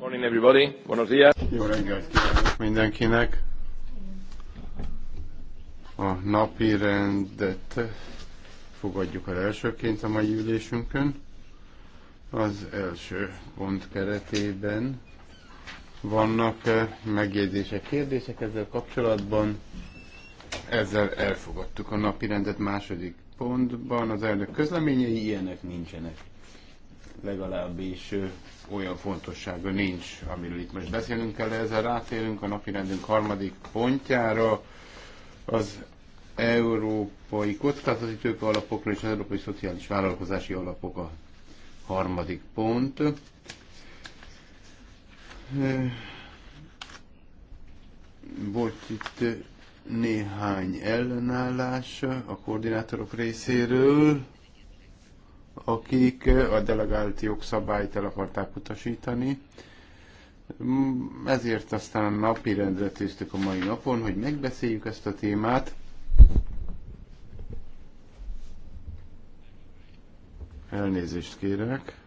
Morning everybody. Buenos días. Jó reggelt kívánok mindenkinek. A napi rendet fogadjuk el elsőként a mai ülésünkön. Az első pont keretében vannak megjegyzések, kérdések ezzel kapcsolatban. Ezzel elfogadtuk a napi rendet második pontban. Az elnök közleményei ilyenek nincsenek legalábbis olyan fontossága nincs, amiről itt most beszélünk kell, ezzel rátérünk a napi rendünk harmadik pontjára, az európai kockázati tőke alapokra és az európai szociális vállalkozási alapok a harmadik pont. Volt itt néhány ellenállás a koordinátorok részéről akik a delegált jogszabályt el akarták utasítani. Ezért aztán napirendre tűztük a mai napon, hogy megbeszéljük ezt a témát. Elnézést kérek.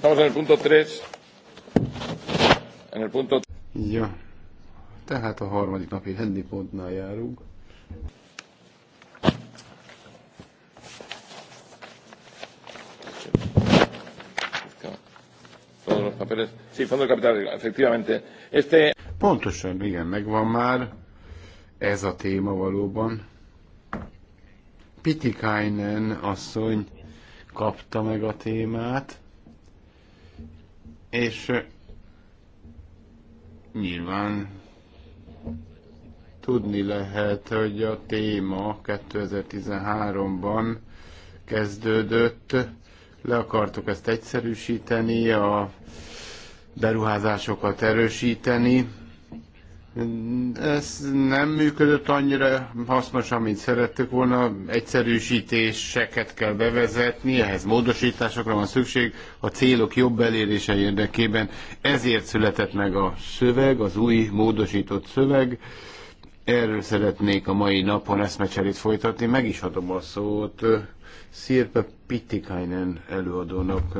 3. Ja. Tehát a harmadik napi rendi pontnál járunk. Sí, Fondo de Capital, efectivamente. Este... Pontosan, igen, megvan már ez a téma valóban. Pitikainen asszony kapta meg a témát, és nyilván tudni lehet, hogy a téma 2013-ban kezdődött, le akartuk ezt egyszerűsíteni, a beruházásokat erősíteni. Ez nem működött annyira hasznosan, mint szerettük volna. Egyszerűsítéseket kell bevezetni, ehhez módosításokra van szükség a célok jobb elérése érdekében. Ezért született meg a szöveg, az új módosított szöveg. Erről szeretnék a mai napon eszmecserét folytatni. Meg is adom a szót Szirpe Pittikainen előadónak.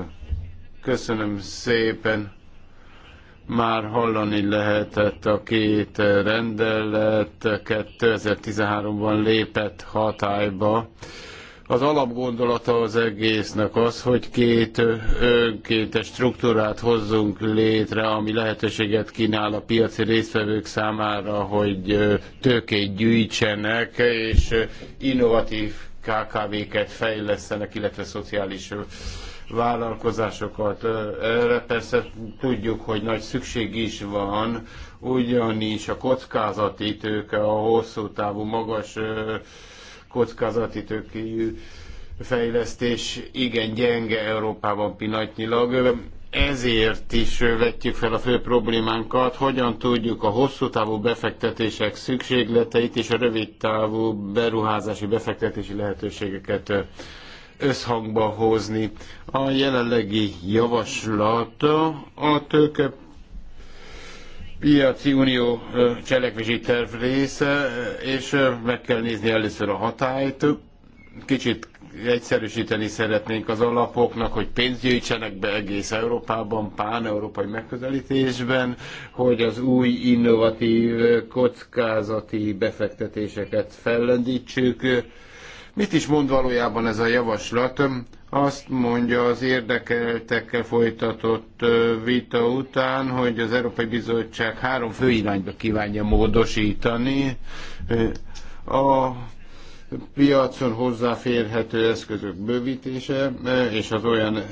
Köszönöm szépen már hallani lehetett a két rendelet 2013-ban lépett hatályba. Az alapgondolata az egésznek az, hogy két önkéntes struktúrát hozzunk létre, ami lehetőséget kínál a piaci résztvevők számára, hogy tőkét gyűjtsenek, és innovatív KKV-ket fejlesztenek, illetve szociális vállalkozásokat. Erre persze tudjuk, hogy nagy szükség is van, ugyanis a kockázati tőke, a hosszú távú, magas kockázati tőkéjű fejlesztés igen gyenge Európában pillanatnyilag. Ezért is vetjük fel a fő problémánkat, hogyan tudjuk a hosszú távú befektetések szükségleteit és a rövid távú beruházási befektetési lehetőségeket összhangba hozni. A jelenlegi javaslat a tőke piaci unió cselekvési terv része, és meg kell nézni először a hatályt. Kicsit egyszerűsíteni szeretnénk az alapoknak, hogy pénzt gyűjtsenek be egész Európában, pán-európai megközelítésben, hogy az új innovatív kockázati befektetéseket fellendítsük, Mit is mond valójában ez a javaslat? Azt mondja az érdekeltekkel folytatott vita után, hogy az Európai Bizottság három fő irányba kívánja módosítani a piacon hozzáférhető eszközök bővítése és az olyan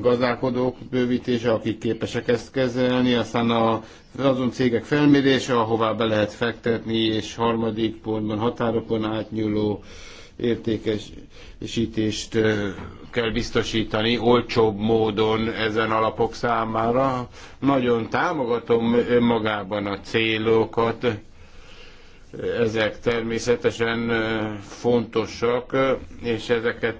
gazdálkodók bővítése, akik képesek ezt kezelni, aztán a, azon cégek felmérése, ahová be lehet fektetni, és harmadik pontban határokon átnyúló értékesítést kell biztosítani olcsóbb módon ezen alapok számára. Nagyon támogatom önmagában a célokat, ezek természetesen fontosak, és ezeket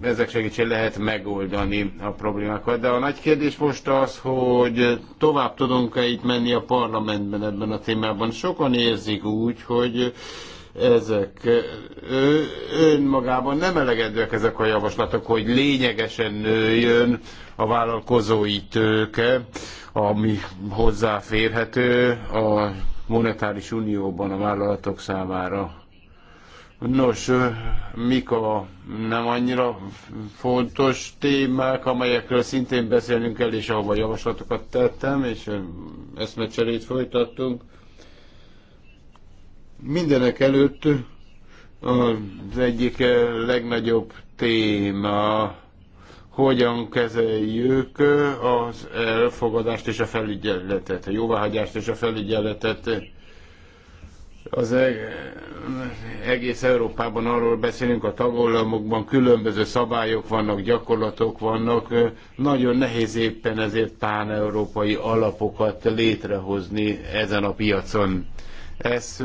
ezek segítségével lehet megoldani a problémákat. De a nagy kérdés most az, hogy tovább tudunk-e itt menni a parlamentben ebben a témában. Sokan érzik úgy, hogy ezek ő, önmagában nem elegedőek ezek a javaslatok, hogy lényegesen nőjön a vállalkozói tőke, ami hozzáférhető a monetáris unióban a vállalatok számára Nos, mik a nem annyira fontos témák, amelyekről szintén beszélnünk kell, és ahova javaslatokat tettem, és eszmecserét folytattunk. Mindenek előtt az egyik legnagyobb téma, hogyan kezeljük az elfogadást és a felügyeletet, a jóváhagyást és a felügyeletet az egész Európában arról beszélünk, a tagállamokban különböző szabályok vannak, gyakorlatok vannak. Nagyon nehéz éppen ezért pán-európai alapokat létrehozni ezen a piacon. Ez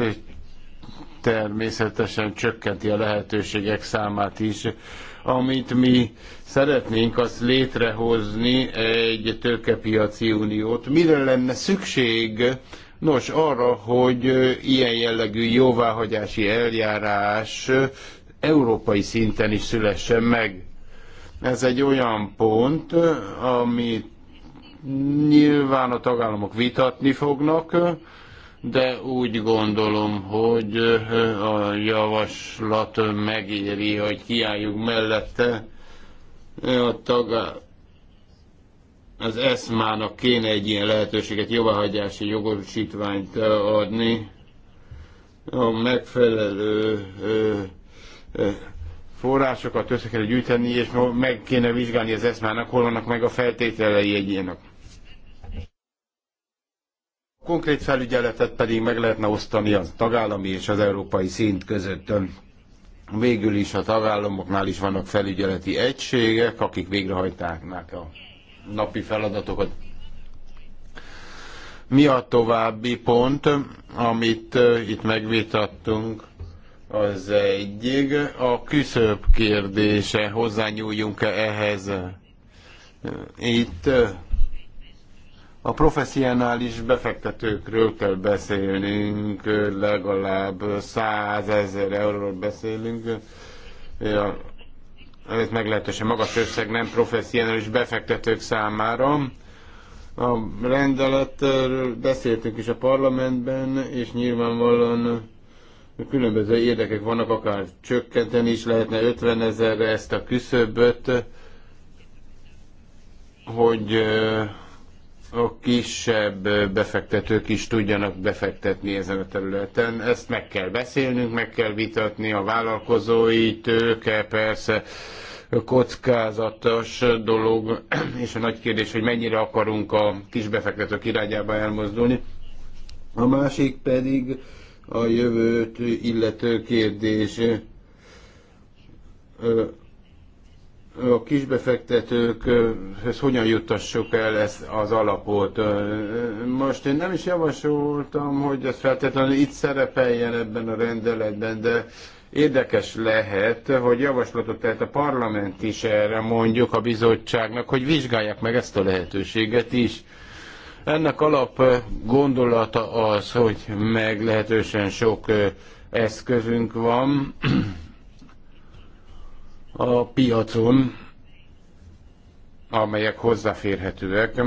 természetesen csökkenti a lehetőségek számát is. Amit mi szeretnénk, az létrehozni egy tőkepiaci uniót. Mire lenne szükség Nos, arra, hogy ilyen jellegű jóváhagyási eljárás európai szinten is szülessen meg. Ez egy olyan pont, ami nyilván a tagállamok vitatni fognak, de úgy gondolom, hogy a javaslat megéri, hogy kiálljuk mellette a tagállamok az ESMA-nak kéne egy ilyen lehetőséget, jóváhagyási jogosítványt adni, a megfelelő ö, ö, forrásokat össze kell gyűjteni, és meg kéne vizsgálni az eszmának, hol vannak meg a feltételei egy ilyenek. A konkrét felügyeletet pedig meg lehetne osztani a tagállami és az európai szint között. Végül is a tagállamoknál is vannak felügyeleti egységek, akik végrehajtáknak a napi feladatokat. Mi a további pont, amit itt megvitattunk? Az egyik a küszöbb kérdése, hozzányúljunk-e ehhez? Itt a professzionális befektetőkről kell beszélnünk, legalább százezer euróról beszélünk ez meglehetősen magas összeg nem professzionális befektetők számára. A rendeletről beszéltünk is a parlamentben, és nyilvánvalóan különböző érdekek vannak, akár csökkenteni is lehetne 50 ezerre ezt a küszöböt, hogy a kisebb befektetők is tudjanak befektetni ezen a területen. Ezt meg kell beszélnünk, meg kell vitatni a vállalkozói tőke, persze kockázatos dolog, és a nagy kérdés, hogy mennyire akarunk a kis befektetők irányába elmozdulni. A másik pedig a jövőt illető kérdés a kisbefektetőkhez hogyan juttassuk el ezt az alapot. Most én nem is javasoltam, hogy ez feltétlenül itt szerepeljen ebben a rendeletben, de érdekes lehet, hogy javaslatot tehet a parlament is erre mondjuk a bizottságnak, hogy vizsgálják meg ezt a lehetőséget is. Ennek alap gondolata az, hogy meglehetősen sok eszközünk van, a piacon, amelyek hozzáférhetőek.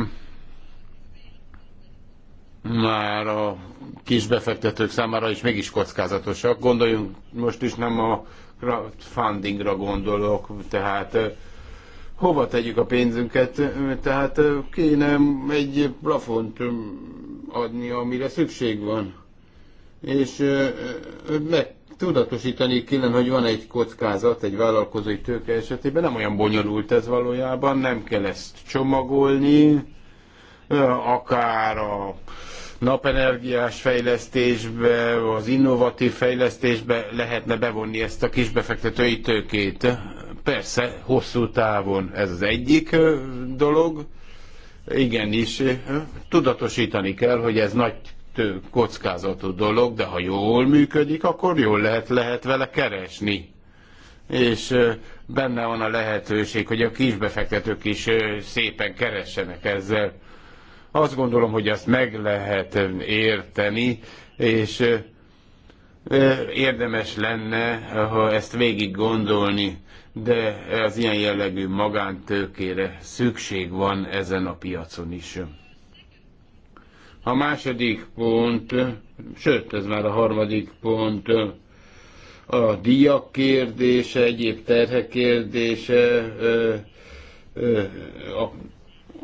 Már a kis befektetők számára is mégis kockázatosak. Gondoljunk, most is nem a crowdfundingra gondolok, tehát eh, hova tegyük a pénzünket, tehát eh, kéne egy plafont eh, adni, amire szükség van. És meg tudatosítani kéne, hogy van egy kockázat egy vállalkozói tőke esetében, nem olyan bonyolult ez valójában, nem kell ezt csomagolni, akár a napenergiás fejlesztésbe, az innovatív fejlesztésbe lehetne bevonni ezt a kisbefektetői tőkét. Persze, hosszú távon ez az egyik dolog, igenis tudatosítani kell, hogy ez nagy kockázatú dolog, de ha jól működik, akkor jól lehet, lehet vele keresni. És benne van a lehetőség, hogy a kisbefektetők is szépen keressenek ezzel. Azt gondolom, hogy azt meg lehet érteni, és érdemes lenne ha ezt végig gondolni, de az ilyen jellegű magántőkére szükség van ezen a piacon is. A második pont, sőt, ez már a harmadik pont, a díjak kérdése, egyéb terhek kérdése, ö, ö, a,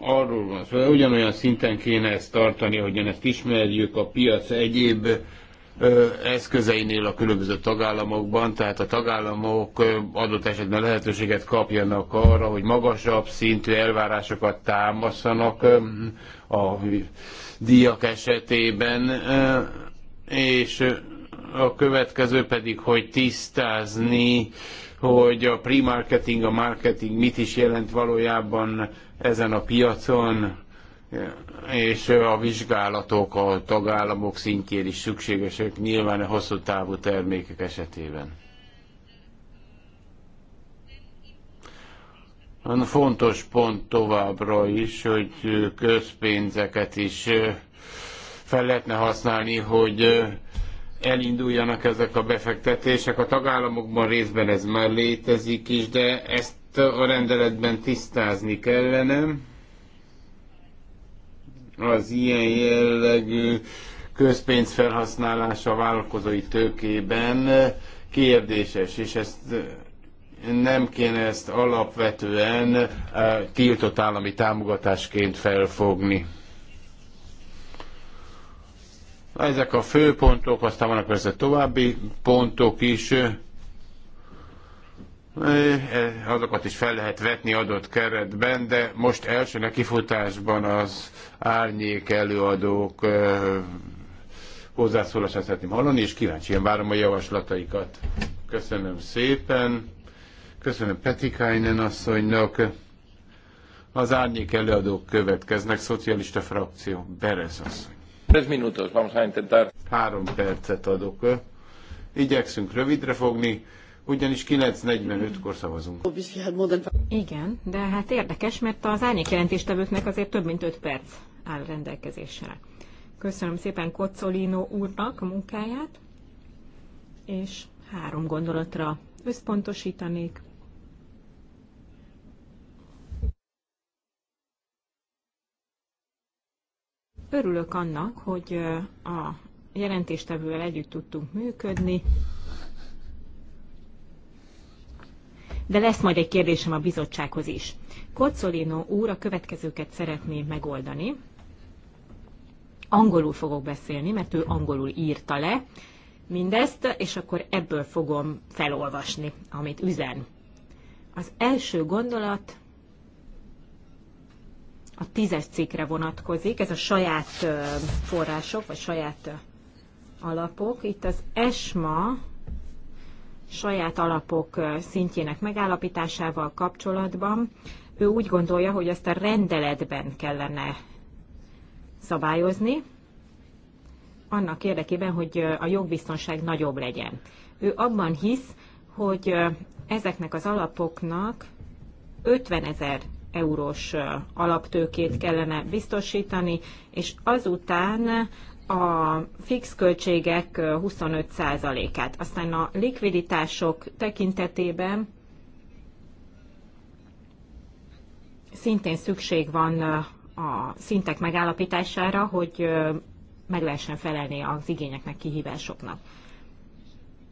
arról van szó, szóval ugyanolyan szinten kéne ezt tartani, ahogyan ezt ismerjük a piac egyéb ö, eszközeinél a különböző tagállamokban, tehát a tagállamok adott esetben lehetőséget kapjanak arra, hogy magasabb szintű elvárásokat támaszanak a díjak esetében, eh, és a következő pedig, hogy tisztázni, hogy a pre-marketing, a marketing mit is jelent valójában ezen a piacon, és a vizsgálatok a tagállamok szintjén is szükségesek, nyilván a hosszú távú termékek esetében. Fontos pont továbbra is, hogy közpénzeket is fel lehetne használni, hogy elinduljanak ezek a befektetések. A tagállamokban részben ez már létezik is, de ezt a rendeletben tisztázni kellene. Az ilyen jellegű közpénz felhasználása a vállalkozói tőkében kérdéses, és ezt nem kéne ezt alapvetően eh, tiltott állami támogatásként felfogni. Ezek a fő pontok, aztán vannak persze további pontok is. Eh, eh, azokat is fel lehet vetni adott keretben, de most első nekifutásban az árnyék előadók hozzászólását szeretném hallani, és én várom a javaslataikat. Köszönöm szépen. Köszönöm Petikainen asszonynak. Az árnyék előadók következnek. Szocialista frakció, Berez asszony. Tres minutos, vamos a intentar. Három percet adok. Igyekszünk rövidre fogni, ugyanis 9.45-kor szavazunk. Igen, de hát érdekes, mert az árnyék jelentéstevőknek azért több mint 5 perc áll rendelkezésre. Köszönöm szépen Kocolino úrnak a munkáját, és három gondolatra összpontosítanék. Örülök annak, hogy a jelentéstevővel együtt tudtunk működni, de lesz majd egy kérdésem a bizottsághoz is. Kocolino úr a következőket szeretné megoldani. Angolul fogok beszélni, mert ő angolul írta le mindezt, és akkor ebből fogom felolvasni, amit üzen. Az első gondolat a tízes cikkre vonatkozik, ez a saját források, vagy saját alapok. Itt az ESMA saját alapok szintjének megállapításával kapcsolatban ő úgy gondolja, hogy ezt a rendeletben kellene szabályozni, annak érdekében, hogy a jogbiztonság nagyobb legyen. Ő abban hisz, hogy ezeknek az alapoknak 50 ezer eurós alaptőkét kellene biztosítani, és azután a fix költségek 25%-át. Aztán a likviditások tekintetében szintén szükség van a szintek megállapítására, hogy meg lehessen felelni az igényeknek, kihívásoknak.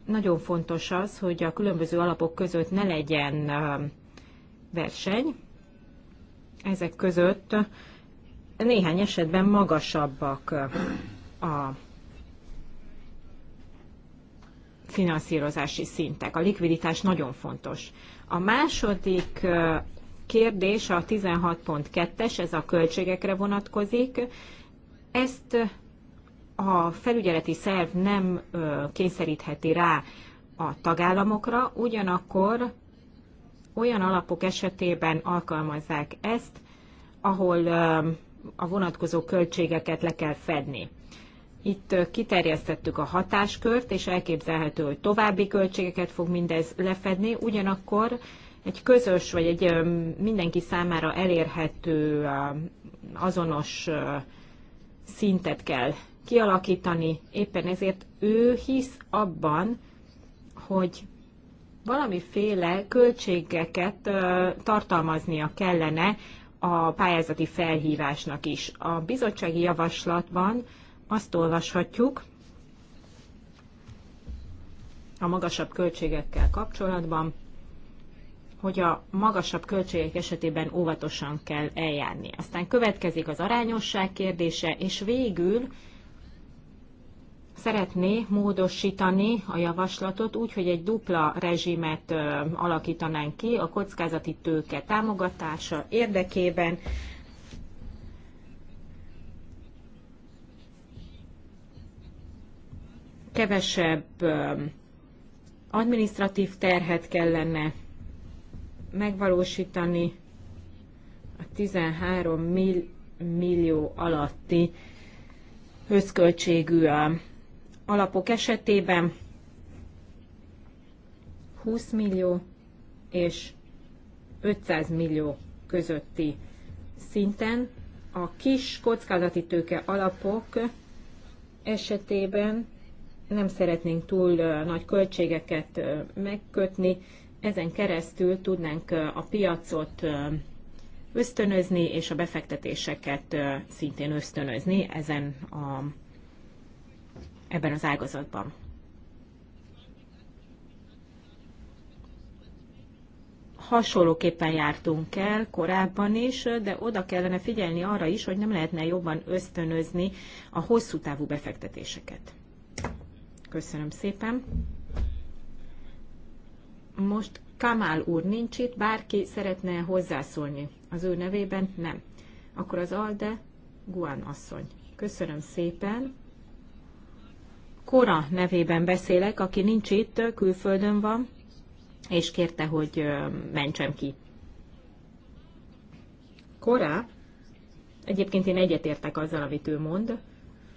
Nagyon fontos az, hogy a különböző alapok között ne legyen verseny, ezek között néhány esetben magasabbak a finanszírozási szintek. A likviditás nagyon fontos. A második kérdés a 16.2-es, ez a költségekre vonatkozik. Ezt a felügyeleti szerv nem kényszerítheti rá a tagállamokra, ugyanakkor olyan alapok esetében alkalmazzák ezt, ahol a vonatkozó költségeket le kell fedni. Itt kiterjesztettük a hatáskört, és elképzelhető, hogy további költségeket fog mindez lefedni, ugyanakkor egy közös, vagy egy mindenki számára elérhető azonos szintet kell kialakítani. Éppen ezért ő hisz abban, hogy valamiféle költségeket tartalmaznia kellene a pályázati felhívásnak is. A bizottsági javaslatban azt olvashatjuk a magasabb költségekkel kapcsolatban, hogy a magasabb költségek esetében óvatosan kell eljárni. Aztán következik az arányosság kérdése, és végül szeretné módosítani a javaslatot úgy, hogy egy dupla rezsimet alakítanánk ki a kockázati tőke támogatása érdekében. Kevesebb administratív terhet kellene megvalósítani a 13 millió alatti összköltségű alapok esetében 20 millió és 500 millió közötti szinten, a kis kockázati tőke alapok esetében nem szeretnénk túl nagy költségeket megkötni, ezen keresztül tudnánk a piacot ösztönözni, és a befektetéseket szintén ösztönözni ezen a ebben az ágazatban. hasonlóképpen jártunk el korábban is, de oda kellene figyelni arra is, hogy nem lehetne jobban ösztönözni a hosszú távú befektetéseket. Köszönöm szépen. Most Kamál úr nincs itt, bárki szeretne hozzászólni az ő nevében? Nem. Akkor az Alde Guan asszony. Köszönöm szépen. Kora nevében beszélek, aki nincs itt, külföldön van, és kérte, hogy mentsem ki. Kora, egyébként én egyetértek azzal, amit ő mond,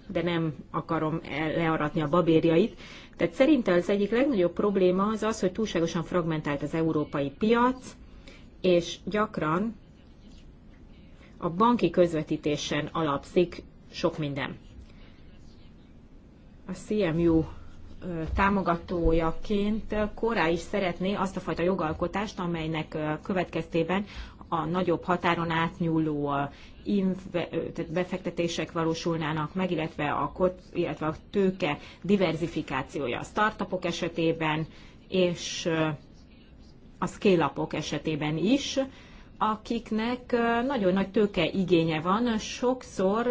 de nem akarom learatni a babérjait. Tehát szerintem az egyik legnagyobb probléma az az, hogy túlságosan fragmentált az európai piac, és gyakran a banki közvetítésen alapszik sok minden a CMU támogatójaként korá is szeretné azt a fajta jogalkotást, amelynek következtében a nagyobb határon átnyúló befektetések valósulnának meg, illetve a, kot, illetve a tőke diversifikációja a startupok esetében és a scale esetében is akiknek nagyon nagy tőkeigénye van, sokszor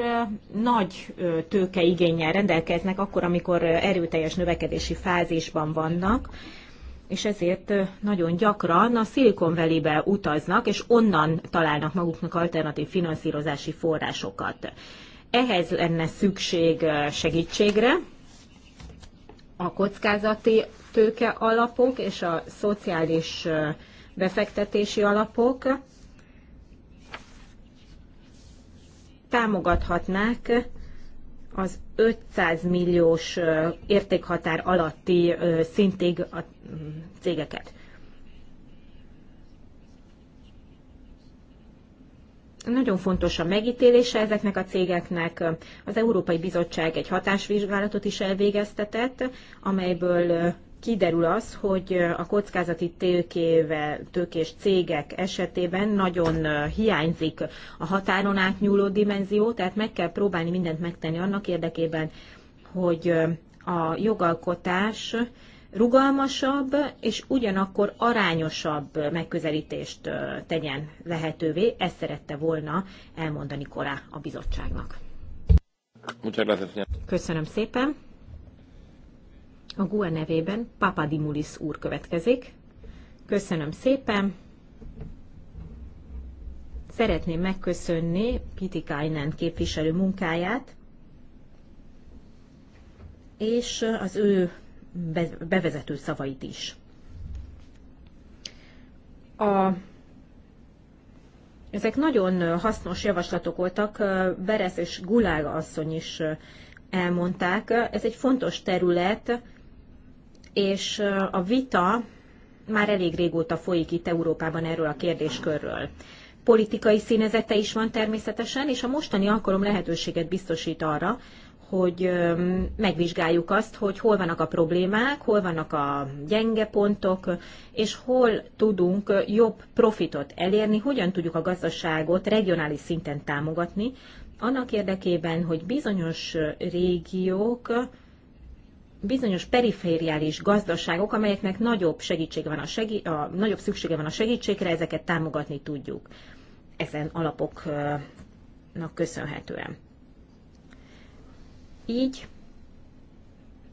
nagy tőkeigényel rendelkeznek akkor, amikor erőteljes növekedési fázisban vannak, és ezért nagyon gyakran a Silicon Valley-be utaznak, és onnan találnak maguknak alternatív finanszírozási forrásokat. Ehhez lenne szükség segítségre, a kockázati tőke alapok és a szociális befektetési alapok, támogathatnák az 500 milliós értékhatár alatti szintig a cégeket. Nagyon fontos a megítélése ezeknek a cégeknek. Az Európai Bizottság egy hatásvizsgálatot is elvégeztetett, amelyből kiderül az, hogy a kockázati tőkével, tőkés cégek esetében nagyon hiányzik a határon átnyúló dimenzió, tehát meg kell próbálni mindent megtenni annak érdekében, hogy a jogalkotás rugalmasabb és ugyanakkor arányosabb megközelítést tegyen lehetővé. Ezt szerette volna elmondani korá a bizottságnak. Köszönöm szépen! A GUA e nevében Papadimulis úr következik. Köszönöm szépen! Szeretném megköszönni Kainen képviselő munkáját, és az ő bevezető szavait is. A, ezek nagyon hasznos javaslatok voltak, Beresz és Gulága asszony is elmondták. Ez egy fontos terület, és a vita már elég régóta folyik itt Európában erről a kérdéskörről. Politikai színezete is van természetesen, és a mostani alkalom lehetőséget biztosít arra, hogy megvizsgáljuk azt, hogy hol vannak a problémák, hol vannak a gyenge pontok, és hol tudunk jobb profitot elérni, hogyan tudjuk a gazdaságot regionális szinten támogatni, annak érdekében, hogy bizonyos régiók bizonyos perifériális gazdaságok, amelyeknek nagyobb, segítség van a segí- a, nagyobb szüksége van a segítségre, ezeket támogatni tudjuk ezen alapoknak köszönhetően. Így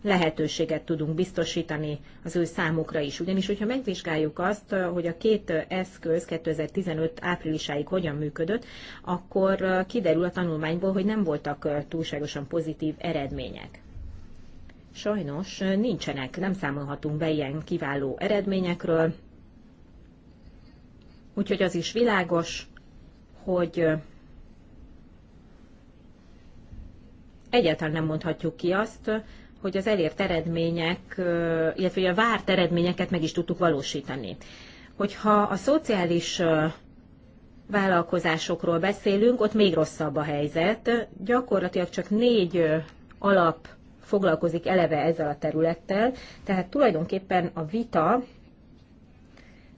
lehetőséget tudunk biztosítani az ő számukra is. Ugyanis, hogyha megvizsgáljuk azt, hogy a két eszköz 2015 áprilisáig hogyan működött, akkor kiderül a tanulmányból, hogy nem voltak túlságosan pozitív eredmények sajnos nincsenek, nem számolhatunk be ilyen kiváló eredményekről. Úgyhogy az is világos, hogy egyáltalán nem mondhatjuk ki azt, hogy az elért eredmények, illetve a várt eredményeket meg is tudtuk valósítani. Hogyha a szociális vállalkozásokról beszélünk, ott még rosszabb a helyzet. Gyakorlatilag csak négy alap foglalkozik eleve ezzel a területtel, tehát tulajdonképpen a vita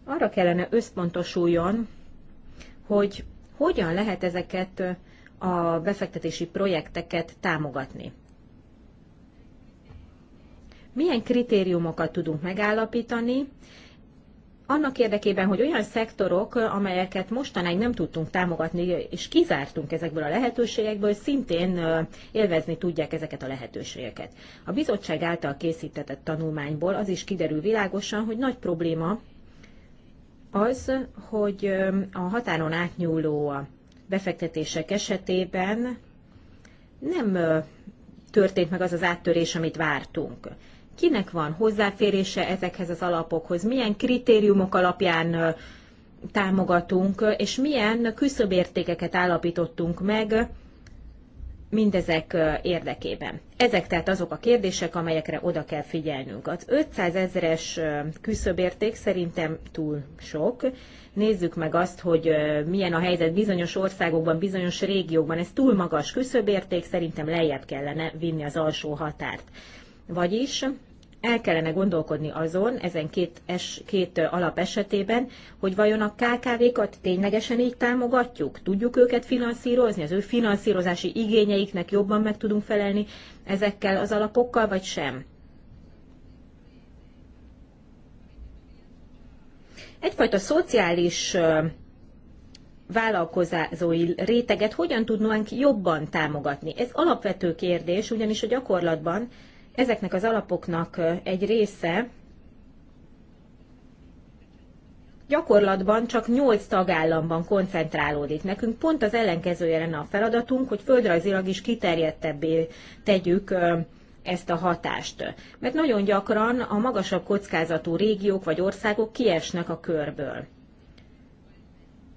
arra kellene összpontosuljon, hogy hogyan lehet ezeket a befektetési projekteket támogatni. Milyen kritériumokat tudunk megállapítani, annak érdekében, hogy olyan szektorok, amelyeket mostanáig nem tudtunk támogatni, és kizártunk ezekből a lehetőségekből, szintén élvezni tudják ezeket a lehetőségeket. A bizottság által készített tanulmányból az is kiderül világosan, hogy nagy probléma az, hogy a határon átnyúló befektetések esetében nem történt meg az az áttörés, amit vártunk kinek van hozzáférése ezekhez az alapokhoz, milyen kritériumok alapján támogatunk, és milyen küszöbértékeket állapítottunk meg mindezek érdekében. Ezek tehát azok a kérdések, amelyekre oda kell figyelnünk. Az 500 ezeres küszöbérték szerintem túl sok. Nézzük meg azt, hogy milyen a helyzet bizonyos országokban, bizonyos régiókban. Ez túl magas küszöbérték, szerintem lejjebb kellene vinni az alsó határt. Vagyis el kellene gondolkodni azon, ezen két, es, két alap esetében, hogy vajon a KKV-kat ténylegesen így támogatjuk? Tudjuk őket finanszírozni? Az ő finanszírozási igényeiknek jobban meg tudunk felelni ezekkel az alapokkal, vagy sem? Egyfajta szociális vállalkozói réteget hogyan tudnánk jobban támogatni? Ez alapvető kérdés, ugyanis a gyakorlatban Ezeknek az alapoknak egy része gyakorlatban csak 8 tagállamban koncentrálódik. Nekünk pont az ellenkezője lenne a feladatunk, hogy földrajzilag is kiterjedtebbé tegyük ezt a hatást. Mert nagyon gyakran a magasabb kockázatú régiók vagy országok kiesnek a körből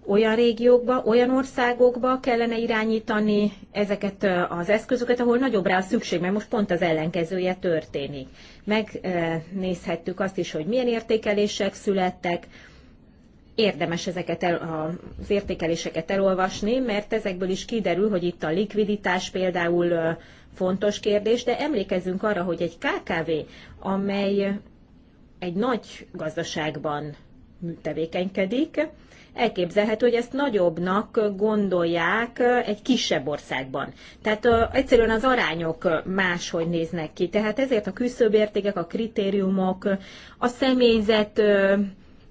olyan régiókba, olyan országokba kellene irányítani ezeket az eszközöket, ahol nagyobb rá a szükség, mert most pont az ellenkezője történik. Megnézhettük azt is, hogy milyen értékelések születtek, érdemes ezeket el, az értékeléseket elolvasni, mert ezekből is kiderül, hogy itt a likviditás például fontos kérdés, de emlékezzünk arra, hogy egy KKV, amely egy nagy gazdaságban tevékenykedik, elképzelhető, hogy ezt nagyobbnak gondolják egy kisebb országban. Tehát egyszerűen az arányok máshogy néznek ki. Tehát ezért a küszöbértékek, a kritériumok, a személyzet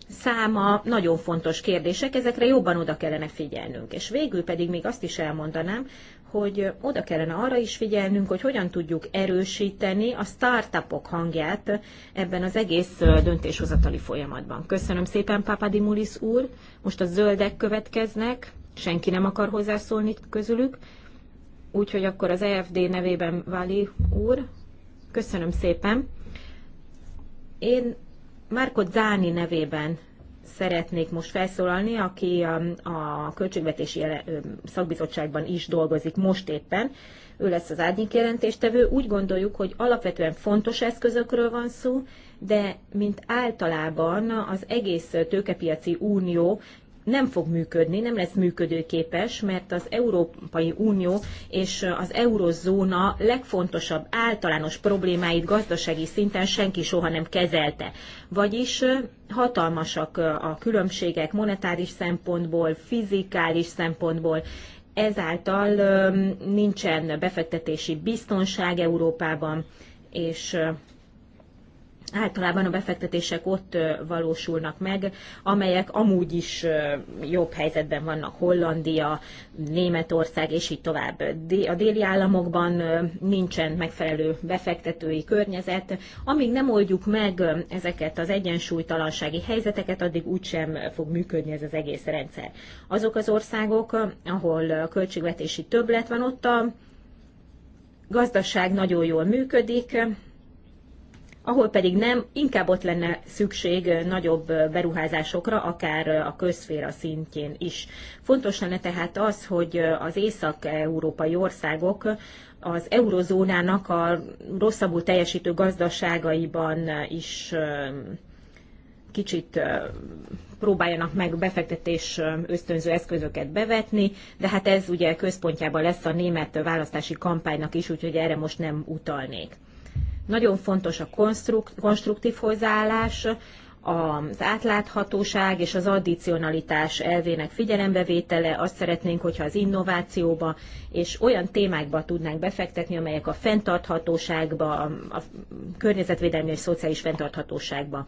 száma nagyon fontos kérdések, ezekre jobban oda kellene figyelnünk. És végül pedig még azt is elmondanám, hogy oda kellene arra is figyelnünk, hogy hogyan tudjuk erősíteni a startupok hangját ebben az egész döntéshozatali folyamatban. Köszönöm szépen, Papadimulis úr. Most a zöldek következnek, senki nem akar hozzászólni közülük, úgyhogy akkor az EFD nevében Váli úr. Köszönöm szépen. Én Márko Záni nevében szeretnék most felszólalni, aki a Költségvetési Szakbizottságban is dolgozik most éppen. Ő lesz az árnyék jelentéstevő. Úgy gondoljuk, hogy alapvetően fontos eszközökről van szó, de mint általában az egész tőkepiaci unió nem fog működni, nem lesz működőképes, mert az Európai Unió és az eurozóna legfontosabb általános problémáit gazdasági szinten senki soha nem kezelte. Vagyis hatalmasak a különbségek monetáris szempontból, fizikális szempontból, ezáltal nincsen befektetési biztonság Európában, és általában a befektetések ott valósulnak meg, amelyek amúgy is jobb helyzetben vannak Hollandia, Németország és így tovább. A déli államokban nincsen megfelelő befektetői környezet. Amíg nem oldjuk meg ezeket az egyensúlytalansági helyzeteket, addig úgysem fog működni ez az egész rendszer. Azok az országok, ahol költségvetési többlet van, ott a gazdaság nagyon jól működik, ahol pedig nem, inkább ott lenne szükség nagyobb beruházásokra, akár a közféra szintjén is. Fontos lenne tehát az, hogy az észak-európai országok az eurozónának a rosszabbul teljesítő gazdaságaiban is kicsit próbáljanak meg befektetés ösztönző eszközöket bevetni, de hát ez ugye központjában lesz a német választási kampánynak is, úgyhogy erre most nem utalnék. Nagyon fontos a konstruktív hozzáállás, az átláthatóság és az addicionalitás elvének figyelembevétele, azt szeretnénk, hogyha az innovációba és olyan témákba tudnánk befektetni, amelyek a fenntarthatóságba, a környezetvédelmi és szociális fenntarthatóságba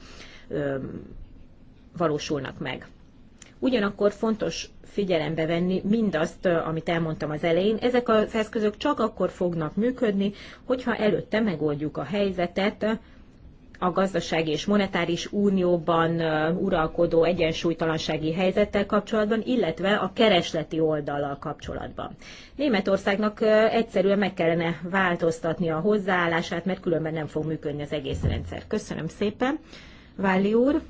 ö, valósulnak meg. Ugyanakkor fontos figyelembe venni mindazt, amit elmondtam az elején. Ezek az eszközök csak akkor fognak működni, hogyha előtte megoldjuk a helyzetet, a gazdasági és monetáris unióban uralkodó egyensúlytalansági helyzettel kapcsolatban, illetve a keresleti oldallal kapcsolatban. Németországnak egyszerűen meg kellene változtatni a hozzáállását, mert különben nem fog működni az egész rendszer. Köszönöm szépen, Váli úr!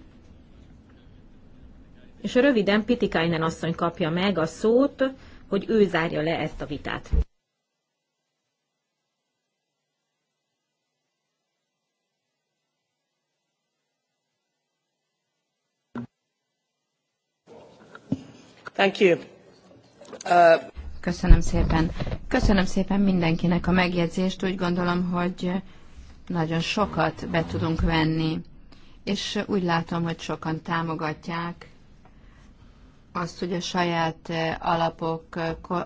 és röviden Pitikainen asszony kapja meg a szót, hogy ő zárja le ezt a vitát. Thank you. Uh... Köszönöm szépen. Köszönöm szépen mindenkinek a megjegyzést. Úgy gondolom, hogy nagyon sokat be tudunk venni, és úgy látom, hogy sokan támogatják azt, hogy a saját alapok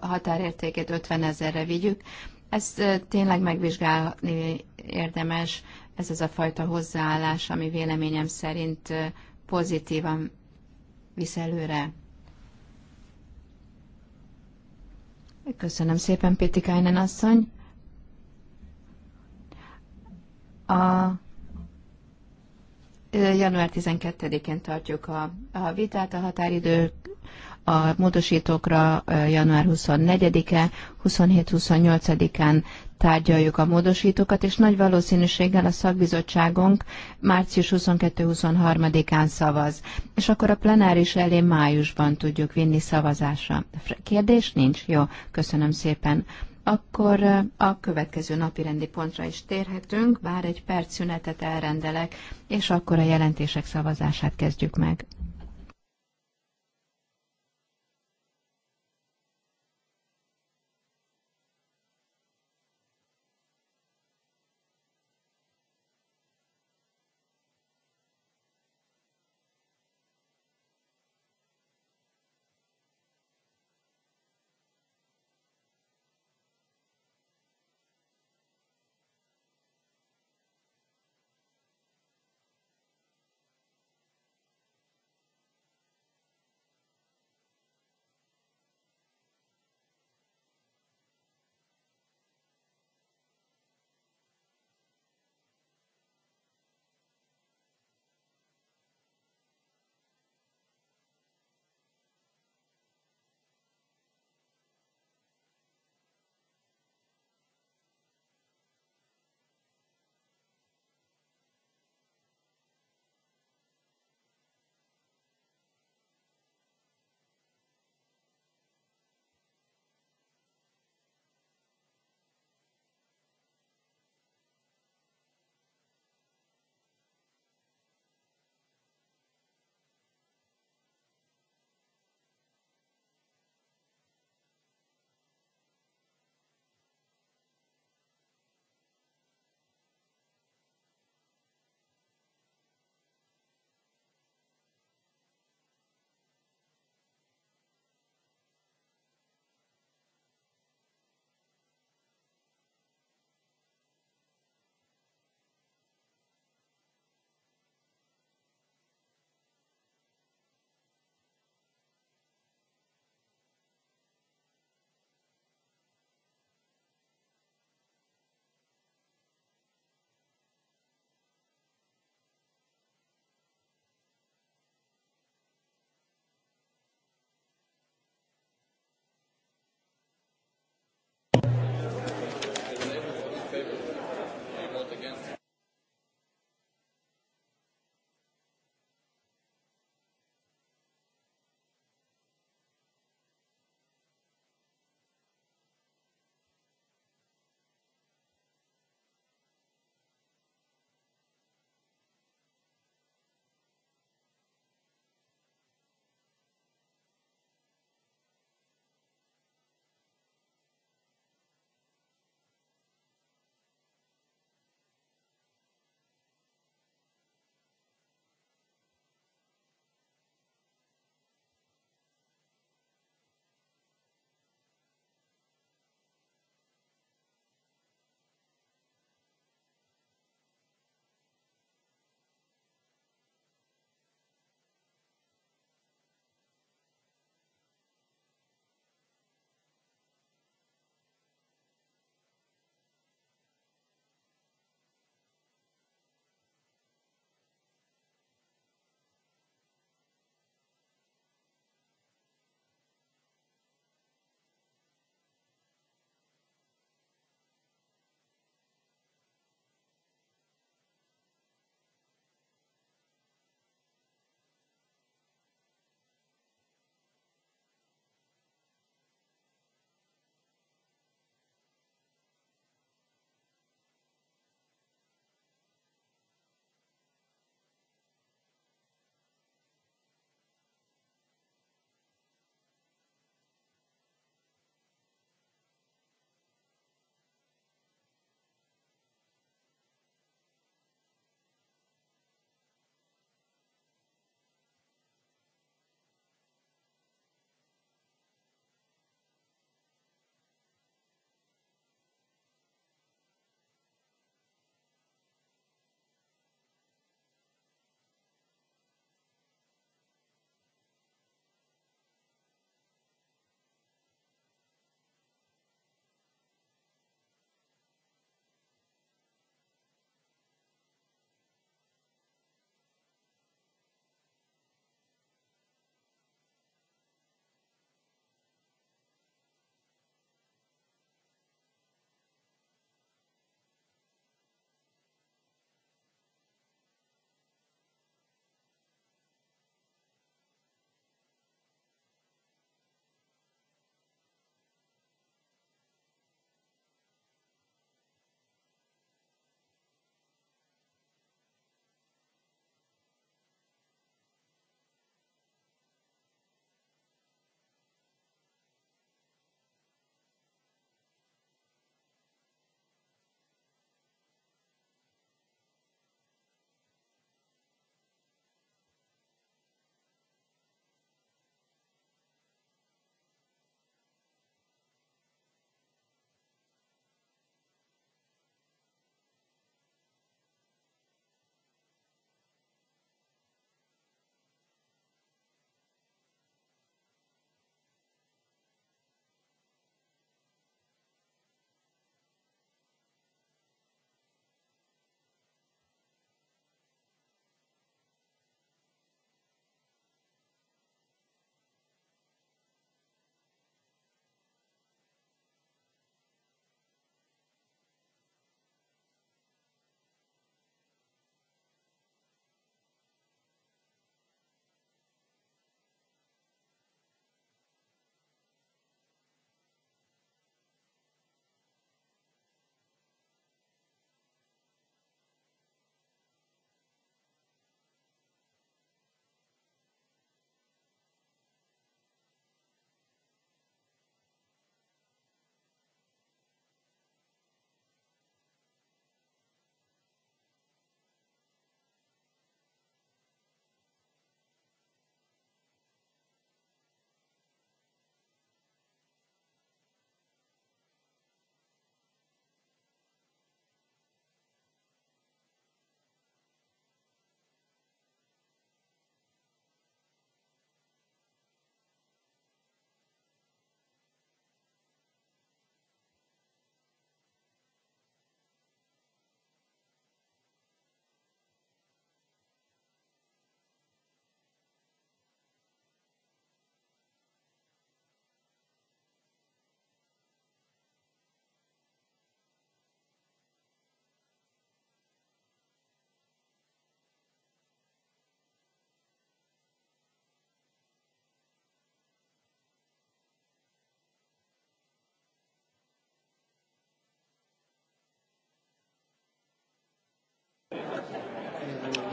határértékét 50 ezerre vigyük, ez tényleg megvizsgálni érdemes, ez az a fajta hozzáállás, ami véleményem szerint pozitívan visz előre. Köszönöm szépen, Péti Kájnen asszony. A január 12-én tartjuk a, a vitát, a határidő a módosítókra január 24-e, 27-28-án tárgyaljuk a módosítókat, és nagy valószínűséggel a szakbizottságunk március 22-23-án szavaz, és akkor a plenáris elé májusban tudjuk vinni szavazásra. Kérdés nincs? Jó, köszönöm szépen akkor a következő napi rendi pontra is térhetünk, bár egy perc szünetet elrendelek, és akkor a jelentések szavazását kezdjük meg.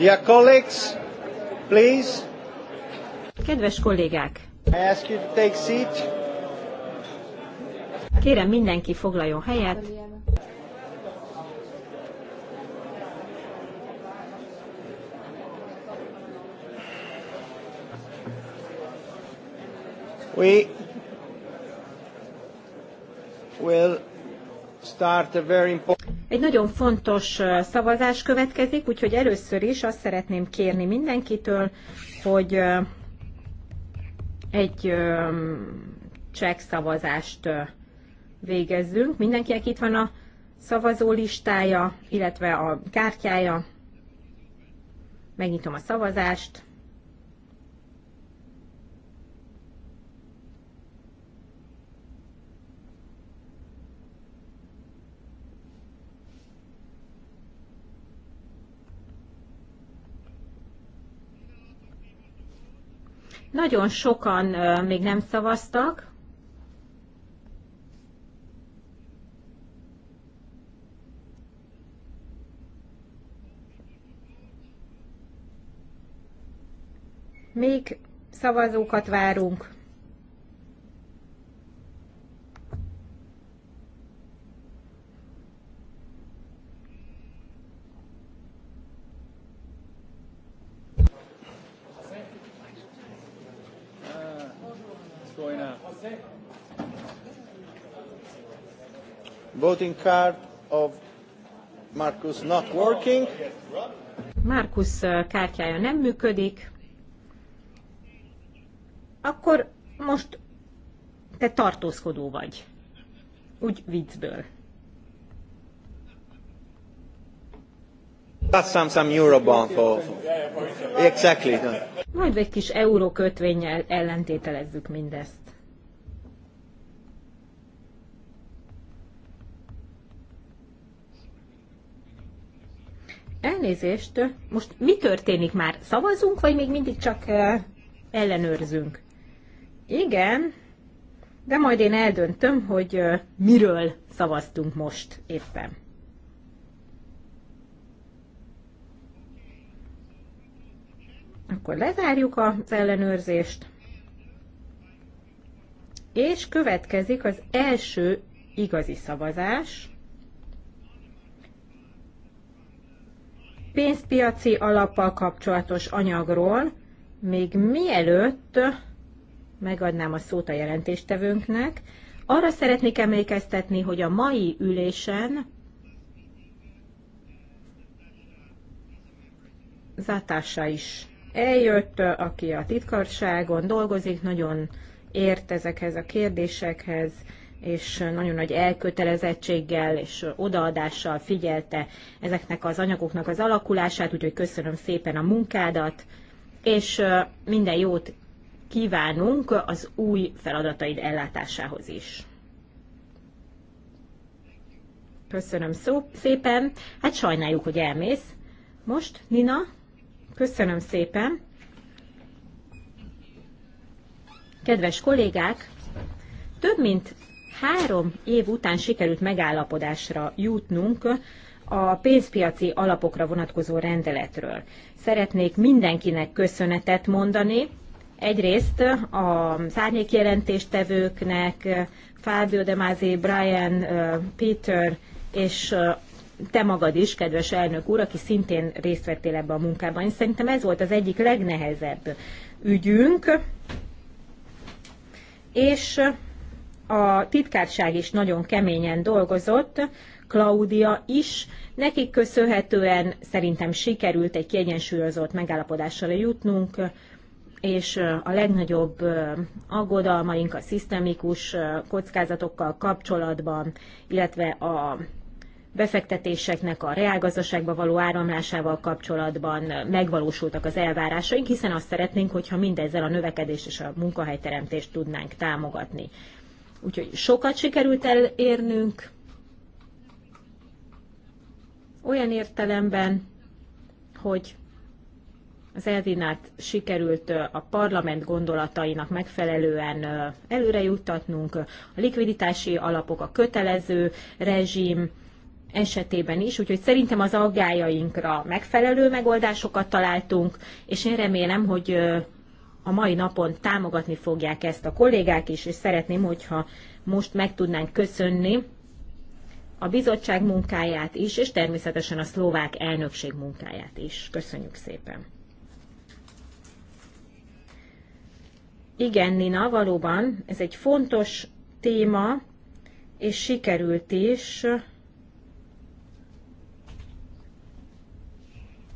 Dear colleagues, please. Kedves kollégák! I ask you to take seat. Kérem mindenki foglaljon helyet. We will start a very important egy nagyon fontos szavazás következik, úgyhogy először is azt szeretném kérni mindenkitől, hogy egy check szavazást végezzünk. Mindenkinek itt van a szavazó listája, illetve a kártyája. Megnyitom a szavazást. Nagyon sokan még nem szavaztak. Még szavazókat várunk. Voting card of Marcus not working. Marcus uh, kártyája nem működik. Akkor most te tartózkodó vagy. Úgy viccből. That's some, some Eurobond for... Exactly. Majd egy kis eurókötvényel ellentételezzük mindezt. Elnézést, most mi történik már? Szavazunk, vagy még mindig csak eh, ellenőrzünk? Igen, de majd én eldöntöm, hogy eh, miről szavaztunk most éppen. Akkor lezárjuk az ellenőrzést. És következik az első igazi szavazás. pénzpiaci alappal kapcsolatos anyagról, még mielőtt megadnám a szót a jelentéstevőnknek, arra szeretnék emlékeztetni, hogy a mai ülésen Zatása is eljött, aki a titkarságon dolgozik, nagyon ért ezekhez a kérdésekhez, és nagyon nagy elkötelezettséggel és odaadással figyelte ezeknek az anyagoknak az alakulását, úgyhogy köszönöm szépen a munkádat, és minden jót kívánunk az új feladataid ellátásához is. Köszönöm szó, szépen. Hát sajnáljuk, hogy elmész. Most, Nina, köszönöm szépen. Kedves kollégák, több mint Három év után sikerült megállapodásra jutnunk a pénzpiaci alapokra vonatkozó rendeletről. Szeretnék mindenkinek köszönetet mondani, egyrészt a szárnyékjelentéstevőknek, Fábio De Mázé, Brian, Peter és te magad is, kedves elnök úr, aki szintén részt vettél ebbe a munkában. Én szerintem ez volt az egyik legnehezebb ügyünk, és a titkárság is nagyon keményen dolgozott, Klaudia is. Nekik köszönhetően szerintem sikerült egy kiegyensúlyozott megállapodással jutnunk, és a legnagyobb aggodalmaink a szisztemikus kockázatokkal kapcsolatban, illetve a befektetéseknek a reálgazdaságba való áramlásával kapcsolatban megvalósultak az elvárásaink, hiszen azt szeretnénk, hogyha mindezzel a növekedés és a munkahelyteremtést tudnánk támogatni. Úgyhogy sokat sikerült elérnünk, olyan értelemben, hogy az Elvinát sikerült a parlament gondolatainak megfelelően előre juttatnunk. A likviditási alapok, a kötelező rezsim esetében is, úgyhogy szerintem az aggájainkra megfelelő megoldásokat találtunk, és én remélem, hogy a mai napon támogatni fogják ezt a kollégák is, és szeretném, hogyha most meg tudnánk köszönni a bizottság munkáját is, és természetesen a szlovák elnökség munkáját is. Köszönjük szépen! Igen, Nina, valóban ez egy fontos téma, és sikerült is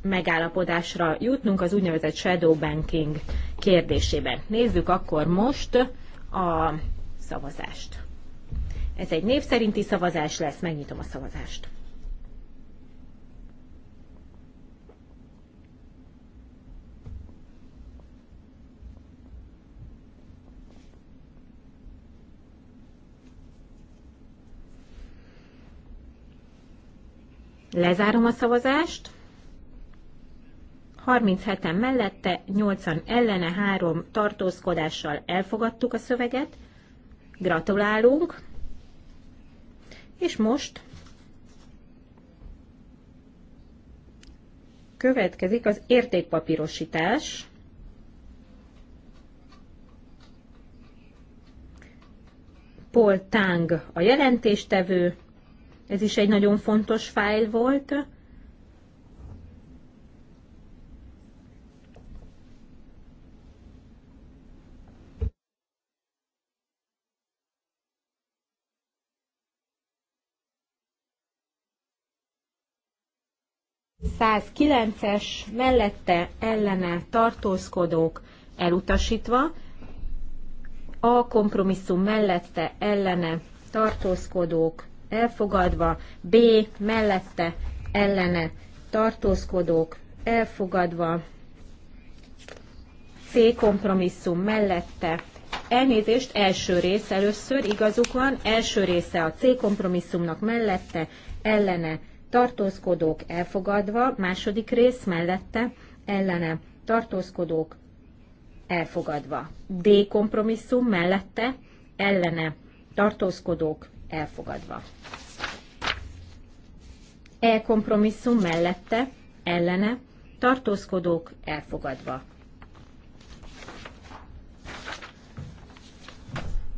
megállapodásra jutnunk az úgynevezett shadow banking kérdésében. Nézzük akkor most a szavazást. Ez egy név szerinti szavazás lesz, megnyitom a szavazást. Lezárom a szavazást. 37-en mellette, 80 ellene, 3 tartózkodással elfogadtuk a szöveget. Gratulálunk! És most következik az értékpapírosítás. Paul Tang a jelentéstevő, ez is egy nagyon fontos fájl volt. 109-es mellette ellene tartózkodók elutasítva, a kompromisszum mellette ellene tartózkodók elfogadva, B mellette ellene tartózkodók elfogadva, C kompromisszum mellette elnézést első rész először, igazuk van, első része a C kompromisszumnak mellette ellene tartózkodók elfogadva, második rész mellette ellene tartózkodók elfogadva. D kompromisszum mellette ellene tartózkodók elfogadva. E kompromisszum mellette ellene tartózkodók elfogadva.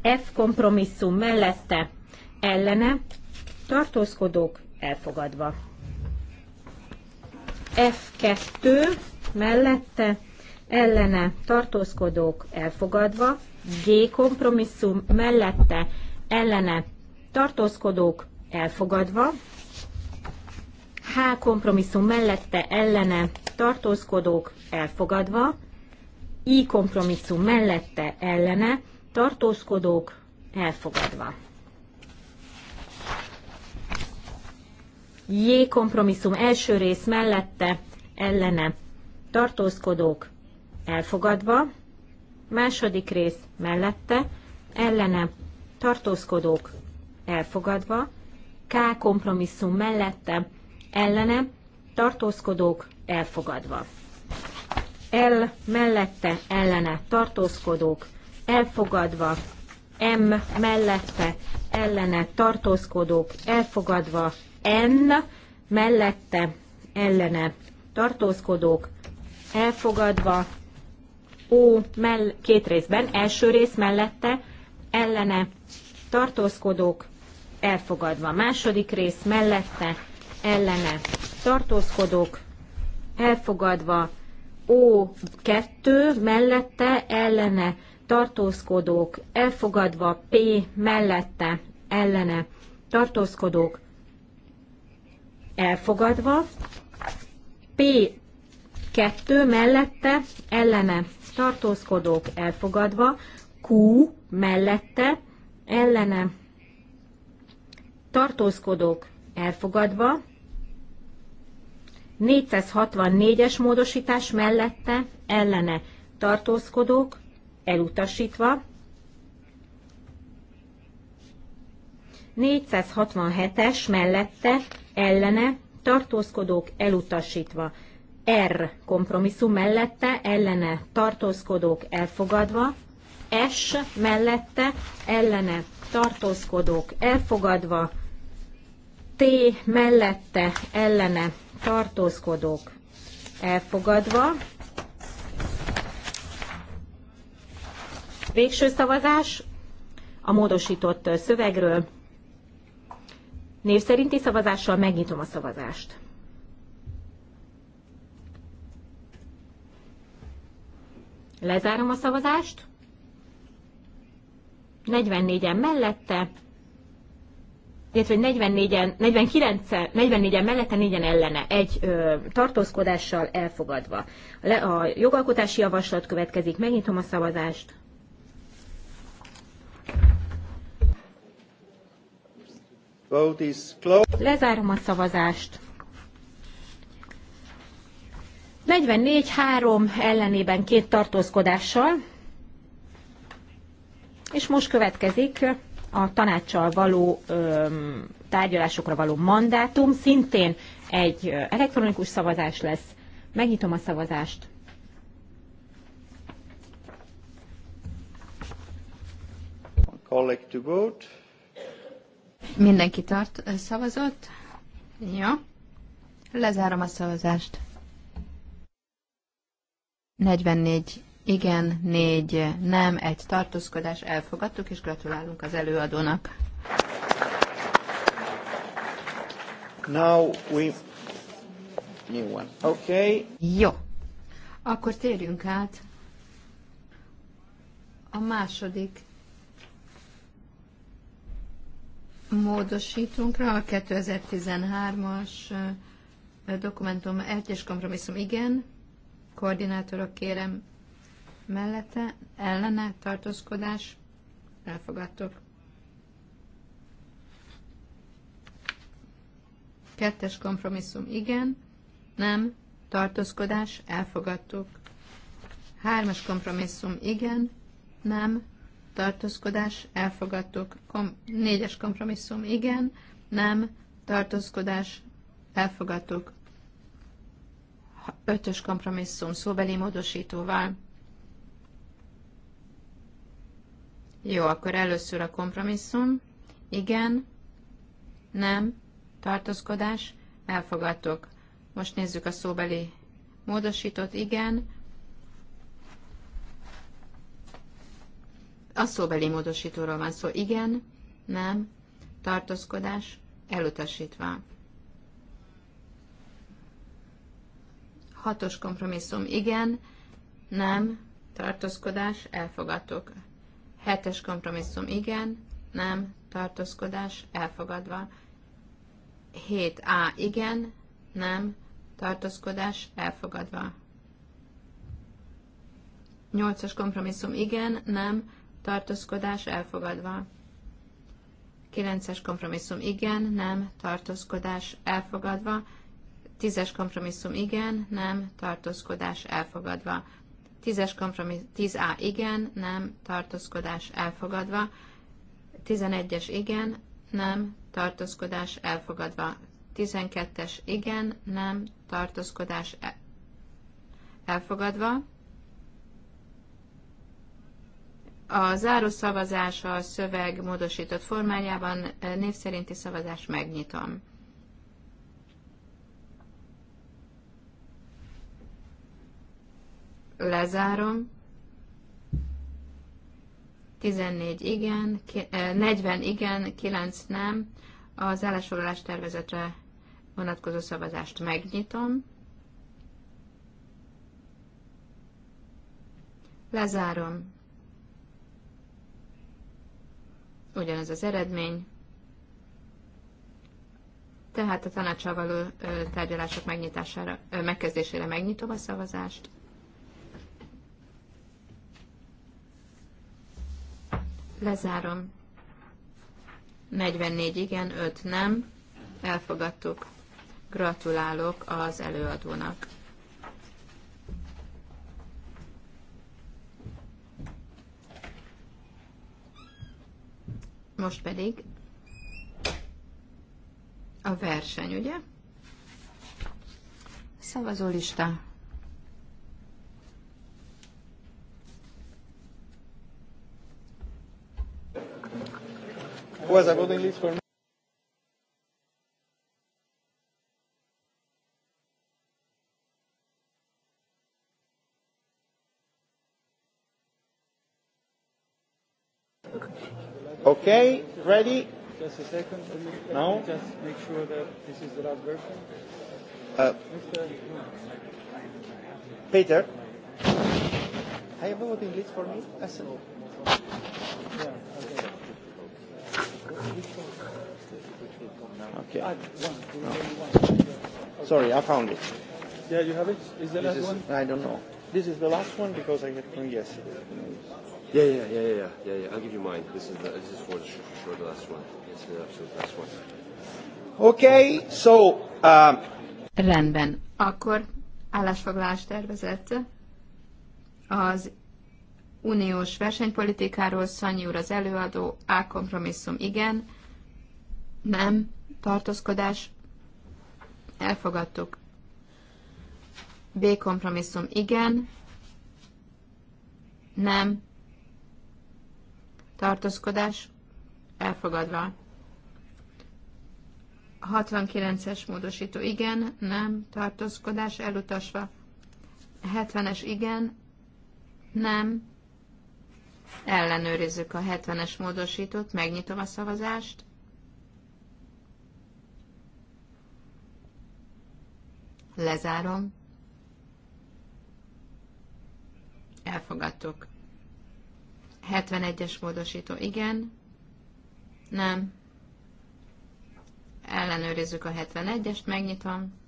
F kompromisszum mellette ellene tartózkodók elfogadva. F2 mellette ellene tartózkodók elfogadva, G kompromisszum mellette ellene tartózkodók elfogadva, H kompromisszum mellette ellene tartózkodók elfogadva, I kompromisszum mellette ellene tartózkodók elfogadva. J kompromisszum első rész mellette ellene tartózkodók elfogadva, második rész mellette ellene tartózkodók elfogadva, K kompromisszum mellette ellene tartózkodók elfogadva. L mellette ellene tartózkodók elfogadva, M mellette ellene tartózkodók elfogadva, N mellette ellene tartózkodók elfogadva, O mell két részben, első rész mellette ellene tartózkodók elfogadva, második rész mellette ellene tartózkodók elfogadva, O2 mellette ellene tartózkodók, elfogadva P mellette ellene tartózkodók, elfogadva, P2 mellette ellene tartózkodók elfogadva, Q mellette ellene tartózkodók elfogadva, 464-es módosítás mellette ellene tartózkodók elutasítva, 467-es mellette ellene, tartózkodók elutasítva. R kompromisszum mellette, ellene, tartózkodók elfogadva. S mellette, ellene, tartózkodók elfogadva. T mellette, ellene, tartózkodók elfogadva. Végső szavazás a módosított szövegről Név szerinti szavazással megnyitom a szavazást. Lezárom a szavazást. 44-en mellette, illetve 44-en, 49 44-en mellette, 4-en ellene, egy ö, tartózkodással elfogadva. Le, a jogalkotási javaslat következik, megnyitom a szavazást. Vote is closed. Lezárom a szavazást. 44-3 ellenében két tartózkodással, és most következik a tanácssal való tárgyalásokra való mandátum, szintén egy elektronikus szavazás lesz. Megnyitom a szavazást. Collect to vote. Mindenki tart, szavazott? Jó. Lezárom a szavazást. 44 igen, 4 nem, egy tartózkodás, elfogadtuk, és gratulálunk az előadónak. Now we... New one. Okay. Jó. Akkor térjünk át a második rá a 2013-as eh, dokumentum egyes kompromisszum igen, koordinátorok kérem mellette, ellene tartózkodás, elfogadtok. Kettes kompromisszum igen, nem, tartózkodás, elfogadtuk. Hármas kompromisszum igen, nem, tartózkodás, elfogadtuk. Kom- négyes kompromisszum, igen, nem, tartózkodás, elfogadtuk. Ötös kompromisszum, szóbeli módosítóval. Jó, akkor először a kompromisszum. Igen, nem, tartózkodás, elfogadtuk. Most nézzük a szóbeli módosítót. Igen, A szóbeli módosítóról van szó. Igen, nem, tartózkodás, elutasítva. Hatos kompromisszum, igen, nem, tartózkodás, elfogadtuk. Hetes kompromisszum, igen, nem, tartózkodás, elfogadva. 7a, igen, nem, tartózkodás, elfogadva. 8-as kompromisszum, igen, nem, tartózkodás elfogadva. 9-es kompromisszum igen, nem, tartózkodás elfogadva. 10-es kompromisszum igen, nem, tartózkodás elfogadva. 10-es kompromisszum, 10A igen, nem, tartózkodás elfogadva. 11-es igen, nem, tartózkodás elfogadva. 12-es igen, nem, tartózkodás e- elfogadva. A záró szavazás a szöveg módosított formájában e, név szerinti szavazást megnyitom. Lezárom. 14 igen, 40 e, igen, 9 nem. Az állásolás tervezetre vonatkozó szavazást megnyitom. Lezárom. ugyanez az eredmény. Tehát a tanácsal való tárgyalások megnyitására, megkezdésére megnyitom a szavazást. Lezárom. 44 igen, 5 nem. Elfogadtuk. Gratulálok az előadónak. Most pedig a verseny, ugye? Szavazólista. Who has a voting list for Okay, ready? Just a second. Now? Just make sure that this is the last version. Uh, Peter? I have a in list for me? I said. Yeah, okay. Okay. no. Sorry, I found it. Yeah, you have it? Is the this last is, one? I don't know. This is the last one because I had one yesterday. Yeah, yeah, yeah, yeah, yeah, yeah. yeah. I'll give you mine. This is the, this is for, the, for sure the last one. This is the absolute last one. Okay, so. Um, Rendben. Akkor állásfoglalás tervezett az uniós versenypolitikáról Szanyi úr az előadó, A kompromisszum igen, nem, tartózkodás, elfogadtuk. B kompromisszum igen, nem, tartózkodás elfogadva. 69-es módosító igen, nem, tartózkodás elutasva. 70-es igen, nem, ellenőrizzük a 70-es módosítót, megnyitom a szavazást. Lezárom. Elfogadtuk. 71-es módosító, igen. Nem. Ellenőrizzük a 71-est, megnyitom.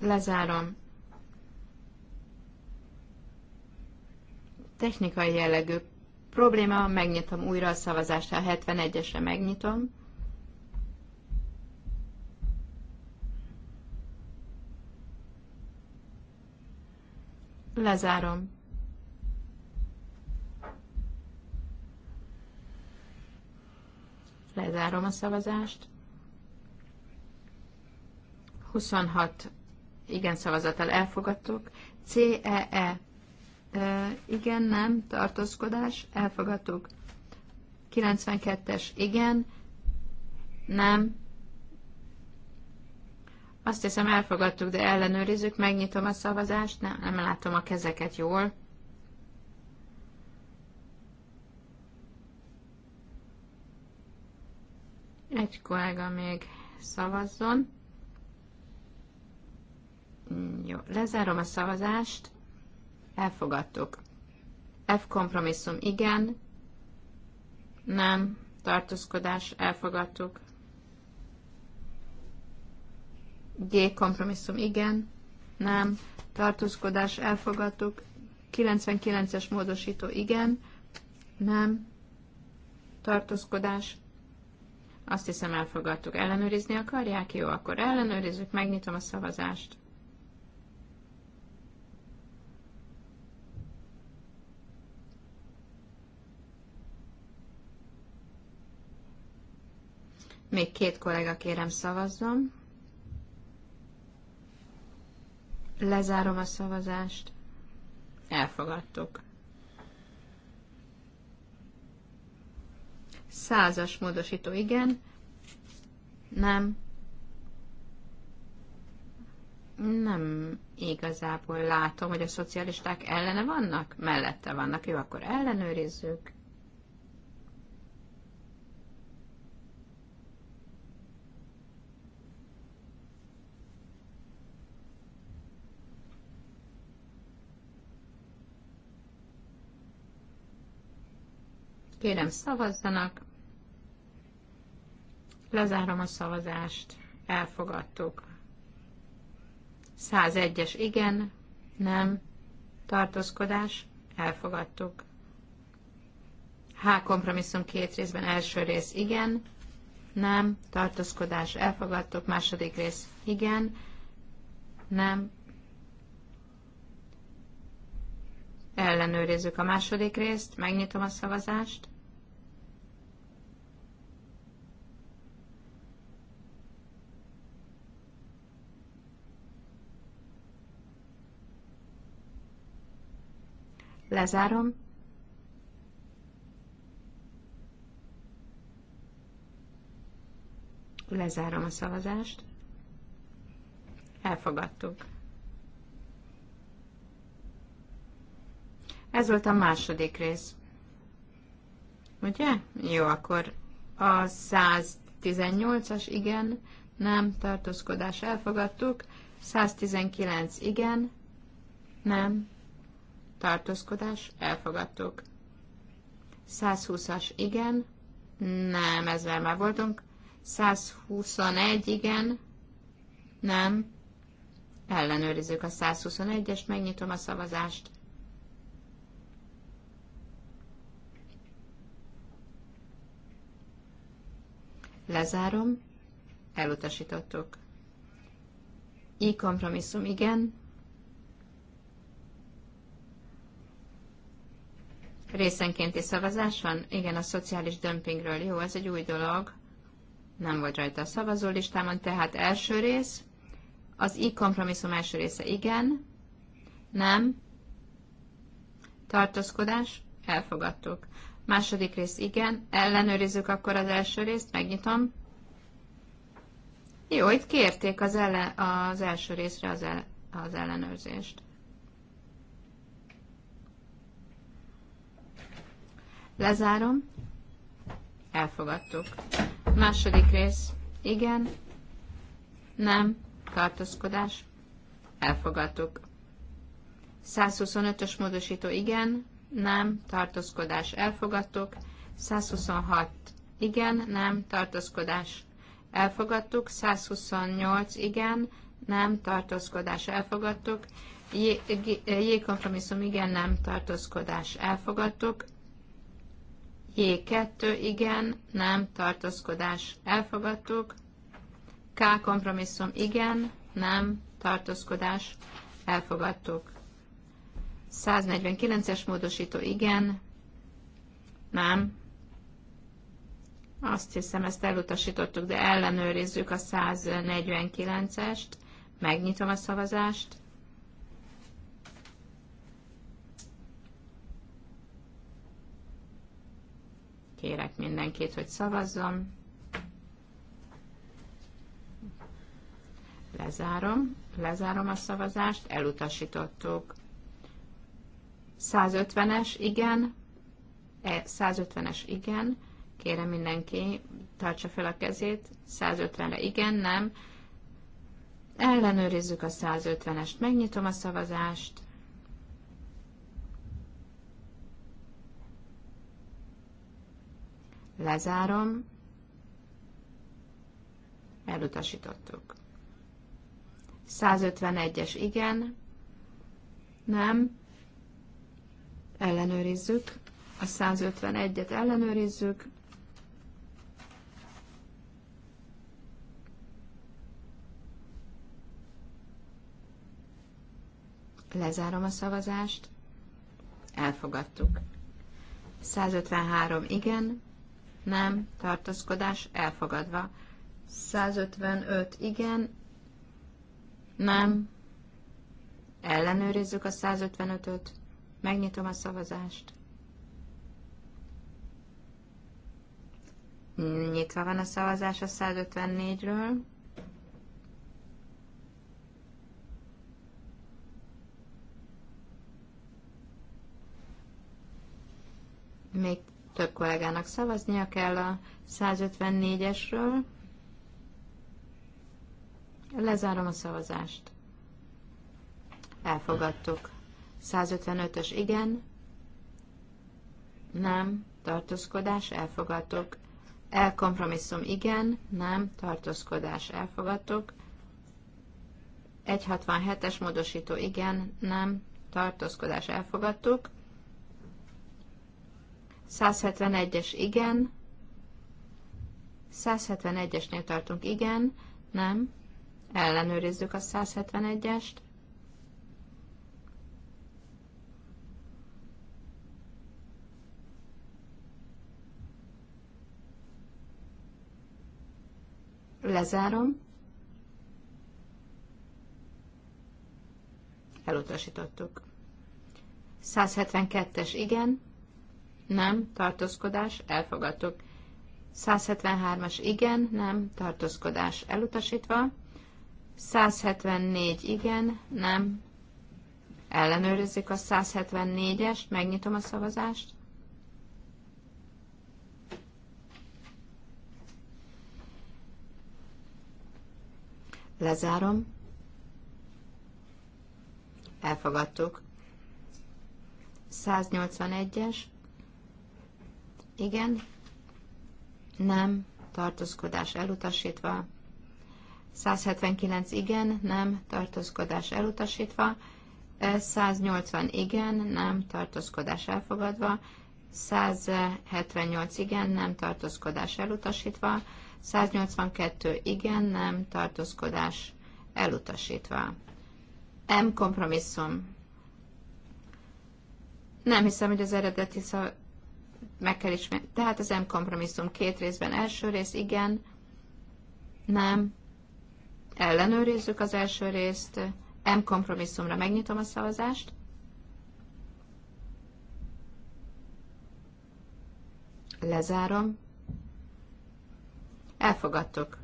Lezárom. Technikai jellegű probléma, megnyitom újra a szavazást, a 71-esre megnyitom. Lezárom. Lezárom a szavazást. 26 igen szavazattal elfogadtuk. CEE e, e. igen, nem, tartózkodás, elfogadtuk. 92-es igen, nem, azt hiszem elfogadtuk, de ellenőrizzük, megnyitom a szavazást, nem, nem látom a kezeket jól. Egy kollega még szavazzon. Jó, lezárom a szavazást. Elfogadtuk. F kompromisszum igen, nem, tartózkodás, elfogadtuk. G kompromisszum igen, nem, tartózkodás elfogadtuk, 99-es módosító igen, nem, tartózkodás, azt hiszem elfogadtuk. Ellenőrizni akarják? Jó, akkor ellenőrizzük, megnyitom a szavazást. Még két kollega kérem szavazzon. Lezárom a szavazást. Elfogadtuk. Százas módosító, igen. Nem. Nem igazából látom, hogy a szocialisták ellene vannak. Mellette vannak. Jó, akkor ellenőrizzük. Kérem, szavazzanak. Lezárom a szavazást. Elfogadtuk. 101-es igen, nem, tartózkodás, elfogadtuk. H kompromisszum két részben, első rész igen, nem, tartózkodás, elfogadtuk, második rész igen, nem, ellenőrizzük a második részt, megnyitom a szavazást, Lezárom. Lezárom a szavazást. Elfogadtuk. Ez volt a második rész. Ugye? Jó, akkor a 118-as igen, nem, tartózkodás elfogadtuk. 119 igen, nem, tartózkodás, elfogadtuk. 120-as igen, nem, ezzel már voltunk. 121 igen, nem, ellenőrizzük a 121 es megnyitom a szavazást. Lezárom, elutasítottuk. i kompromisszum igen, Részenkénti szavazás van? Igen, a szociális dömpingről. Jó, ez egy új dolog. Nem volt rajta a szavazó listámon, tehát első rész. Az i kompromisszum első része igen, nem, tartózkodás, elfogadtuk. Második rész igen, ellenőrizzük akkor az első részt, megnyitom. Jó, itt kérték az, ele, az első részre az, el, az ellenőrzést. Lezárom. Elfogadtuk. Második rész. Igen. Nem. Tartózkodás. Elfogadtuk. 125-ös módosító. Igen. Nem. Tartózkodás. Elfogadtuk. 126. Igen. Nem. Tartózkodás. Elfogadtuk. 128. Igen. Nem. Tartózkodás. Elfogadtuk. J, J kompromisszum. Igen. Nem. Tartózkodás. Elfogadtuk. J2, igen, nem, tartózkodás, elfogadtuk. K kompromisszum, igen, nem, tartózkodás, elfogadtuk. 149-es módosító, igen, nem. Azt hiszem, ezt elutasítottuk, de ellenőrizzük a 149-est. Megnyitom a szavazást. Kérek mindenkit, hogy szavazzon. Lezárom, lezárom a szavazást, elutasítottuk. 150-es igen, 150-es e, igen, kérem mindenki, tartsa fel a kezét, 150-re igen, nem. Ellenőrizzük a 150-est, megnyitom a szavazást. Lezárom. Elutasítottuk. 151-es igen. Nem. Ellenőrizzük. A 151-et ellenőrizzük. Lezárom a szavazást. Elfogadtuk. 153 igen, nem, tartózkodás elfogadva. 155 igen, nem, ellenőrizzük a 155-öt, megnyitom a szavazást. Nyitva van a szavazás a 154-ről. Még több kollégának szavaznia kell a 154-esről. Lezárom a szavazást. Elfogadtuk. 155-ös igen, nem, tartózkodás, elfogadtuk. Elkompromisszum igen, nem, tartózkodás, elfogadtuk. 167-es módosító igen, nem, tartózkodás, elfogadtuk. 171-es igen. 171-esnél tartunk igen, nem. Ellenőrizzük a 171-est. Lezárom. Elutasítottuk. 172-es igen nem, tartózkodás, elfogadtuk. 173-as igen, nem, tartózkodás elutasítva. 174 igen, nem, ellenőrizzük a 174-est, megnyitom a szavazást. Lezárom. Elfogadtuk. 181-es, igen. Nem. Tartózkodás elutasítva. 179 igen, nem, tartózkodás elutasítva, 180 igen, nem, tartózkodás elfogadva, 178 igen, nem, tartózkodás elutasítva, 182 igen, nem, tartózkodás elutasítva. M kompromisszum. Nem hiszem, hogy az eredeti szav meg kell ismerni. Tehát az M kompromisszum két részben. Első rész igen, nem. Ellenőrizzük az első részt. M kompromisszumra megnyitom a szavazást. Lezárom. Elfogadtuk.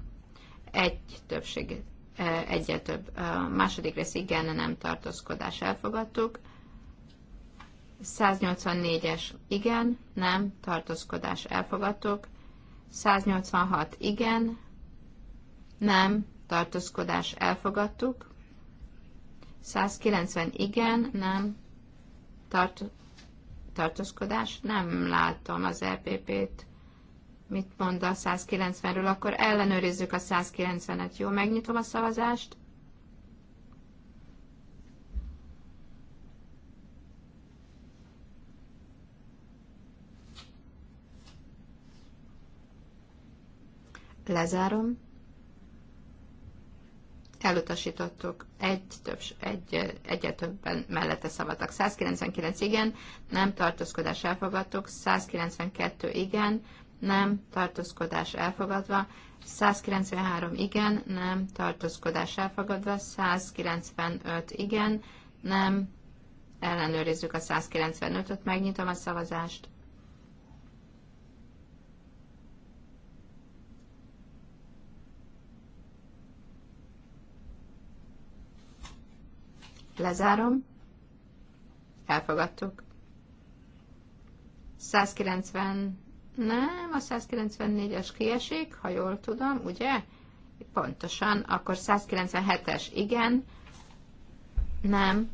Egy többség, eh, egyet több. A második rész igen, nem tartózkodás elfogadtuk. 184-es igen, nem, tartózkodás elfogadtok. 186 igen, nem, tartózkodás elfogadtuk. 190 igen, nem, tart, tartózkodás, nem látom az EPP-t. Mit mond a 190-ről? Akkor ellenőrizzük a 190-et. Jó, megnyitom a szavazást. Lezárom. Elutasítottuk. Egy, több, egy, egyre többen mellette szavaztak. 199 igen, nem tartózkodás elfogadtuk. 192 igen, nem tartózkodás elfogadva. 193 igen, nem tartózkodás elfogadva. 195 igen, nem ellenőrizzük a 195-öt, megnyitom a szavazást. Lezárom. Elfogadtuk. 190, nem, a 194-es kiesik, ha jól tudom, ugye? Pontosan, akkor 197-es igen, nem.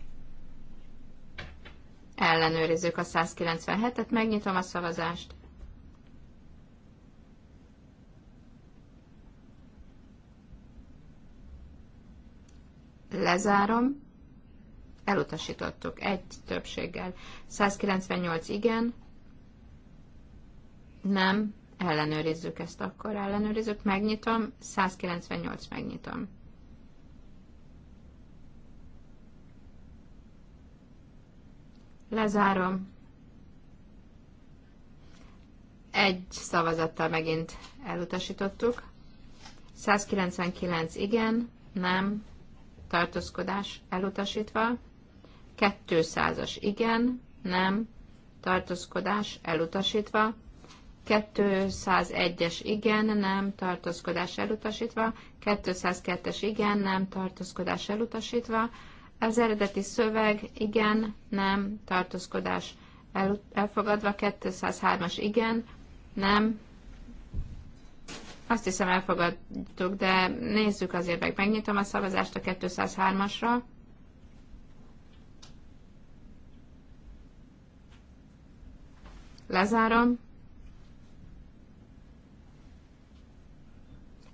Ellenőrizzük a 197-et, megnyitom a szavazást. Lezárom elutasítottuk egy többséggel. 198 igen, nem, ellenőrizzük ezt akkor, ellenőrizzük, megnyitom, 198 megnyitom. Lezárom. Egy szavazattal megint elutasítottuk. 199 igen, nem, tartózkodás elutasítva. 200-as igen, nem, tartózkodás elutasítva, 201-es igen, nem, tartózkodás elutasítva, 202-es igen, nem, tartózkodás elutasítva, az eredeti szöveg igen, nem, tartózkodás el, elfogadva, 203-as igen, nem, azt hiszem elfogadtuk, de nézzük azért meg. Megnyitom a szavazást a 203-asra. Lezárom.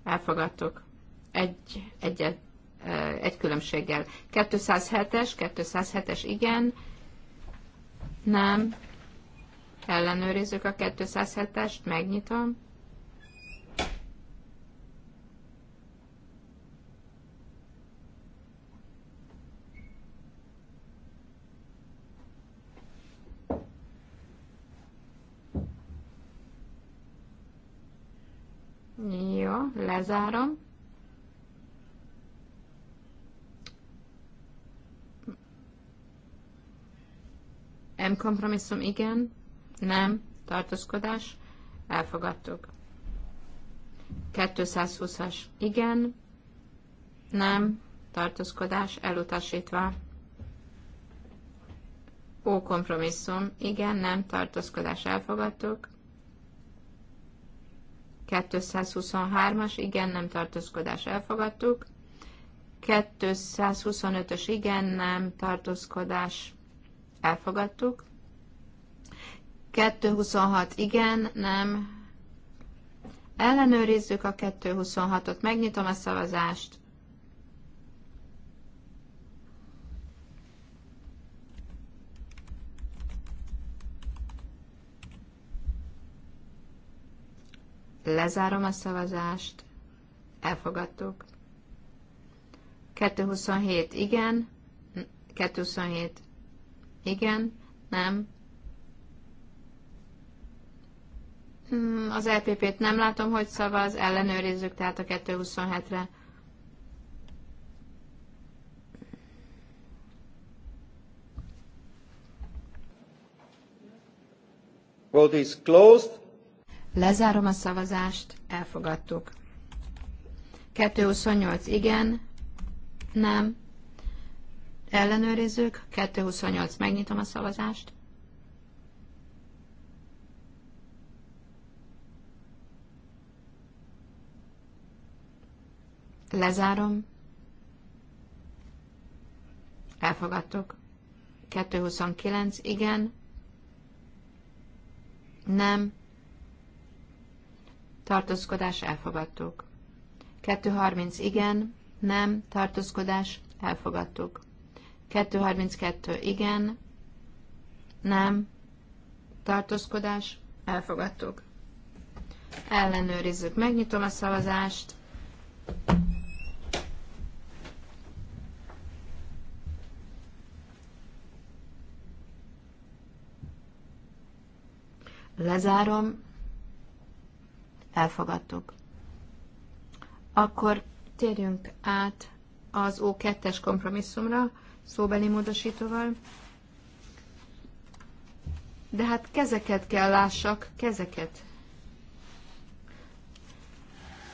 Elfogadtuk. Egy, egyet, egy különbséggel. 207-es, 207-es igen, nem. Ellenőrizzük a 207-est, megnyitom. lezárom. M kompromisszum igen, nem, tartózkodás, elfogadtuk. 220-as igen, nem, tartózkodás, elutasítva. Ó kompromisszum, igen, nem, tartózkodás, elfogadtuk. 223-as, igen, nem tartózkodás, elfogadtuk. 225-ös, igen, nem tartózkodás, elfogadtuk. 226, igen, nem. Ellenőrizzük a 226-ot, megnyitom a szavazást. Lezárom a szavazást. Elfogadtuk. 227 igen, 227 igen, nem. Hmm, az LPP-t e nem látom, hogy szavaz, ellenőrizzük tehát a 227-re. Vote is closed. Lezárom a szavazást, elfogadtuk. 228 igen, nem, ellenőrizzük, 228 megnyitom a szavazást. Lezárom. Elfogadtuk. 229 igen, nem, tartózkodás elfogadtuk. 230 igen, nem, tartózkodás elfogadtuk. 232 igen, nem, tartózkodás elfogadtuk. Ellenőrizzük, megnyitom a szavazást. Lezárom, elfogadtuk. Akkor térjünk át az O2-es kompromisszumra, szóbeli módosítóval. De hát kezeket kell lássak, kezeket.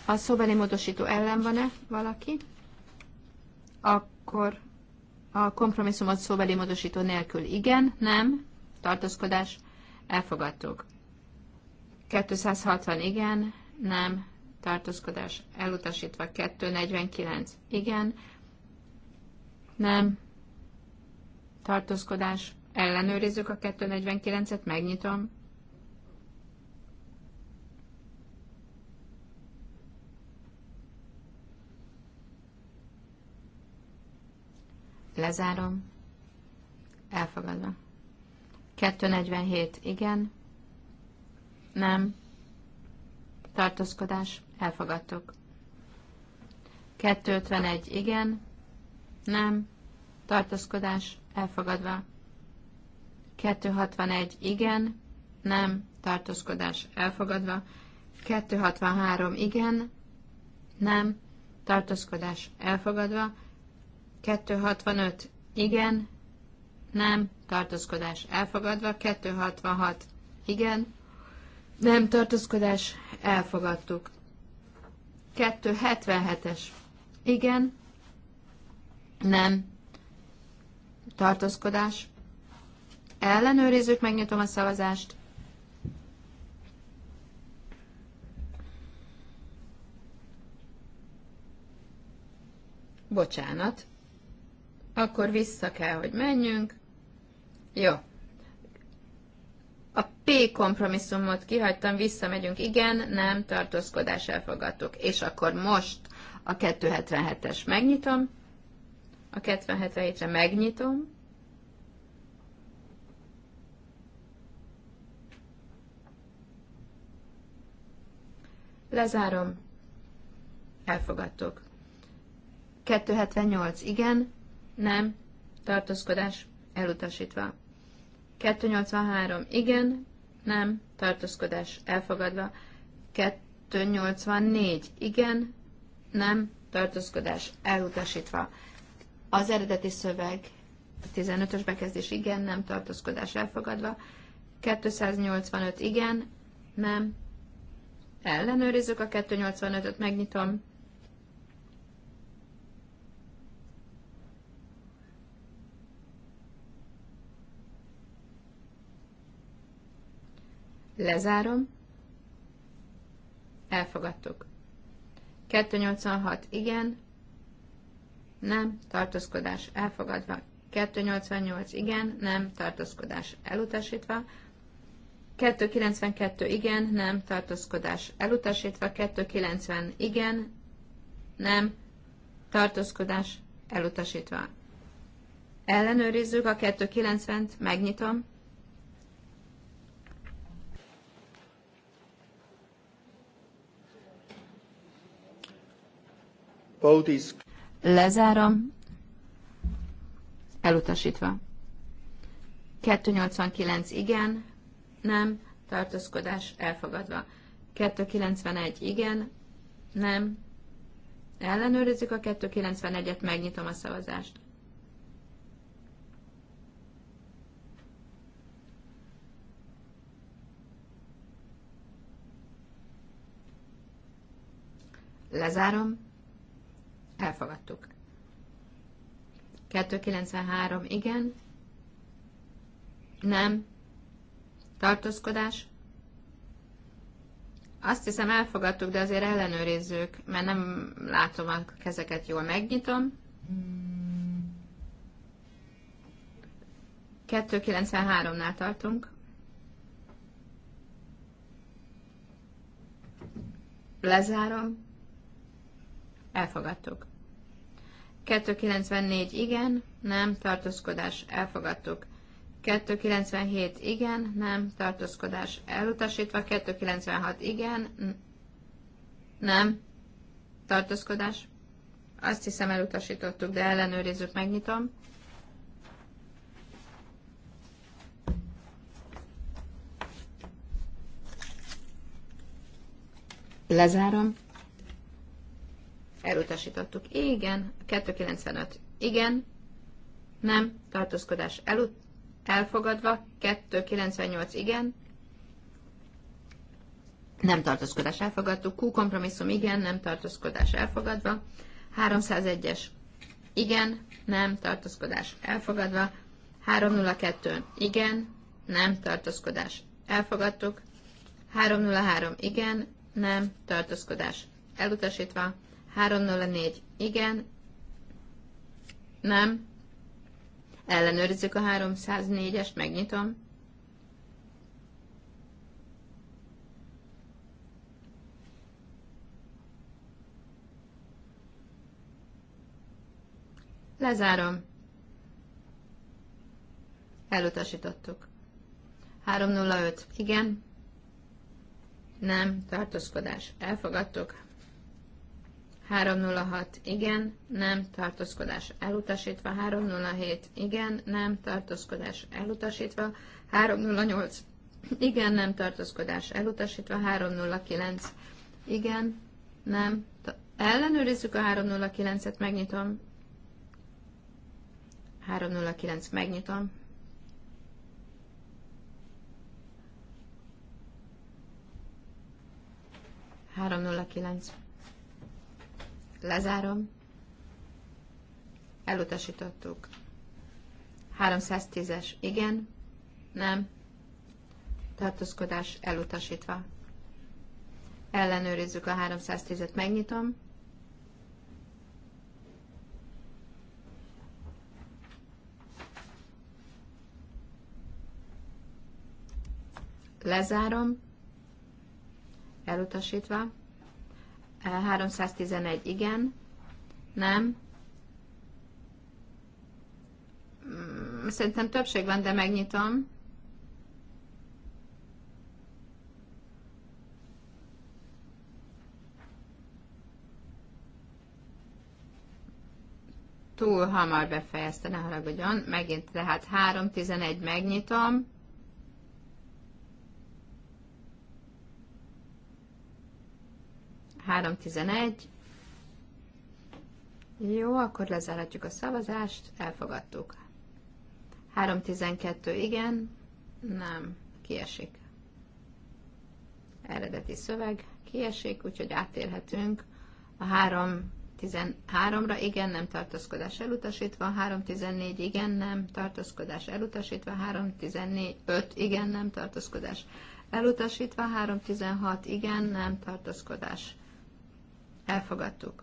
A szóbeli módosító ellen van-e valaki? Akkor a kompromisszumot szóbeli módosító nélkül igen, nem, tartózkodás, elfogadtuk. 260 igen, nem, tartózkodás elutasítva 249 igen, nem, tartózkodás ellenőrizzük a 249-et, megnyitom. Lezárom. Elfogadva. 247, igen. Nem. Tartózkodás. Elfogadtuk. 251. Igen. Nem. Tartózkodás. Elfogadva. 261. Igen. Nem. Tartózkodás. Elfogadva. 263. Igen. Nem. Tartózkodás. Elfogadva. 265. Igen. Nem. Tartózkodás. Elfogadva. 266. Igen nem tartózkodás, elfogadtuk. 277-es, igen, nem, tartózkodás, ellenőrizzük, megnyitom a szavazást. Bocsánat. Akkor vissza kell, hogy menjünk. Jó, a P kompromisszumot kihagytam, visszamegyünk, igen, nem, tartózkodás elfogadtuk. És akkor most a 277-es megnyitom, a 277-re megnyitom, Lezárom. Elfogadtok. 278. Igen. Nem. Tartózkodás. Elutasítva. 283 igen, nem, tartózkodás elfogadva. 284 igen, nem, tartózkodás elutasítva. Az eredeti szöveg 15-ös bekezdés igen, nem, tartózkodás elfogadva. 285 igen, nem. Ellenőrizzük a 285-öt, megnyitom. Lezárom. Elfogadtuk. 286 igen. Nem. Tartózkodás elfogadva. 288 igen. Nem. Tartózkodás elutasítva. 292 igen, nem, tartózkodás elutasítva, 290 igen, nem, tartózkodás elutasítva. Ellenőrizzük a 290-t, megnyitom. Lezárom. Elutasítva. 289 igen, nem, tartózkodás elfogadva. 291 igen, nem, ellenőrizzük a 291-et, megnyitom a szavazást. Lezárom. Elfogadtuk. 293, igen. Nem. Tartózkodás. Azt hiszem elfogadtuk, de azért ellenőrizzük, mert nem látom a kezeket jól. Megnyitom. 293-nál tartunk. Lezárom. Elfogadtuk. 294 igen, nem, tartózkodás, elfogadtuk. 297 igen, nem, tartózkodás, elutasítva. 296 igen, nem, tartózkodás. Azt hiszem elutasítottuk, de ellenőrizzük, megnyitom. Lezárom. Elutasítottuk. Igen. 295. Igen. Nem. Tartózkodás elut elfogadva. 298. Igen. Nem tartózkodás elfogadtuk. Q kompromisszum igen, nem tartózkodás elfogadva. 301-es igen, nem tartózkodás elfogadva. 302 igen, nem tartózkodás elfogadtuk. 303 igen, nem tartózkodás elutasítva. 304. Igen. Nem. Ellenőrizzük a 304-est, megnyitom. Lezárom. Elutasítottuk. 305. Igen. Nem. Tartózkodás. Elfogadtuk. 306 igen, nem, tartózkodás elutasítva. 307 igen, nem, tartózkodás elutasítva. 308 igen, nem, tartózkodás elutasítva. 309 igen, nem. Ellenőrizzük a 309-et, megnyitom. 309 megnyitom. Három nulla kilenc. Lezárom. Elutasítottuk. 310-es. Igen. Nem. Tartózkodás elutasítva. Ellenőrizzük a 310-et. Megnyitom. Lezárom. Elutasítva. 311 igen, nem. Mm, szerintem többség van, de megnyitom. túl hamar befejezte, ne haragudjon. Megint tehát 3.11 megnyitom. 311. Jó, akkor lezárhatjuk a szavazást. Elfogadtuk. 312 igen, nem, kiesik. Eredeti szöveg kiesik, úgyhogy átérhetünk. a 313-ra, igen, nem tartózkodás elutasítva, 314, igen, nem tartózkodás elutasítva, 314, igen, nem tartózkodás elutasítva, 316, igen, nem tartózkodás elutasítva Elfogadtuk.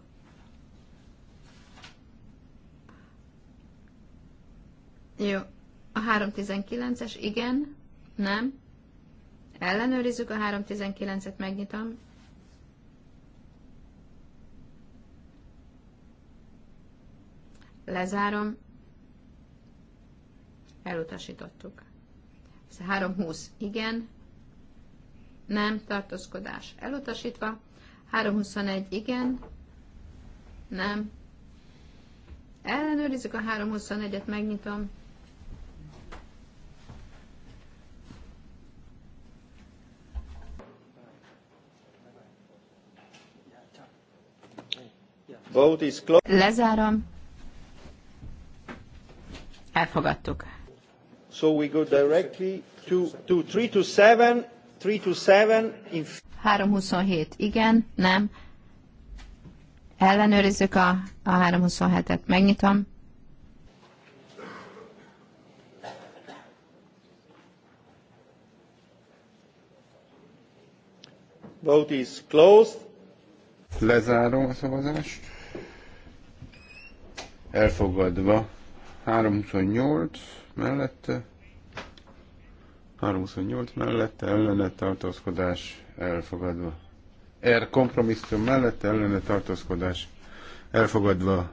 Jó. A 319-es igen, nem. Ellenőrizzük a 319-et, megnyitom. Lezárom. Elutasítottuk. Ez a 320. Igen. Nem. Tartózkodás. Elutasítva. 321 igen, nem. Ellenőrizzük a 321-et, megnyitom. Lezárom. Elfogadtuk. So we go directly to, to three to seven. 327, igen, nem. Ellenőrizzük a, a 327-et, megnyitom. Vote is closed. Lezárom a szavazást. Elfogadva. 328 mellette 328 mellett ellene tartózkodás elfogadva. Er kompromisszum mellett ellene tartózkodás elfogadva.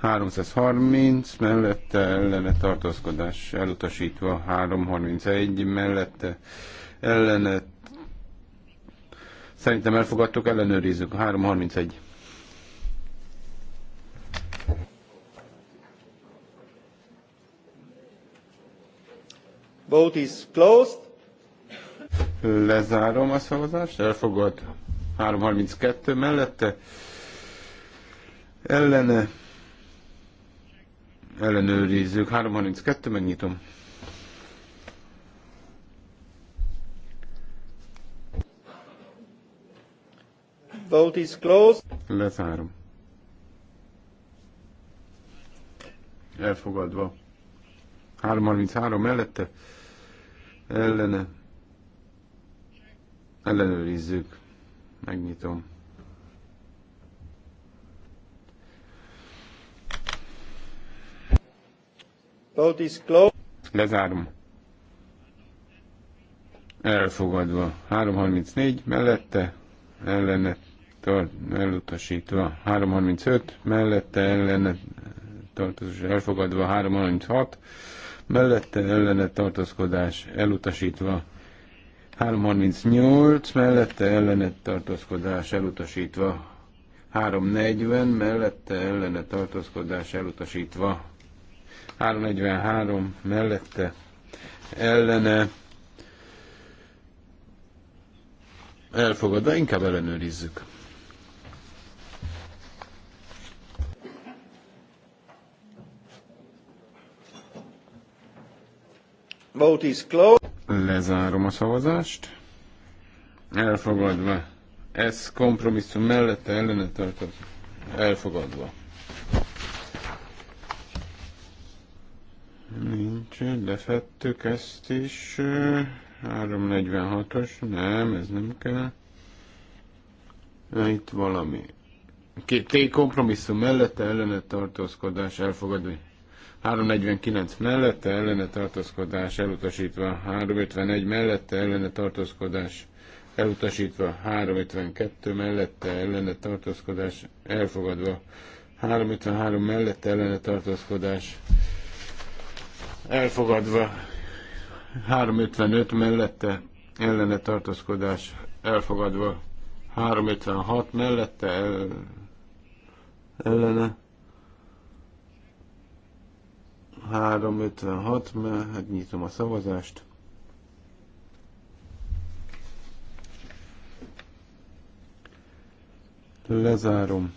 330 mellette ellene tartózkodás elutasítva. 331 mellette ellene Szerintem elfogadtuk, ellenőrizzük. 331. Vote is closed. Lezárom a szavazást, elfogad 332 mellette. Ellene ellenőrizzük. 332, megnyitom. Vote is closed. Lezárom. Elfogadva. 333 mellette ellene ellenőrizzük, megnyitom. Lezárom. Elfogadva. 334 mellette, ellene tart, elutasítva. 335 mellette, ellene tartozás elfogadva. 336 mellette ellene tartózkodás elutasítva. 338 mellette ellene tartózkodás elutasítva. 340 mellette ellene tartózkodás elutasítva. 343 mellette ellene elfogadva, inkább ellenőrizzük. Vote is closed. Lezárom a szavazást. Elfogadva. Ez kompromisszum mellette ellene tartott. Elfogadva. Nincs, lefettük ezt is. 346-os, nem, ez nem kell. itt valami. Két kompromisszum mellette ellene tartózkodás elfogadva. 349 mellette ellene tartózkodás elutasítva, 351 mellette ellene tartózkodás elutasítva, 352 mellette ellene tartózkodás elfogadva, 353 mellette ellene tartózkodás elfogadva, 355 mellette ellene tartózkodás elfogadva, 356 mellette el, ellene 356, mert hát nyitom a szavazást. Lezárom.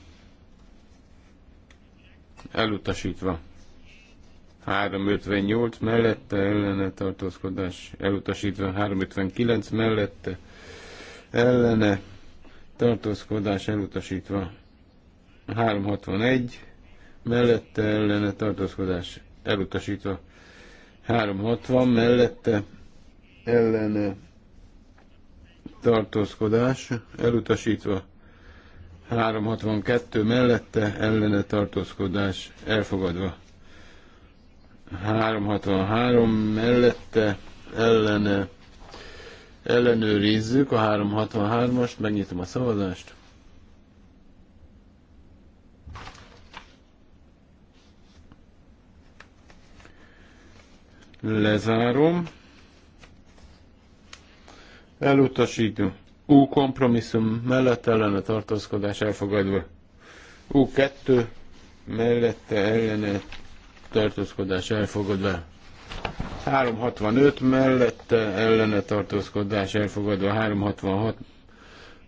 Elutasítva. 358 mellette ellene tartózkodás elutasítva, 359 mellette ellene tartózkodás elutasítva, 361 mellette ellene tartózkodás elutasítva. 360 mellette ellene tartózkodás elutasítva. 362 mellette ellene tartózkodás elfogadva. 363 mellette ellene ellenőrizzük a 363-ast, megnyitom a szavazást. Lezárom. Elutasítom. U kompromisszum mellett ellene tartózkodás elfogadva. U2 mellette ellene tartózkodás elfogadva. 365 mellette ellene tartózkodás elfogadva. 366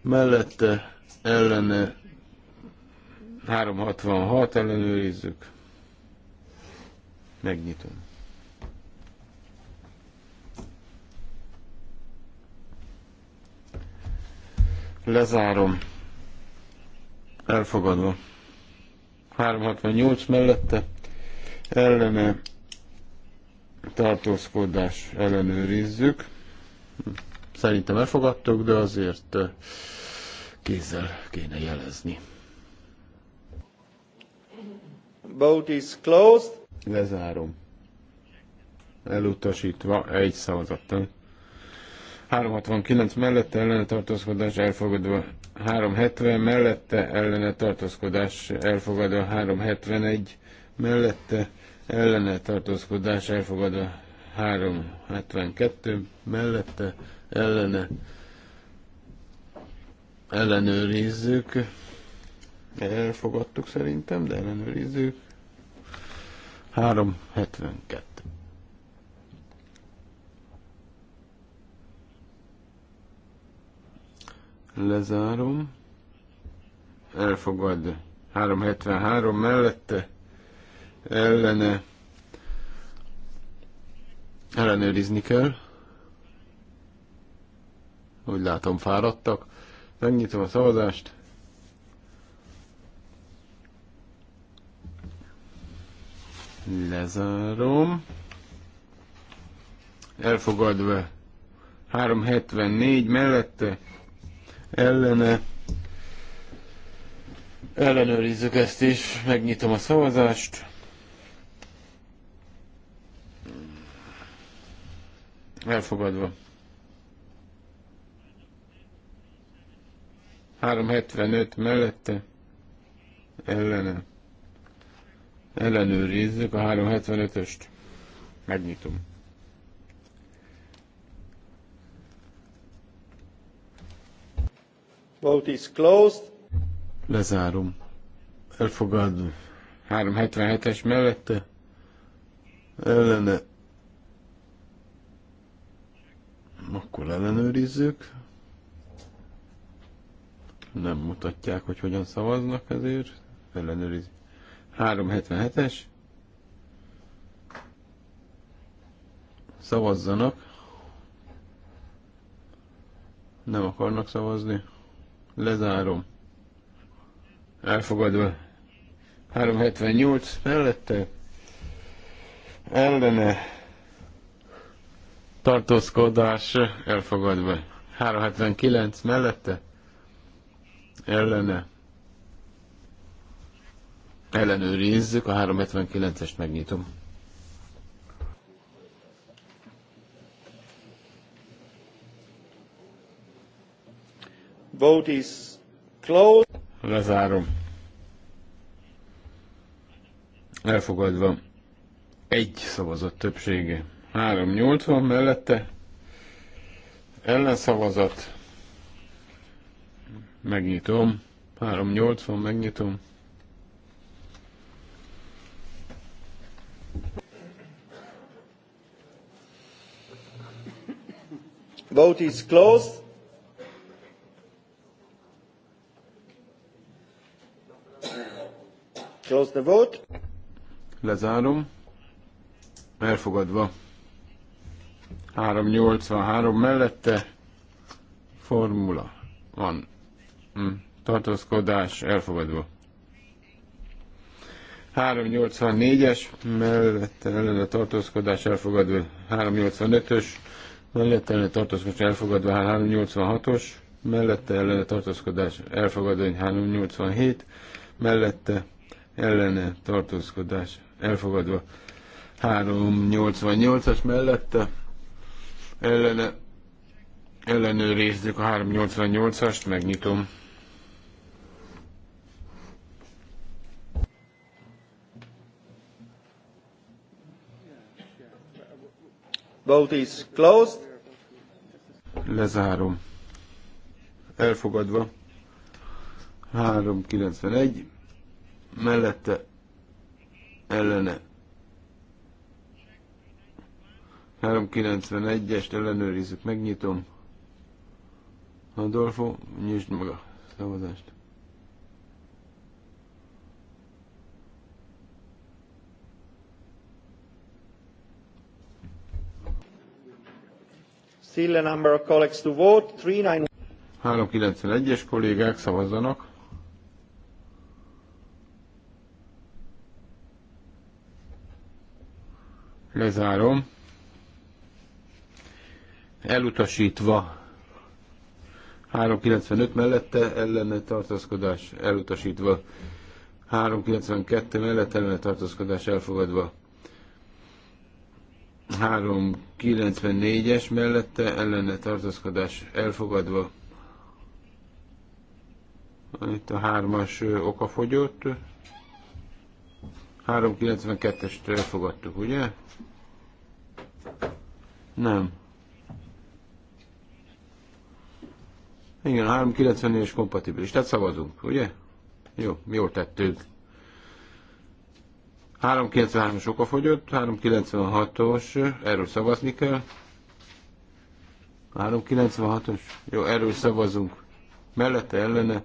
mellette ellene 366 ellenőrizzük. Megnyitom. Lezárom. Elfogadva. 368 mellette ellene tartózkodás ellenőrizzük. Szerintem elfogadtok, de azért eh, kézzel kéne jelezni. Boat is closed. Lezárom. Elutasítva egy szavazattal. 369 mellette ellene tartózkodás elfogadva, 370 mellette ellene tartózkodás elfogadva, 371 mellette ellene tartózkodás elfogadva, 372 mellette ellene ellenőrizzük. Elfogadtuk szerintem, de ellenőrizzük. 372. Lezárom. Elfogad. 373 mellette. Ellene. Ellenőrizni kell. Úgy látom, fáradtak. Megnyitom a szavazást. Lezárom. Elfogadva 374 mellette ellene. Ellenőrizzük ezt is, megnyitom a szavazást. Elfogadva. 375 mellette ellene. Ellenőrizzük a 375-öst. Megnyitom. Vote is closed. Lezárom. Elfogadom. 377-es mellette. Ellene. Akkor ellenőrizzük. Nem mutatják, hogy hogyan szavaznak ezért. Ellenőrizzük. 377-es. Szavazzanak. Nem akarnak szavazni. Lezárom. Elfogadva. 378 mellette. Ellene. Tartózkodás elfogadva. 379 mellette. Ellene. Ellenőrizzük, a 379-est megnyitom. Vote is closed. Lezárom. Elfogadva. Egy szavazat többsége. 380 mellette. Ellenszavazat. Megnyitom. 380, megnyitom. Vote is closed. Close the vote. Lezárom. Elfogadva. 383 mellette formula van. Hm. Tartózkodás elfogadva. 384-es mellette ellene tartózkodás elfogadva. 385-ös mellette ellene tartózkodás elfogadva. 386-os mellette ellene tartózkodás elfogadva. 387 mellette ellene tartózkodás elfogadva. 388-as mellette ellene ellenőrizzük a 388-ast, megnyitom. Vote is closed. Lezárom. Elfogadva. 391 mellette ellene 391-est ellenőrizzük, megnyitom. Adolfo, nyisd meg a szavazást. Still a number of colleagues to vote. 391-es kollégák szavazzanak. Lezárom. Elutasítva. 395 mellette ellene tartózkodás elutasítva. 392 mellett ellene tartózkodás elfogadva. 394-es mellette ellene tartózkodás elfogadva. Itt a hármas okafogyott. 392-est elfogadtuk, ugye? Nem. Igen, 394-es kompatibilis. Tehát szavazunk, ugye? Jó, jól tettünk. 393-os okafogyott, 396-os, erről szavazni kell. 396-os, jó, erről szavazunk. Mellette, ellene,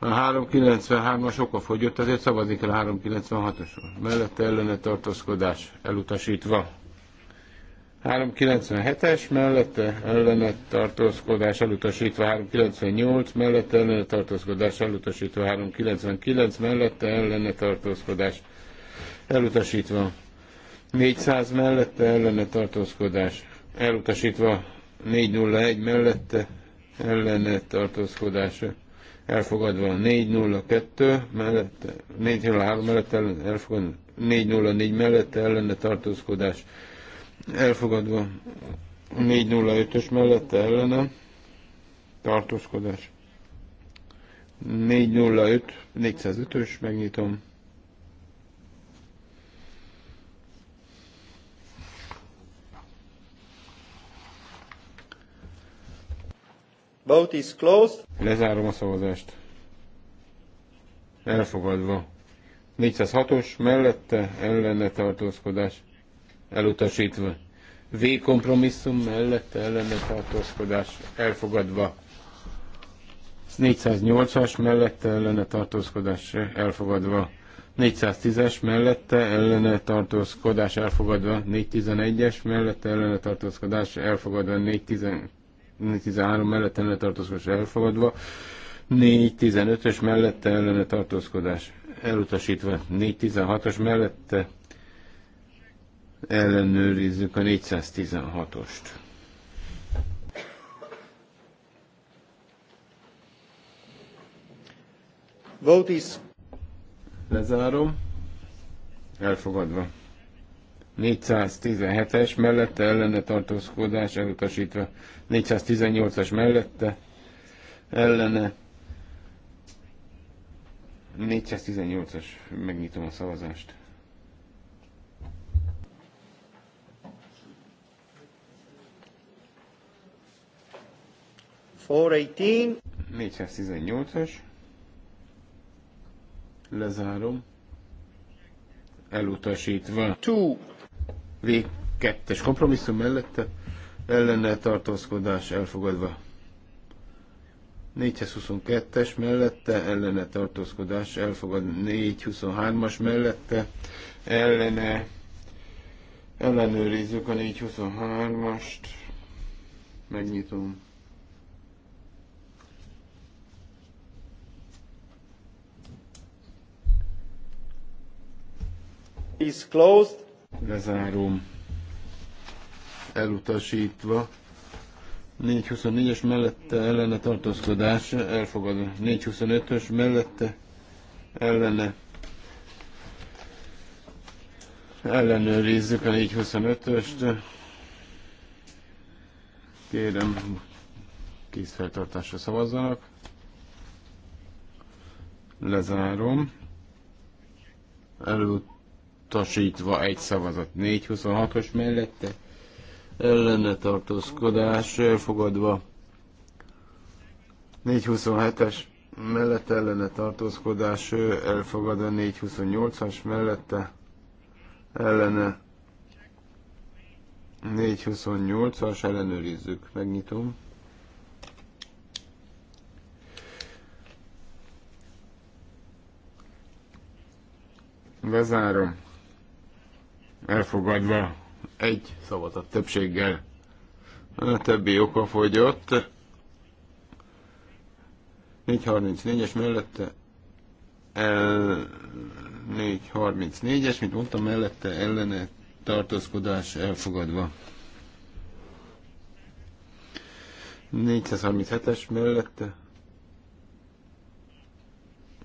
A 393-as oka fogyott, azért szavazni kell a 396-osról. Mellette ellene tartózkodás elutasítva. 397-es, mellette ellene tartózkodás elutasítva 398, mellette ellene tartózkodás elutasítva 399, mellette ellene tartózkodás elutasítva 400 mellette ellene tartózkodás elutasítva 401 mellette ellene tartózkodás elfogadva 402 mellett, 403 mellett ellen, elfogadva 404 mellett ellene tartózkodás, elfogadva 405-ös mellett ellene tartózkodás. 405, 405-ös, megnyitom. Vote is closed. Lezárom a szavazást. Elfogadva. 406-os mellette ellene tartózkodás. Elutasítva. V kompromisszum mellette ellene tartózkodás. Elfogadva. 408-as mellette ellene tartózkodás elfogadva. 410-es mellette ellene tartózkodás elfogadva. 411-es mellette ellene tartózkodás elfogadva. 412 413 mellett ellene tartózkodás elfogadva, 415-ös mellette ellene tartózkodás elutasítva, 416-os mellette ös mellette ellene tartózkodás elutasítva, 416 os mellette ellenőrizzük a 416-ost. Vote is. Lezárom. Elfogadva. 417-es mellette ellene tartózkodás elutasítva. 418-as mellette ellene 418-as, megnyitom a szavazást. For 418-as. Lezárom. Elutasítva. 2. V2-es kompromisszum mellette ellene tartózkodás elfogadva. 422-es mellette ellene tartózkodás elfogadva. 423-as mellette ellene ellenőrizzük a 423-ast. Megnyitom. Is closed. Lezárom elutasítva. 424-es mellette ellene tartózkodás elfogadva. 425-ös mellette ellene ellenőrizzük a 425-öst. Kérem, kézfeltartásra szavazzanak. Lezárom. Elutasítva egy szavazat 426-os mellette ellene tartózkodás elfogadva. 427-es mellett ellene tartózkodás elfogadva, 428-as mellette ellene 428-as ellenőrizzük. Megnyitom. Bezárom. Elfogadva egy szavazat többséggel. A többi oka fogyott. 434-es mellette el 434-es, mint mondtam, mellette ellene tartózkodás elfogadva. 437-es mellette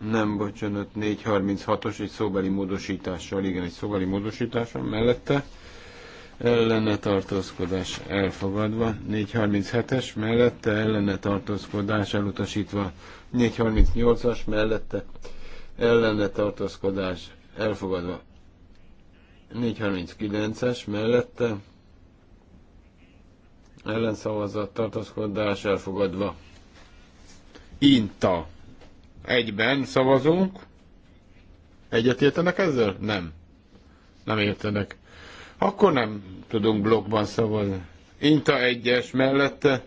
nem, bocsánat, 436-os egy szóbeli módosítással, igen, egy szóbeli módosítással mellette ellene tartózkodás elfogadva, 437-es mellette ellene tartózkodás elutasítva, 438-as mellette ellene tartózkodás elfogadva, 439-es mellette ellenszavazat tartózkodás elfogadva. Inta. Egyben szavazunk. Egyet értenek ezzel? Nem. Nem értenek. Akkor nem tudunk blokkban szavazni. Inta egyes mellette.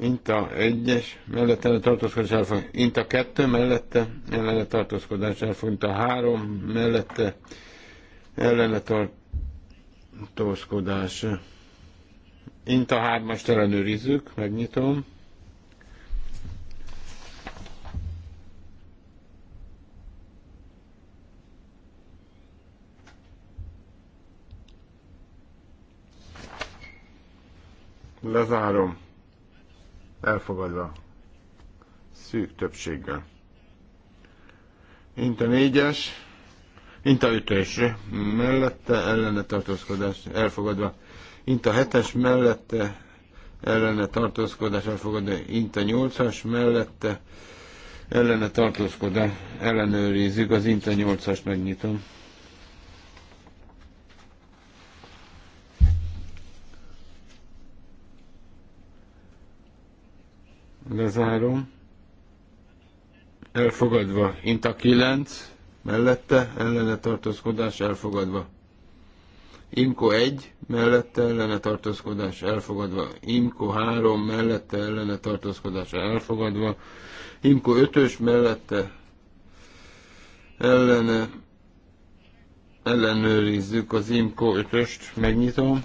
Inta egyes mellette a tartózkodás elfog. Inta kettő mellette ellene tartózkodás elfog. Inta három mellette ellene tartózkodás. Inta hármast ellenőrizzük, megnyitom. Lezárom. Elfogadva. Szűk többséggel. Inta a négyes. inta a ötös. Mellette ellene tartózkodás. Elfogadva. Int a hetes. Mellette ellene tartózkodás. Elfogadva. Int a nyolcas. Mellette ellene tartózkodás. Ellenőrizzük. Az inta nyolcas megnyitom. Lezárom. Elfogadva. Inta 9. Mellette ellene tartózkodás elfogadva. Imko 1, mellette ellene tartózkodás elfogadva. Imko 3, mellette ellene tartózkodás elfogadva. Imko 5-ös, mellette ellene ellenőrizzük az Imko 5-öst, megnyitom.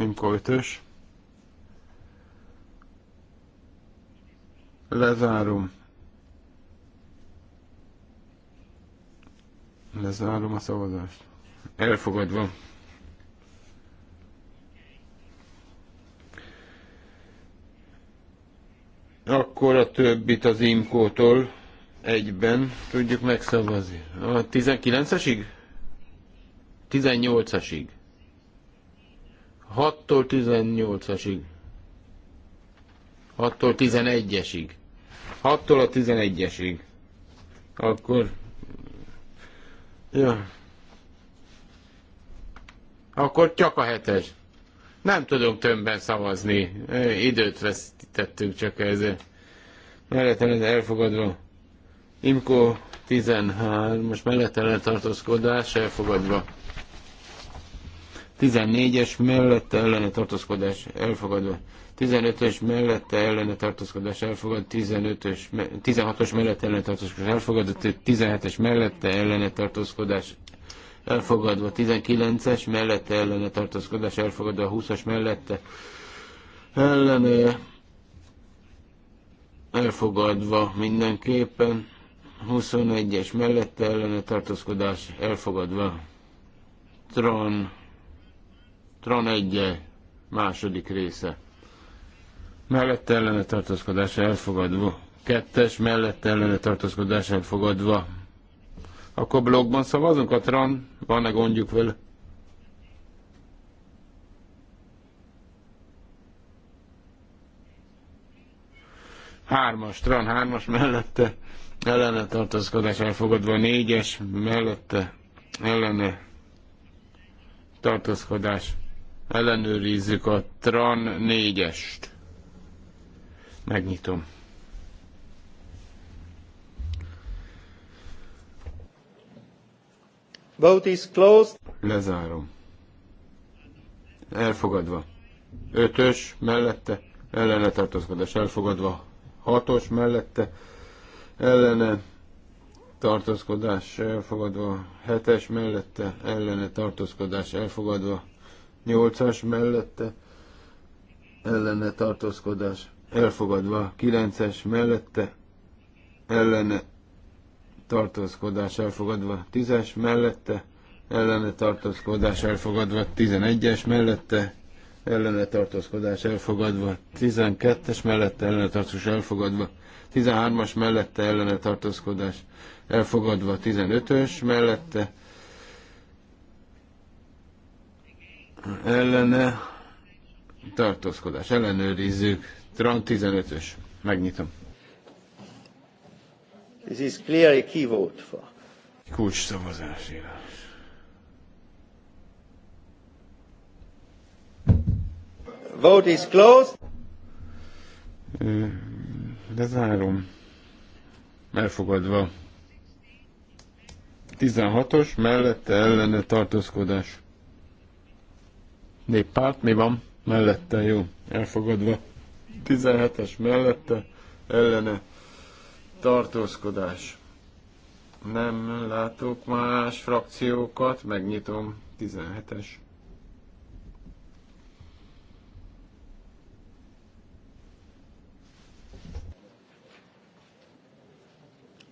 Imko 5-ös. Lezárom. Lezárom a szavazást. Elfogadva. Akkor a többit az imkótól egyben tudjuk megszavazni. A 19-esig? 18 esig 6-tól 18-asig. 6-tól 11-esig. 6-tól a 11-esig. Akkor... Ja. Akkor csak a hetes. Nem tudunk tömbben szavazni. Időt vesztettünk csak ezzel. Mellettem ez elfogadva. Imko 13, most mellettem tartózkodás elfogadva. 14-es mellette ellene tartózkodás elfogadva. 15-ös mellette ellene tartózkodás elfogad, 15-ös, 16-os mellette ellene tartózkodás elfogadott, 17-es mellette ellene tartózkodás elfogadva, 19-es mellette ellene tartózkodás elfogadva, 20-as mellette ellene elfogadva mindenképpen, 21-es mellette ellene tartózkodás elfogadva. Tron, Tron 1 -e, második része mellette ellene tartózkodás elfogadva, kettes mellette ellene tartózkodás elfogadva. Akkor blogban szavazunk a tran, van-e gondjuk vele? Hármas, tran hármas mellette ellene tartózkodás elfogadva, négyes mellette ellene tartózkodás ellenőrizzük a TRAN négyest. Megnyitom. Vote is closed. Lezárom. Elfogadva. Ötös mellette, ellene tartózkodás elfogadva. Hatos mellette, ellene tartózkodás elfogadva. Hetes mellette, ellene tartózkodás elfogadva. Nyolcas mellette, ellene tartózkodás elfogadva a kilences mellette ellene tartózkodás elfogadva tízes mellette ellene tartózkodás elfogadva tizenegyes mellette ellene tartózkodás elfogadva tizenkettes mellette ellene tartózkodás elfogadva tizenhármas mellette ellene tartózkodás elfogadva tizenötös mellette ellene tartózkodás ellenőrizzük Tran 15-ös. Megnyitom. This is clearly key vote for. Kulcs szavazásírás. Vote is closed. Lezárom. Elfogadva. 16-os, mellette ellene tartózkodás. Néppárt, mi van? Mellette, jó, elfogadva. 17-es mellette ellene tartózkodás. Nem látok más frakciókat, megnyitom 17-es.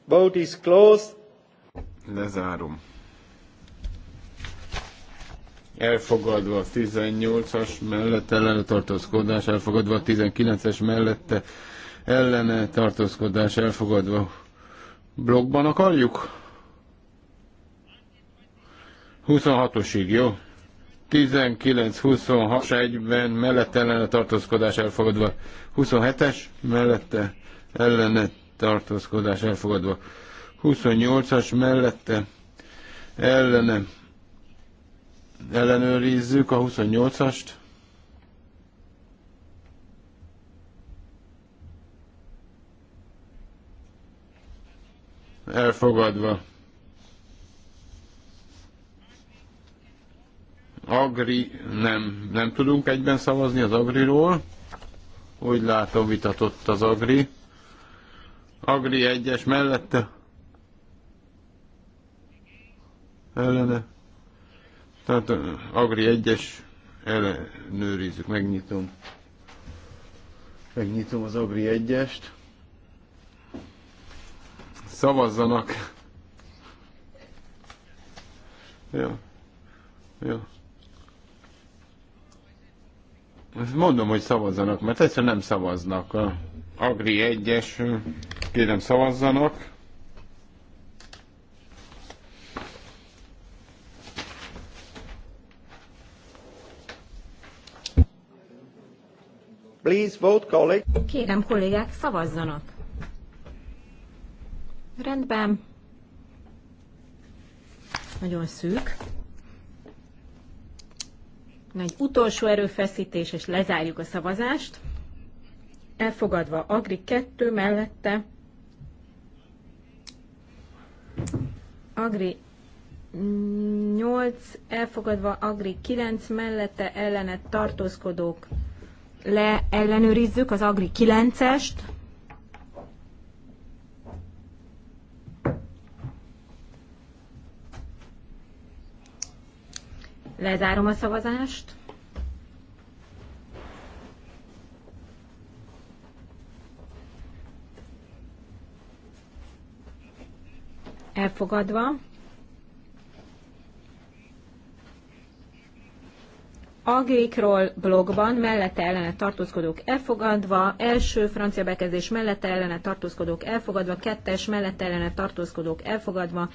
Vote is closed. Lezárom elfogadva a 18-as mellette ellene tartózkodás, elfogadva a 19-es mellette ellene tartózkodás, elfogadva blokkban akarjuk? 26-osig, jó? 19-26 ben mellette ellene tartózkodás elfogadva. 27-es mellette ellene tartózkodás elfogadva. 28-as mellette ellene ellenőrizzük a 28-ast. Elfogadva. Agri, nem, nem tudunk egyben szavazni az Agriról. Úgy látom, vitatott az Agri. Agri egyes mellette. Ellene tehát Agri 1-es ellenőrizzük, megnyitom. Megnyitom az Agri 1-est. Szavazzanak! Jó. Jó. Ezt mondom, hogy szavazzanak, mert egyszerűen nem szavaznak. Agri 1-es, kérem szavazzanak. Please vote, colleague. Kérem kollégák, szavazzanak. Rendben. Nagyon szűk. Egy utolsó erőfeszítés, és lezárjuk a szavazást. Elfogadva Agri 2 mellette. Agri 8, elfogadva Agri 9 mellette ellenet tartózkodók leellenőrizzük az Agri 9-est. Lezárom a szavazást. Elfogadva. Agrikról blogban mellette ellene tartózkodók elfogadva, első francia bekezdés mellette ellene tartózkodók elfogadva, kettes mellette ellene tartózkodók elfogadva,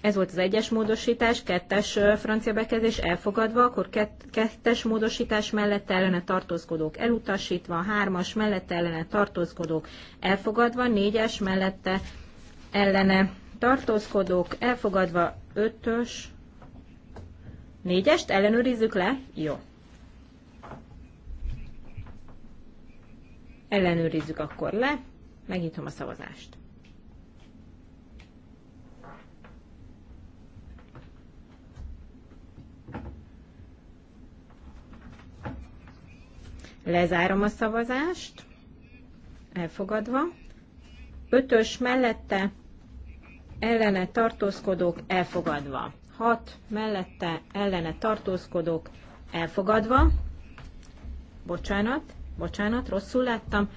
ez volt az egyes módosítás, kettes francia bekezdés elfogadva, akkor kettes módosítás mellett ellene tartózkodók elutasítva, hármas mellett ellene tartózkodók elfogadva, négyes mellette ellene tartózkodók elfogadva, ötös Négyest ellenőrizzük le? Jó. Ellenőrizzük akkor le. Megnyitom a szavazást. Lezárom a szavazást. Elfogadva. Ötös mellette ellene tartózkodók elfogadva. Hat mellette ellene tartózkodók elfogadva. Bocsánat, bocsánat, rosszul láttam.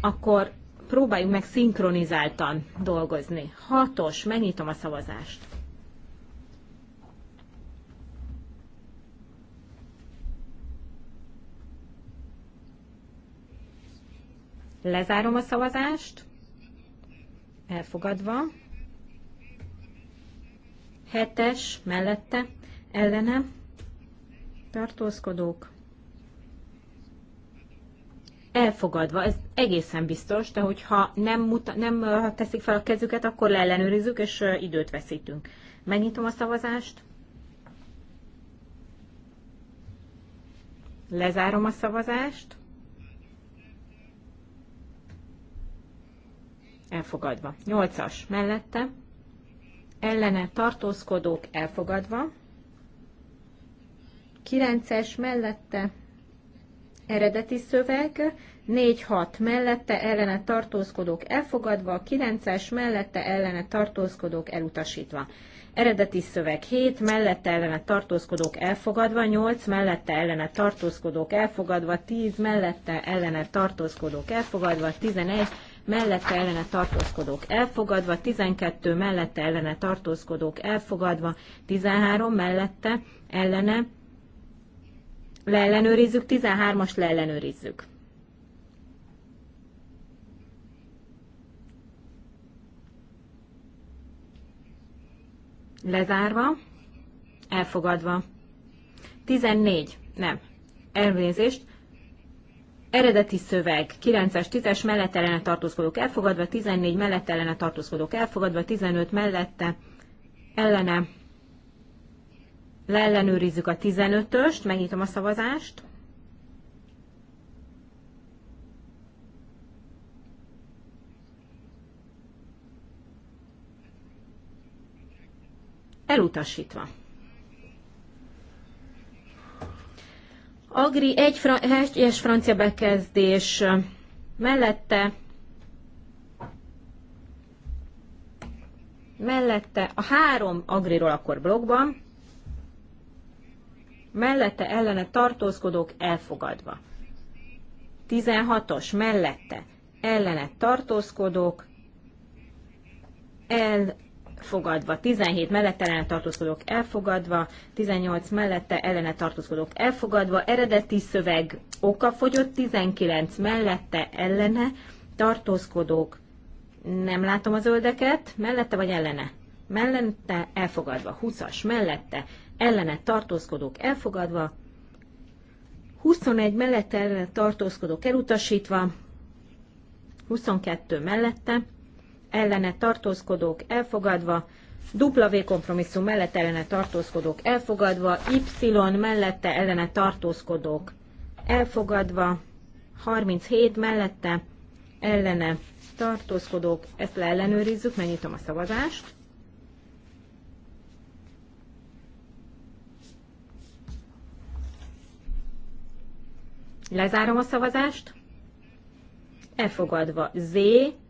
Akkor próbáljuk meg szinkronizáltan dolgozni. Hatos, megnyitom a szavazást. Lezárom a szavazást. Elfogadva. Hetes mellette ellene tartózkodók elfogadva, ez egészen biztos, de hogyha nem, muta, nem teszik fel a kezüket, akkor leellenőrizzük, és időt veszítünk. Megnyitom a szavazást. Lezárom a szavazást. Elfogadva. Nyolcas mellette ellene tartózkodók elfogadva, 9-es mellette eredeti szöveg, 4-6 mellette ellene tartózkodók elfogadva, 9-es mellette ellene tartózkodók elutasítva. Eredeti szöveg 7, mellette ellene tartózkodók elfogadva, 8, mellette ellene tartózkodók elfogadva, 10, mellette ellene tartózkodók elfogadva, 11, mellette ellene tartózkodók elfogadva, 12 mellette ellene tartózkodók elfogadva, 13 mellette ellene leellenőrizzük, 13-as leellenőrizzük. Lezárva, elfogadva. 14, nem, elnézést, Eredeti szöveg 9-es, 10-es mellett ellene tartózkodók elfogadva, 14 mellett ellene tartózkodók elfogadva, 15 mellette ellene leellenőrizzük a 15-öst, megnyitom a szavazást. Elutasítva. Agri egy fra- egyes francia bekezdés mellette mellette a három agriról akkor blogban, mellette ellene tartózkodók elfogadva. 16-os mellette ellene tartózkodók el elfogadva, 17 mellette ellene tartózkodók elfogadva, 18 mellette ellene tartózkodók elfogadva, eredeti szöveg fogyott 19 mellette ellene tartózkodók, nem látom a zöldeket, mellette vagy ellene? Mellette elfogadva, 20-as mellette ellene tartózkodók elfogadva, 21 mellette ellene tartózkodók elutasítva, 22 mellette ellene tartózkodók elfogadva, W kompromisszum mellett ellene tartózkodók elfogadva, Y mellette ellene tartózkodók elfogadva, 37 mellette ellene tartózkodók, ezt leellenőrizzük, megnyitom a szavazást. Lezárom a szavazást elfogadva. Z,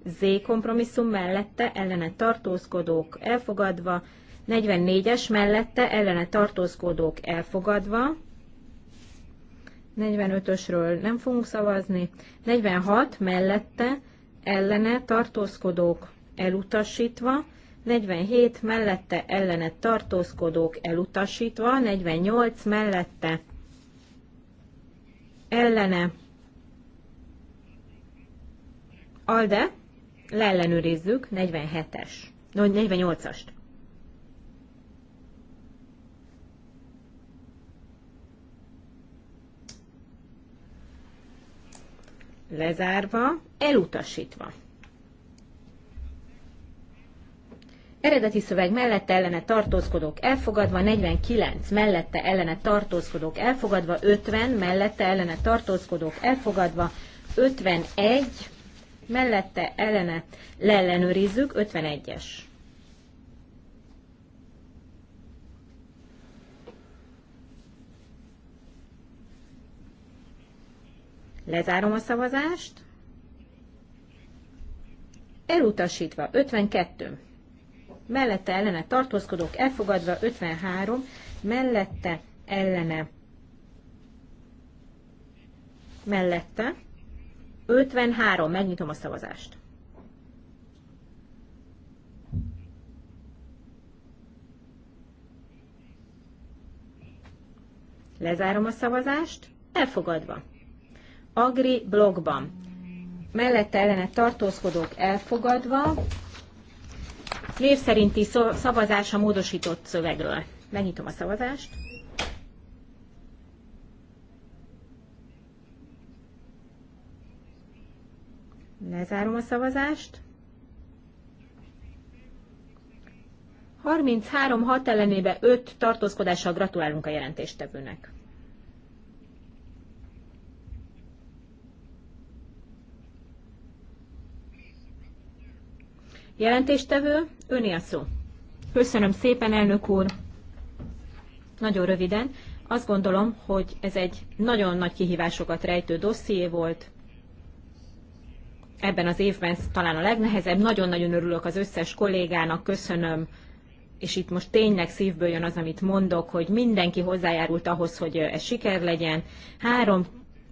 Z kompromisszum mellette ellene tartózkodók elfogadva, 44-es mellette ellene tartózkodók elfogadva, 45-ösről nem fogunk szavazni, 46 mellette ellene tartózkodók elutasítva, 47 mellette ellene tartózkodók elutasítva, 48 mellette ellene Alde, leellenőrizzük, 47-es, no, 48-ast. Lezárva, elutasítva. Eredeti szöveg mellette ellene tartózkodók elfogadva, 49 mellette ellene tartózkodók elfogadva, 50 mellette ellene tartózkodók elfogadva, 51 mellette ellene leellenőrizzük, 51-es. Lezárom a szavazást. Elutasítva 52. Mellette ellene tartózkodók elfogadva 53. Mellette ellene mellette 53. Megnyitom a szavazást. Lezárom a szavazást. Elfogadva. Agri blogban. Mellette ellene tartózkodók elfogadva. Név szerinti szavazás a módosított szövegről. Megnyitom a szavazást. Lezárom a szavazást. 33-6 ellenébe 5 tartózkodással gratulálunk a jelentéstevőnek. Jelentéstevő, öné a szó. Köszönöm szépen, elnök úr. Nagyon röviden. Azt gondolom, hogy ez egy nagyon nagy kihívásokat rejtő dosszié volt ebben az évben talán a legnehezebb. Nagyon-nagyon örülök az összes kollégának, köszönöm, és itt most tényleg szívből jön az, amit mondok, hogy mindenki hozzájárult ahhoz, hogy ez siker legyen. Három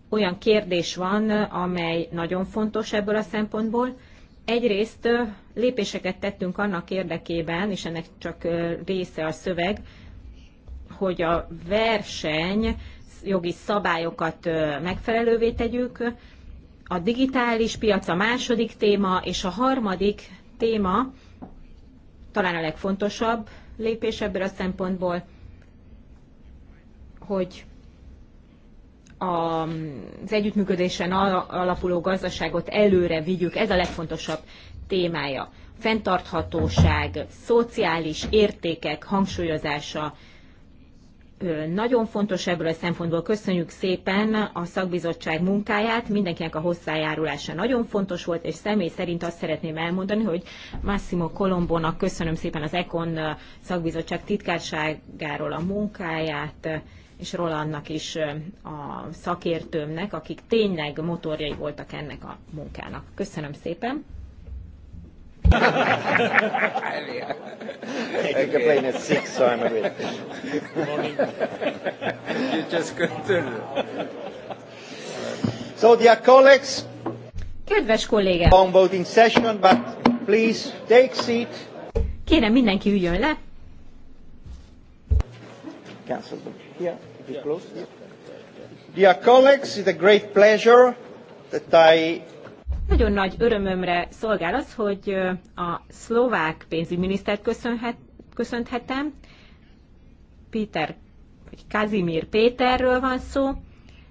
olyan kérdés van, amely nagyon fontos ebből a szempontból. Egyrészt lépéseket tettünk annak érdekében, és ennek csak része a szöveg, hogy a verseny jogi szabályokat megfelelővé tegyük, a digitális piac a második téma, és a harmadik téma talán a legfontosabb lépés ebből a szempontból, hogy az együttműködésen alapuló gazdaságot előre vigyük. Ez a legfontosabb témája. Fentarthatóság, szociális értékek hangsúlyozása, nagyon fontos ebből a szempontból. Köszönjük szépen a szakbizottság munkáját, mindenkinek a hozzájárulása nagyon fontos volt, és személy szerint azt szeretném elmondani, hogy Massimo Colombónak köszönöm szépen az ECON szakbizottság titkárságáról a munkáját, és Rolandnak is a szakértőmnek, akik tényleg motorjai voltak ennek a munkának. Köszönöm szépen! I can plane at six, so I'm awake. you just continue. So, dear colleagues, Kedves kollégák! On voting session, but please take seat. Kérem, mindenki üljön le. Cancel Here, if you close. Dear colleagues, it's a great pleasure that I nagyon nagy örömömre szolgál az, hogy a szlovák pénzügyminisztert köszönhet, köszönhetem. Péter, vagy Kazimír Péterről van szó.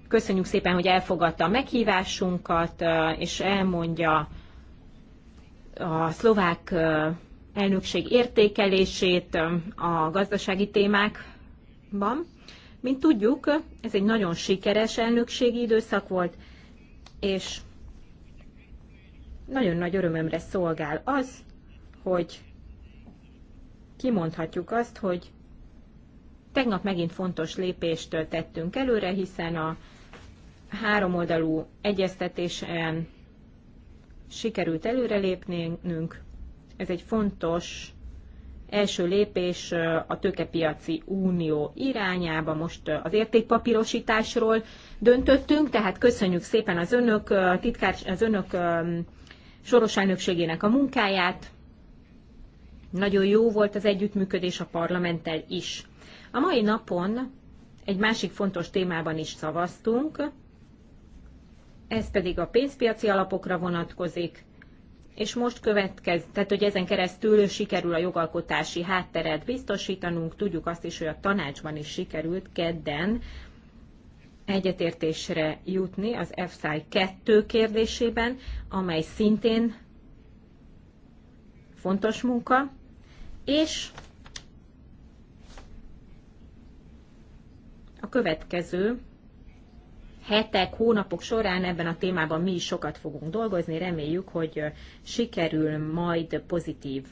Köszönjük szépen, hogy elfogadta a meghívásunkat, és elmondja a szlovák elnökség értékelését a gazdasági témákban. Mint tudjuk, ez egy nagyon sikeres elnökségi időszak volt, és nagyon nagy örömömre szolgál az, hogy kimondhatjuk azt, hogy tegnap megint fontos lépést tettünk előre, hiszen a háromoldalú egyeztetésen sikerült előrelépnünk. Ez egy fontos első lépés a tőkepiaci unió irányába. Most az értékpapírosításról döntöttünk, tehát köszönjük szépen az önök, titkár, az önök Soros elnökségének a munkáját. Nagyon jó volt az együttműködés a parlamenttel is. A mai napon egy másik fontos témában is szavaztunk, ez pedig a pénzpiaci alapokra vonatkozik, és most következ, tehát hogy ezen keresztül sikerül a jogalkotási hátteret biztosítanunk, tudjuk azt is, hogy a tanácsban is sikerült kedden egyetértésre jutni az efszai 2 kérdésében, amely szintén fontos munka, és a következő hetek, hónapok során ebben a témában mi is sokat fogunk dolgozni. Reméljük, hogy sikerül majd pozitív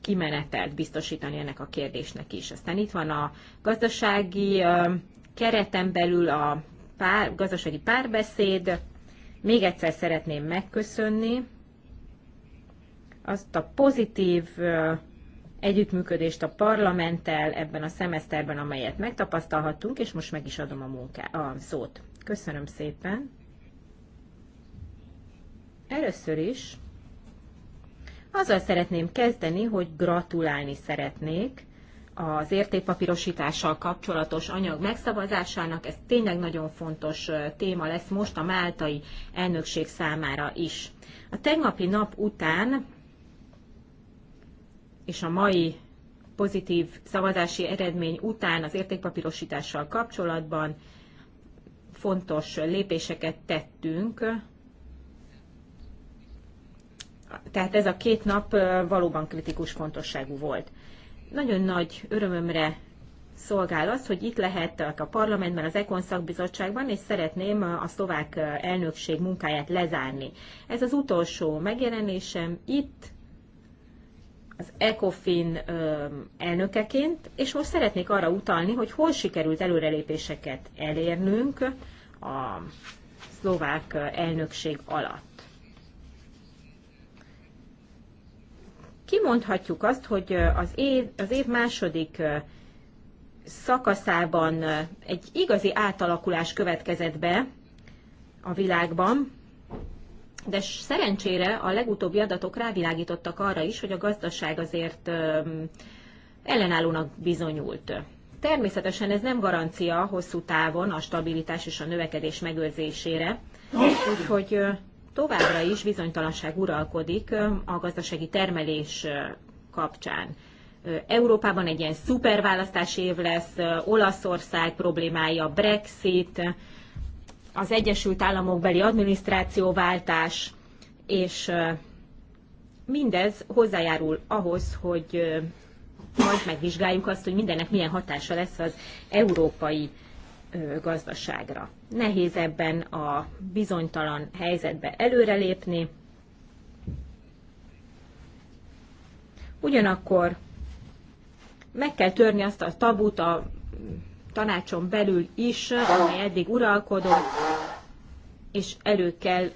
kimenetelt biztosítani ennek a kérdésnek is. Aztán itt van a gazdasági kereten belül a pár, gazdasági párbeszéd. Még egyszer szeretném megköszönni azt a pozitív együttműködést a parlamenttel ebben a szemeszterben, amelyet megtapasztalhattunk, és most meg is adom a, munká, a szót. Köszönöm szépen. Először is azzal szeretném kezdeni, hogy gratulálni szeretnék az értékpapírosítással kapcsolatos anyag megszavazásának. Ez tényleg nagyon fontos téma lesz most a máltai elnökség számára is. A tegnapi nap után és a mai pozitív szavazási eredmény után az értékpapírosítással kapcsolatban fontos lépéseket tettünk. Tehát ez a két nap valóban kritikus fontosságú volt. Nagyon nagy örömömre szolgál az, hogy itt lehettek a parlamentben, az Ekon szakbizottságban, és szeretném a szlovák elnökség munkáját lezárni. Ez az utolsó megjelenésem itt, az ECOFIN elnökeként, és most szeretnék arra utalni, hogy hol sikerült előrelépéseket elérnünk a szlovák elnökség alatt. kimondhatjuk azt, hogy az év, az év második szakaszában egy igazi átalakulás következett be a világban, de szerencsére a legutóbbi adatok rávilágítottak arra is, hogy a gazdaság azért ellenállónak bizonyult. Természetesen ez nem garancia hosszú távon a stabilitás és a növekedés megőrzésére, úgyhogy továbbra is bizonytalanság uralkodik a gazdasági termelés kapcsán. Európában egy ilyen szuperválasztási év lesz, Olaszország problémája, Brexit, az Egyesült Államok beli adminisztrációváltás, és mindez hozzájárul ahhoz, hogy majd megvizsgáljuk azt, hogy mindennek milyen hatása lesz az európai gazdaságra. Nehéz ebben a bizonytalan helyzetbe előrelépni. Ugyanakkor meg kell törni azt a tabut a tanácson belül is, amely eddig uralkodott, és elő kell,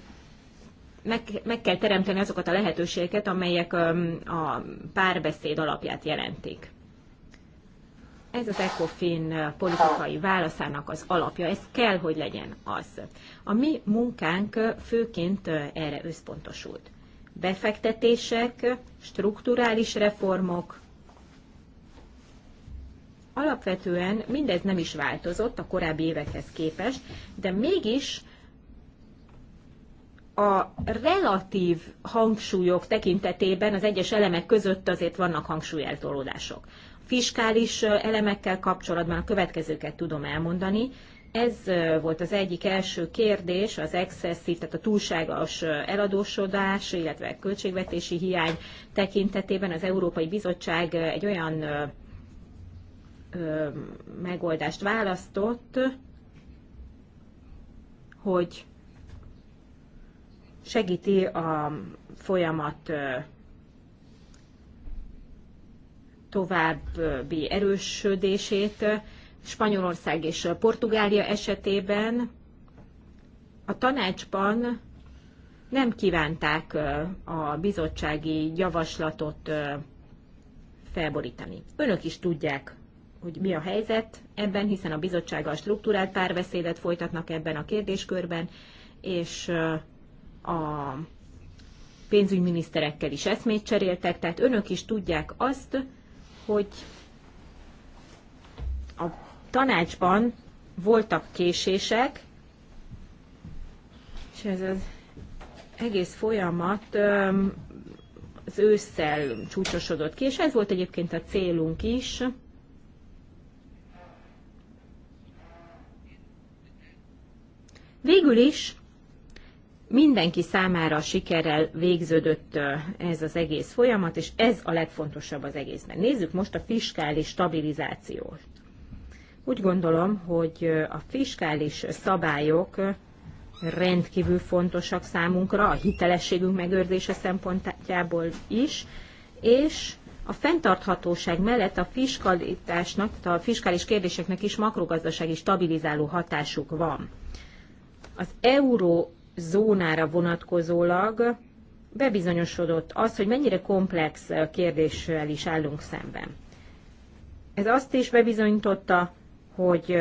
meg, meg kell teremteni azokat a lehetőségeket, amelyek a párbeszéd alapját jelentik. Ez az ECOFIN politikai válaszának az alapja, ez kell, hogy legyen az. A mi munkánk főként erre összpontosult. Befektetések, strukturális reformok, Alapvetően mindez nem is változott a korábbi évekhez képest, de mégis a relatív hangsúlyok tekintetében az egyes elemek között azért vannak hangsúlyeltolódások fiskális elemekkel kapcsolatban a következőket tudom elmondani. Ez volt az egyik első kérdés, az excesszív, tehát a túlságos eladósodás, illetve költségvetési hiány tekintetében az Európai Bizottság egy olyan megoldást választott, hogy segíti a folyamat további erősödését Spanyolország és Portugália esetében a tanácsban nem kívánták a bizottsági javaslatot felborítani. Önök is tudják, hogy mi a helyzet ebben, hiszen a bizottsággal struktúrált párbeszédet folytatnak ebben a kérdéskörben, és a pénzügyminiszterekkel is eszmét cseréltek, tehát önök is tudják azt, hogy a tanácsban voltak késések, és ez az egész folyamat az ősszel csúcsosodott ki, és ez volt egyébként a célunk is. Végül is mindenki számára sikerrel végződött ez az egész folyamat, és ez a legfontosabb az egészben. Nézzük most a fiskális stabilizációt. Úgy gondolom, hogy a fiskális szabályok rendkívül fontosak számunkra, a hitelességünk megőrzése szempontjából is, és a fenntarthatóság mellett a fiskalitásnak, a fiskális kérdéseknek is makrogazdasági stabilizáló hatásuk van. Az euró zónára vonatkozólag bebizonyosodott az, hogy mennyire komplex kérdéssel is állunk szemben. Ez azt is bebizonyította, hogy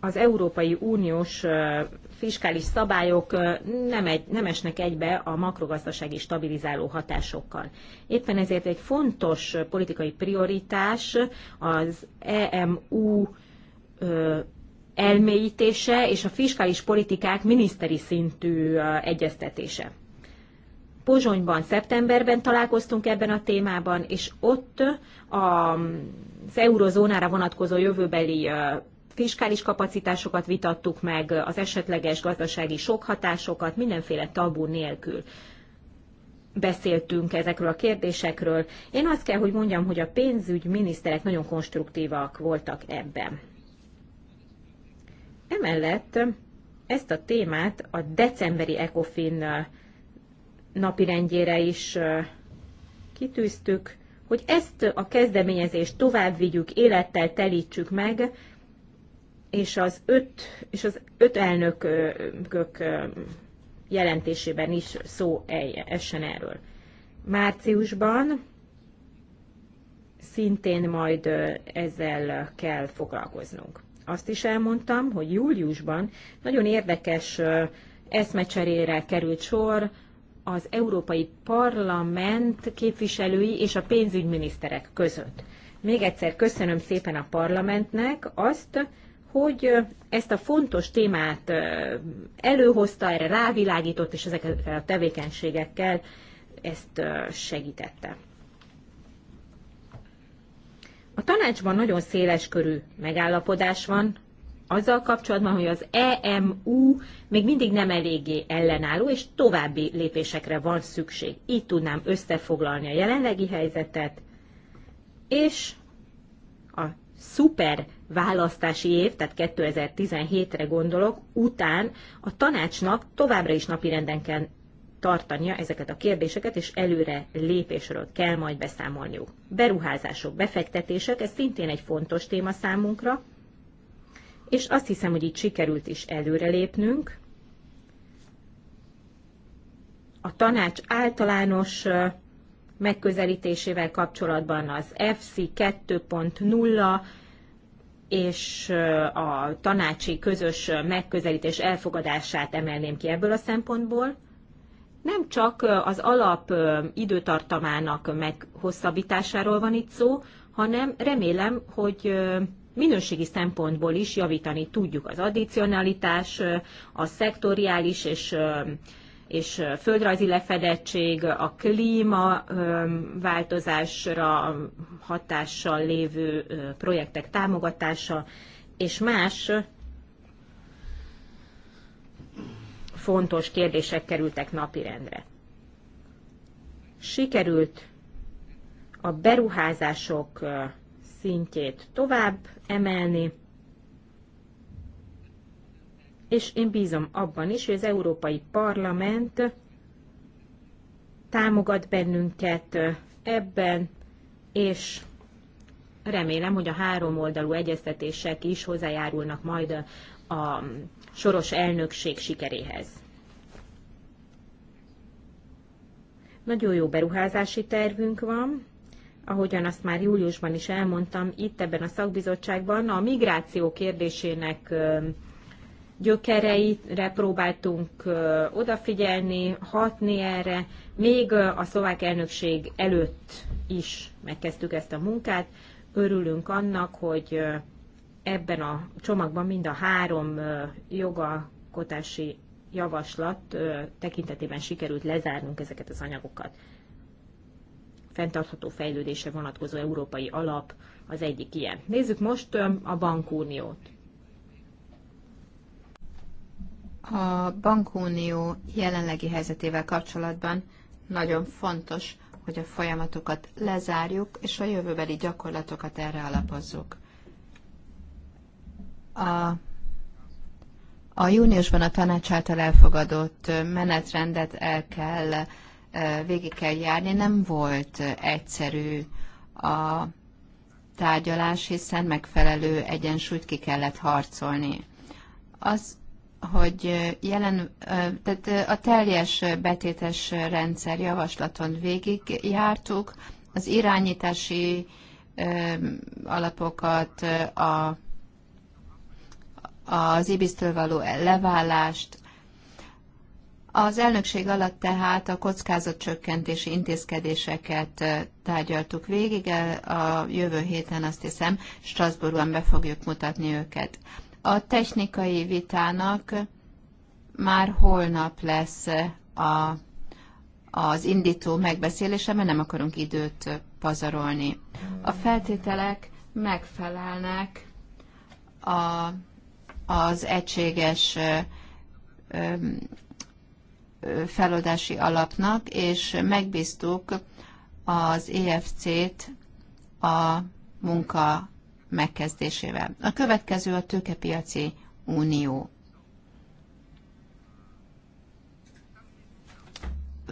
az Európai Uniós fiskális szabályok nem, egy, nem esnek egybe a makrogazdasági stabilizáló hatásokkal. Éppen ezért egy fontos politikai prioritás az EMU elmélyítése és a fiskális politikák miniszteri szintű egyeztetése. Pozsonyban szeptemberben találkoztunk ebben a témában, és ott az eurozónára vonatkozó jövőbeli fiskális kapacitásokat vitattuk meg, az esetleges gazdasági sokhatásokat, mindenféle tabú nélkül beszéltünk ezekről a kérdésekről. Én azt kell, hogy mondjam, hogy a pénzügyminiszterek nagyon konstruktívak voltak ebben. Emellett ezt a témát a decemberi ECOFIN napirendjére is kitűztük, hogy ezt a kezdeményezést tovább vigyük, élettel telítsük meg, és az öt, és az öt elnökök jelentésében is szó essen erről. Márciusban szintén majd ezzel kell foglalkoznunk azt is elmondtam, hogy júliusban nagyon érdekes eszmecserére került sor az Európai Parlament képviselői és a pénzügyminiszterek között. Még egyszer köszönöm szépen a parlamentnek azt, hogy ezt a fontos témát előhozta, erre rávilágított, és ezekkel a tevékenységekkel ezt segítette. A tanácsban nagyon széles körű megállapodás van azzal kapcsolatban, hogy az EMU még mindig nem eléggé ellenálló, és további lépésekre van szükség. Így tudnám összefoglalni a jelenlegi helyzetet, és a szuper választási év, tehát 2017-re gondolok, után a tanácsnak továbbra is napirenden kell tartania ezeket a kérdéseket, és előre lépésről kell majd beszámolniuk. Beruházások, befektetések, ez szintén egy fontos téma számunkra, és azt hiszem, hogy itt sikerült is előrelépnünk. A tanács általános megközelítésével kapcsolatban az FC 2.0 és a tanácsi közös megközelítés elfogadását emelném ki ebből a szempontból nem csak az alap időtartamának meghosszabbításáról van itt szó, hanem remélem, hogy minőségi szempontból is javítani tudjuk az addicionalitás, a szektoriális és és földrajzi lefedettség, a változásra hatással lévő projektek támogatása, és más fontos kérdések kerültek napirendre. Sikerült a beruházások szintjét tovább emelni, és én bízom abban is, hogy az Európai Parlament támogat bennünket ebben, és remélem, hogy a három oldalú egyeztetések is hozzájárulnak majd a soros elnökség sikeréhez. Nagyon jó beruházási tervünk van, ahogyan azt már júliusban is elmondtam, itt ebben a szakbizottságban a migráció kérdésének gyökereire próbáltunk odafigyelni, hatni erre. Még a szlovák elnökség előtt is megkezdtük ezt a munkát. Örülünk annak, hogy ebben a csomagban mind a három jogalkotási javaslat tekintetében sikerült lezárnunk ezeket az anyagokat. Fentartható fejlődése vonatkozó európai alap az egyik ilyen. Nézzük most a bankuniót. A bankunió jelenlegi helyzetével kapcsolatban nagyon fontos, hogy a folyamatokat lezárjuk, és a jövőbeli gyakorlatokat erre alapozzuk. A, a júniusban a tanács által elfogadott menetrendet el kell, e, végig kell járni. Nem volt egyszerű a tárgyalás, hiszen megfelelő egyensúlyt ki kellett harcolni. Az, hogy jelen, e, tehát a teljes betétes rendszer javaslaton végig jártuk, az irányítási e, alapokat, a az ibisztől való leválást. Az elnökség alatt tehát a kockázatcsökkentési intézkedéseket tárgyaltuk végig, a jövő héten azt hiszem Strasbourgban be fogjuk mutatni őket. A technikai vitának már holnap lesz a, az indító megbeszélése, mert nem akarunk időt pazarolni. A feltételek megfelelnek a az egységes feladási alapnak, és megbíztuk az EFC-t a munka megkezdésével. A következő a tőkepiaci unió.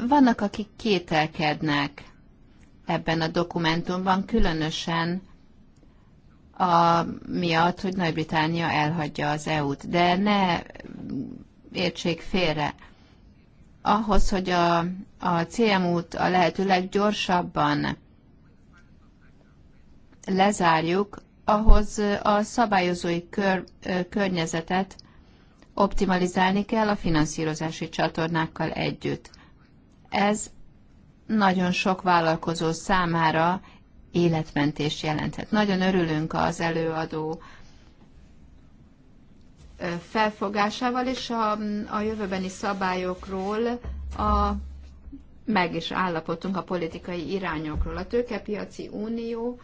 Vannak, akik kételkednek ebben a dokumentumban, különösen a miatt, hogy Nagy-Britannia elhagyja az EU-t. De ne értsék félre. Ahhoz, hogy a, a CMU-t a lehető leggyorsabban lezárjuk, ahhoz a szabályozói kör, környezetet optimalizálni kell a finanszírozási csatornákkal együtt. Ez nagyon sok vállalkozó számára életmentés jelenthet. Nagyon örülünk az előadó felfogásával, és a, a jövőbeni szabályokról a, meg is állapotunk a politikai irányokról. A tőkepiaci unió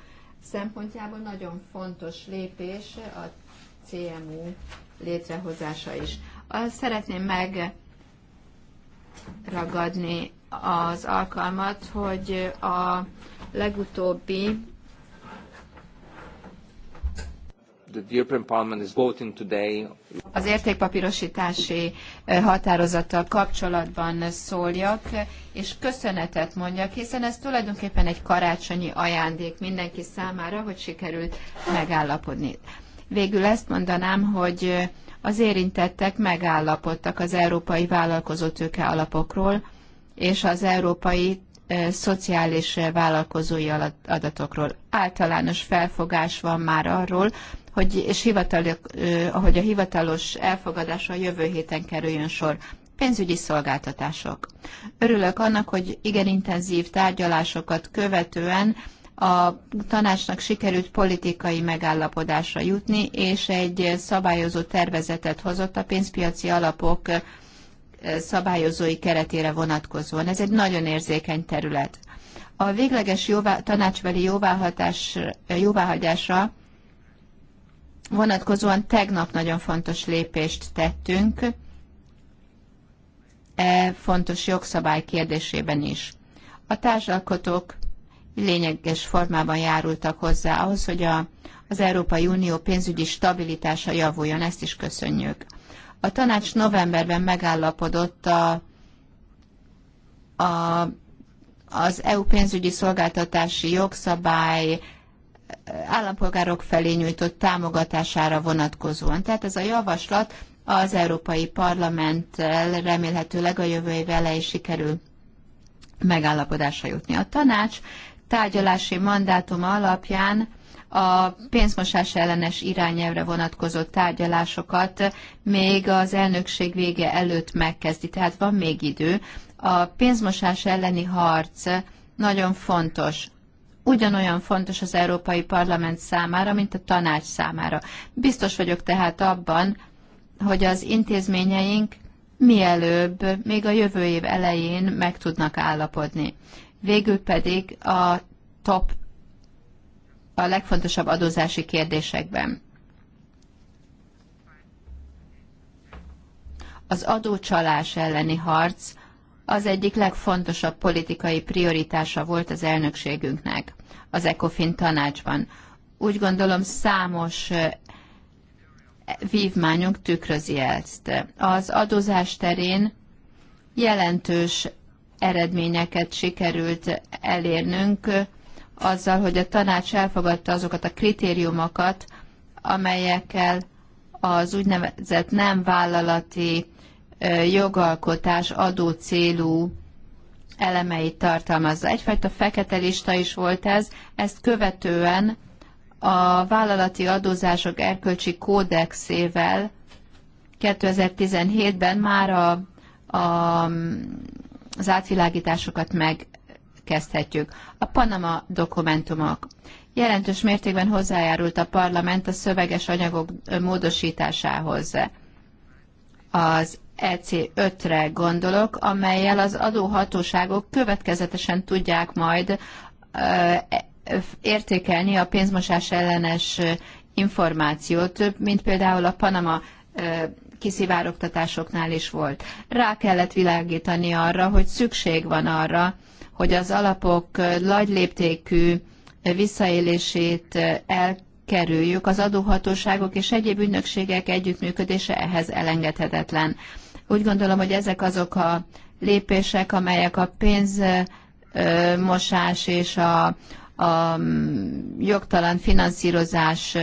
szempontjából nagyon fontos lépés a CMU létrehozása is. Szeretném megragadni az alkalmat, hogy a legutóbbi az értékpapírosítási határozattal kapcsolatban szóljak, és köszönetet mondjak, hiszen ez tulajdonképpen egy karácsonyi ajándék mindenki számára, hogy sikerült megállapodni. Végül ezt mondanám, hogy az érintettek megállapodtak az európai vállalkozótőke alapokról, és az európai szociális vállalkozói adatokról. Általános felfogás van már arról, hogy, és hivatal, hogy a hivatalos a jövő héten kerüljön sor. Pénzügyi szolgáltatások. Örülök annak, hogy igen intenzív tárgyalásokat követően a tanácsnak sikerült politikai megállapodásra jutni, és egy szabályozó tervezetet hozott a pénzpiaci alapok szabályozói keretére vonatkozóan. Ez egy nagyon érzékeny terület. A végleges jóvá, tanácsbeli jóváhatás, jóváhagyásra vonatkozóan tegnap nagyon fontos lépést tettünk, e fontos jogszabály kérdésében is. A társalkotók lényeges formában járultak hozzá ahhoz, hogy a, az Európai Unió pénzügyi stabilitása javuljon, ezt is köszönjük. A tanács novemberben megállapodott a, a, az EU pénzügyi szolgáltatási jogszabály eh, állampolgárok felé nyújtott támogatására vonatkozóan. Tehát ez a javaslat az Európai Parlamenttel remélhetőleg a jövő év elején sikerül megállapodásra jutni. A tanács tárgyalási mandátuma alapján a pénzmosás ellenes irányelvre vonatkozó tárgyalásokat még az elnökség vége előtt megkezdi, tehát van még idő. A pénzmosás elleni harc nagyon fontos, ugyanolyan fontos az Európai Parlament számára, mint a tanács számára. Biztos vagyok tehát abban, hogy az intézményeink mielőbb, még a jövő év elején meg tudnak állapodni. Végül pedig a top a legfontosabb adózási kérdésekben. Az adócsalás elleni harc az egyik legfontosabb politikai prioritása volt az elnökségünknek az ECOFIN tanácsban. Úgy gondolom számos vívmányunk tükrözi ezt. Az adózás terén jelentős eredményeket sikerült elérnünk, azzal, hogy a tanács elfogadta azokat a kritériumokat, amelyekkel az úgynevezett nem vállalati jogalkotás adó célú elemeit tartalmazza. Egyfajta fekete lista is volt ez, ezt követően a vállalati adózások erkölcsi kódexével 2017-ben már a, a, az átvilágításokat meg kezdhetjük. A Panama dokumentumok. Jelentős mértékben hozzájárult a parlament a szöveges anyagok módosításához. Az EC5-re gondolok, amelyel az adóhatóságok következetesen tudják majd e, értékelni a pénzmosás ellenes információt, mint például a Panama kiszivárogtatásoknál is volt. Rá kellett világítani arra, hogy szükség van arra, hogy az alapok nagy léptékű visszaélését elkerüljük, az adóhatóságok és egyéb ügynökségek együttműködése ehhez elengedhetetlen. Úgy gondolom, hogy ezek azok a lépések, amelyek a pénzmosás és a, a jogtalan finanszírozás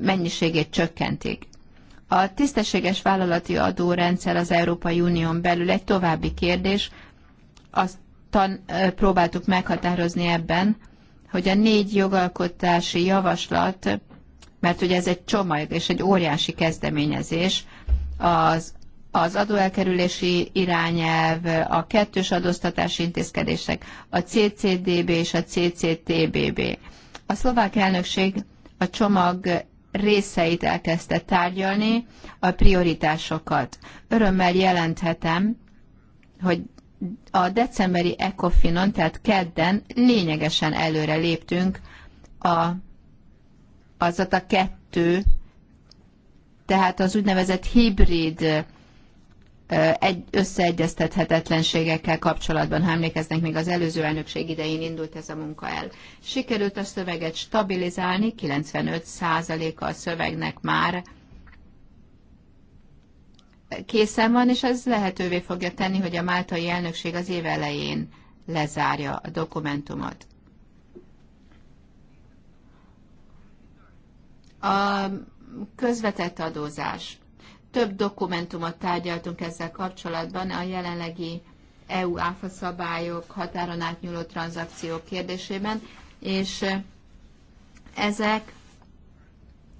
mennyiségét csökkentik. A tisztességes vállalati adórendszer az Európai Unión belül egy további kérdés, azt tan, próbáltuk meghatározni ebben, hogy a négy jogalkotási javaslat, mert ugye ez egy csomag és egy óriási kezdeményezés, az, az adóelkerülési irányelv, a kettős adóztatási intézkedések, a CCDB és a CCTBB. A szlovák elnökség a csomag részeit elkezdte tárgyalni, a prioritásokat. Örömmel jelenthetem, hogy a decemberi ECOFIN-on, tehát kedden lényegesen előre léptünk a, azat a kettő, tehát az úgynevezett hibrid egy összeegyeztethetetlenségekkel kapcsolatban, ha emlékeznek, még az előző elnökség idején indult ez a munka el. Sikerült a szöveget stabilizálni, 95%-a a szövegnek már készen van, és ez lehetővé fogja tenni, hogy a máltai elnökség az év elején lezárja a dokumentumot. A közvetett adózás. Több dokumentumot tárgyaltunk ezzel kapcsolatban, a jelenlegi EU áfa szabályok határon átnyúló tranzakciók kérdésében, és ezek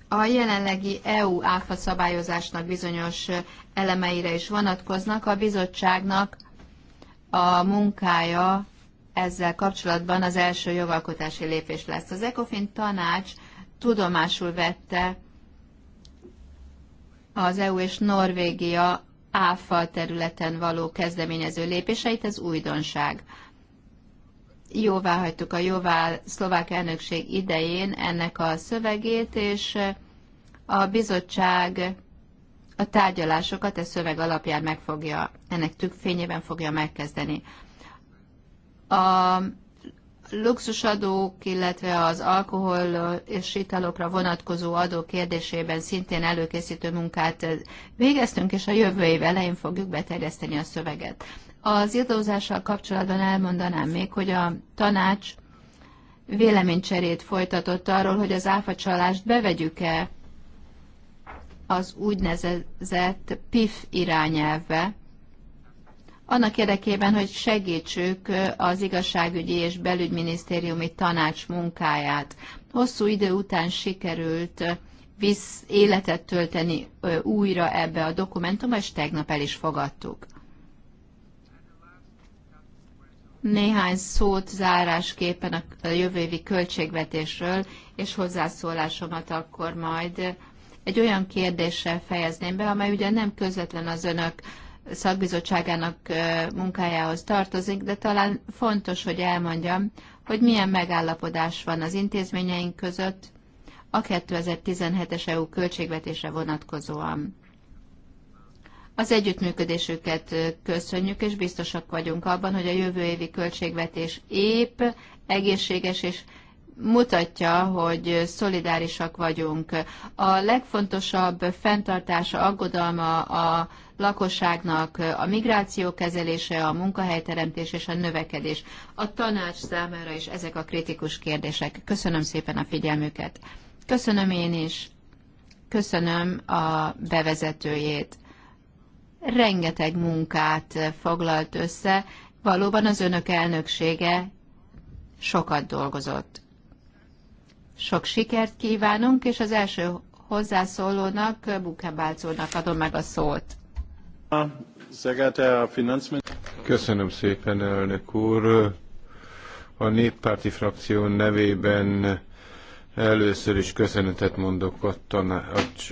a jelenlegi EU áfa szabályozásnak bizonyos elemeire is vonatkoznak. A bizottságnak a munkája ezzel kapcsolatban az első jogalkotási lépés lesz. Az ECOFIN tanács tudomásul vette az EU és Norvégia áfa területen való kezdeményező lépéseit, ez újdonság jóvá hagytuk a jóvá szlovák elnökség idején ennek a szövegét, és eh, a bizottság a tárgyalásokat e szöveg alapján meg fogja, ennek tükfényében fogja megkezdeni. A luxusadók, illetve az alkohol és italokra vonatkozó adó kérdésében szintén előkészítő munkát eh, végeztünk, és a jövő év elején fogjuk beterjeszteni a szöveget. Az irdózással kapcsolatban elmondanám még, hogy a tanács véleménycserét folytatott arról, hogy az áfacsalást bevegyük-e az úgynevezett PIF irányelve, annak érdekében, hogy segítsük az igazságügyi és belügyminisztériumi tanács munkáját. Hosszú idő után sikerült visz életet tölteni újra ebbe a dokumentumba, és tegnap el is fogadtuk. Néhány szót zárásképpen a jövő évi költségvetésről, és hozzászólásomat akkor majd egy olyan kérdéssel fejezném be, amely ugye nem közvetlen az önök szakbizottságának munkájához tartozik, de talán fontos, hogy elmondjam, hogy milyen megállapodás van az intézményeink között a 2017-es EU költségvetésre vonatkozóan. Az együttműködésüket köszönjük, és biztosak vagyunk abban, hogy a jövő évi költségvetés épp, egészséges és mutatja, hogy szolidárisak vagyunk. A legfontosabb fenntartása, aggodalma a lakosságnak a migráció kezelése, a munkahelyteremtés és a növekedés. A tanács számára is ezek a kritikus kérdések. Köszönöm szépen a figyelmüket. Köszönöm én is. Köszönöm a bevezetőjét rengeteg munkát foglalt össze, valóban az önök elnöksége sokat dolgozott. Sok sikert kívánunk, és az első hozzászólónak, Bukebálcónak adom meg a szót. Köszönöm szépen, elnök úr. A néppárti frakció nevében Először is köszönetet mondok a tanács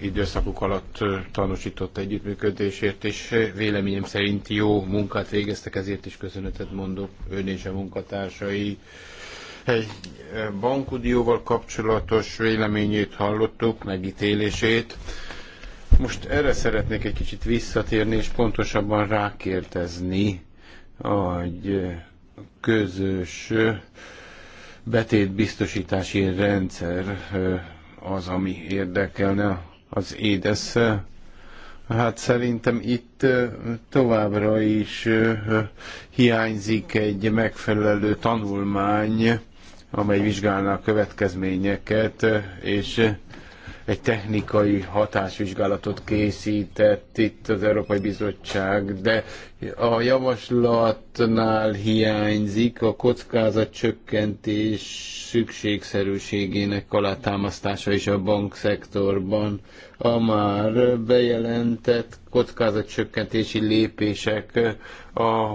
időszakuk alatt tanúsított együttműködésért, és véleményem szerint jó munkát végeztek, ezért is köszönetet mondok ön és a munkatársai. Egy bankudióval kapcsolatos véleményét hallottuk, megítélését. Most erre szeretnék egy kicsit visszatérni, és pontosabban rákérdezni, hogy közös betétbiztosítási rendszer az, ami érdekelne az édes, Hát szerintem itt továbbra is hiányzik egy megfelelő tanulmány, amely vizsgálná a következményeket, és egy technikai hatásvizsgálatot készített itt az Európai Bizottság, de a javaslatnál hiányzik a kockázatcsökkentés szükségszerűségének alátámasztása is a bankszektorban. A már bejelentett kockázatcsökkentési lépések a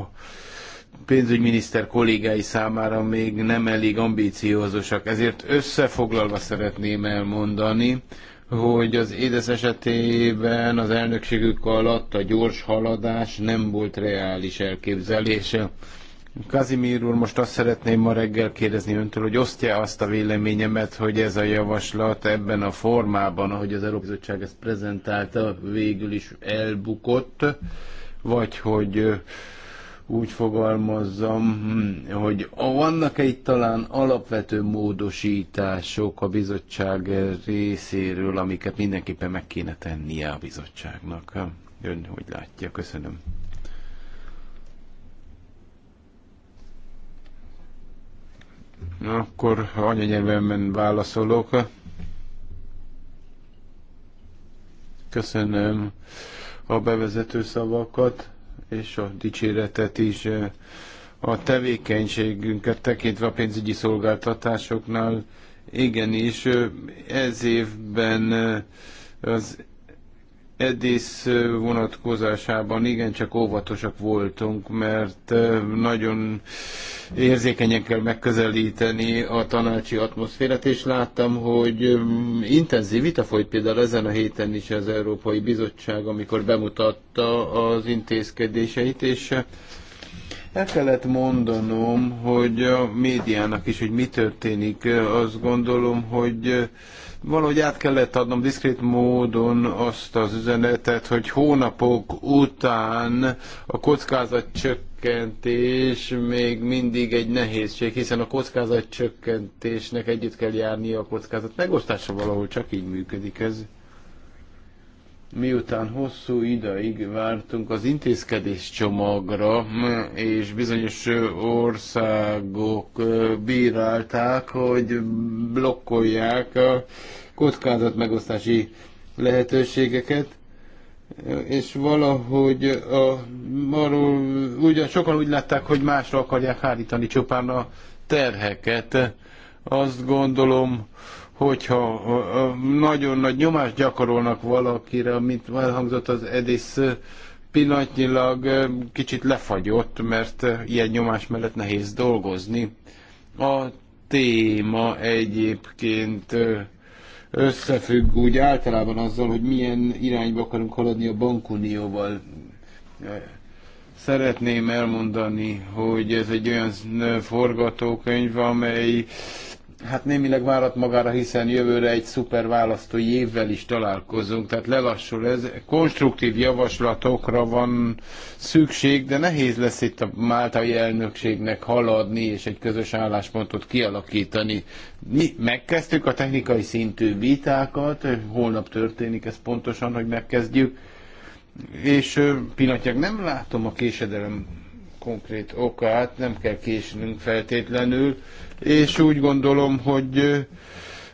pénzügyminiszter kollégái számára még nem elég ambíciózusak. Ezért összefoglalva szeretném elmondani, hogy az édes esetében az elnökségük alatt a gyors haladás nem volt reális elképzelése. Kazimír úr, most azt szeretném ma reggel kérdezni öntől, hogy osztja azt a véleményemet, hogy ez a javaslat ebben a formában, ahogy az Európai Bizottság ezt prezentálta, végül is elbukott, vagy hogy úgy fogalmazzam, hm, hogy vannak -e itt talán alapvető módosítások a bizottság részéről, amiket mindenképpen meg kéne tennie a bizottságnak. Ön hogy látja? Köszönöm. Na, akkor anyanyelvemben válaszolok. Köszönöm a bevezető szavakat és a dicséretet is a tevékenységünket tekintve a pénzügyi szolgáltatásoknál. Igenis, ez évben az Edis vonatkozásában igencsak óvatosak voltunk, mert nagyon érzékenyen kell megközelíteni a tanácsi atmoszférát, és láttam, hogy intenzív vita folyt például ezen a héten is az Európai Bizottság, amikor bemutatta az intézkedéseit, és el kellett mondanom, hogy a médiának is, hogy mi történik, azt gondolom, hogy valahogy át kellett adnom diszkrét módon azt az üzenetet, hogy hónapok után a csökkentés még mindig egy nehézség, hiszen a csökkentésnek együtt kell járnia a kockázat megosztása valahol, csak így működik ez miután hosszú ideig vártunk az intézkedés csomagra, és bizonyos országok bírálták, hogy blokkolják a megosztási lehetőségeket, és valahogy a, arról ugyan sokan úgy látták, hogy másra akarják hárítani csupán a terheket. Azt gondolom, hogyha nagyon nagy nyomást gyakorolnak valakire, amit elhangzott az Edis pillanatnyilag kicsit lefagyott, mert ilyen nyomás mellett nehéz dolgozni. A téma egyébként összefügg úgy általában azzal, hogy milyen irányba akarunk haladni a bankunióval. Szeretném elmondani, hogy ez egy olyan forgatókönyv, amely hát némileg várat magára, hiszen jövőre egy szuper választói évvel is találkozunk, tehát lelassul ez. Konstruktív javaslatokra van szükség, de nehéz lesz itt a máltai elnökségnek haladni és egy közös álláspontot kialakítani. Mi megkezdtük a technikai szintű vitákat, holnap történik ez pontosan, hogy megkezdjük, és pillanatnyilag nem látom a késedelem konkrét okát, nem kell késnünk feltétlenül, és úgy gondolom, hogy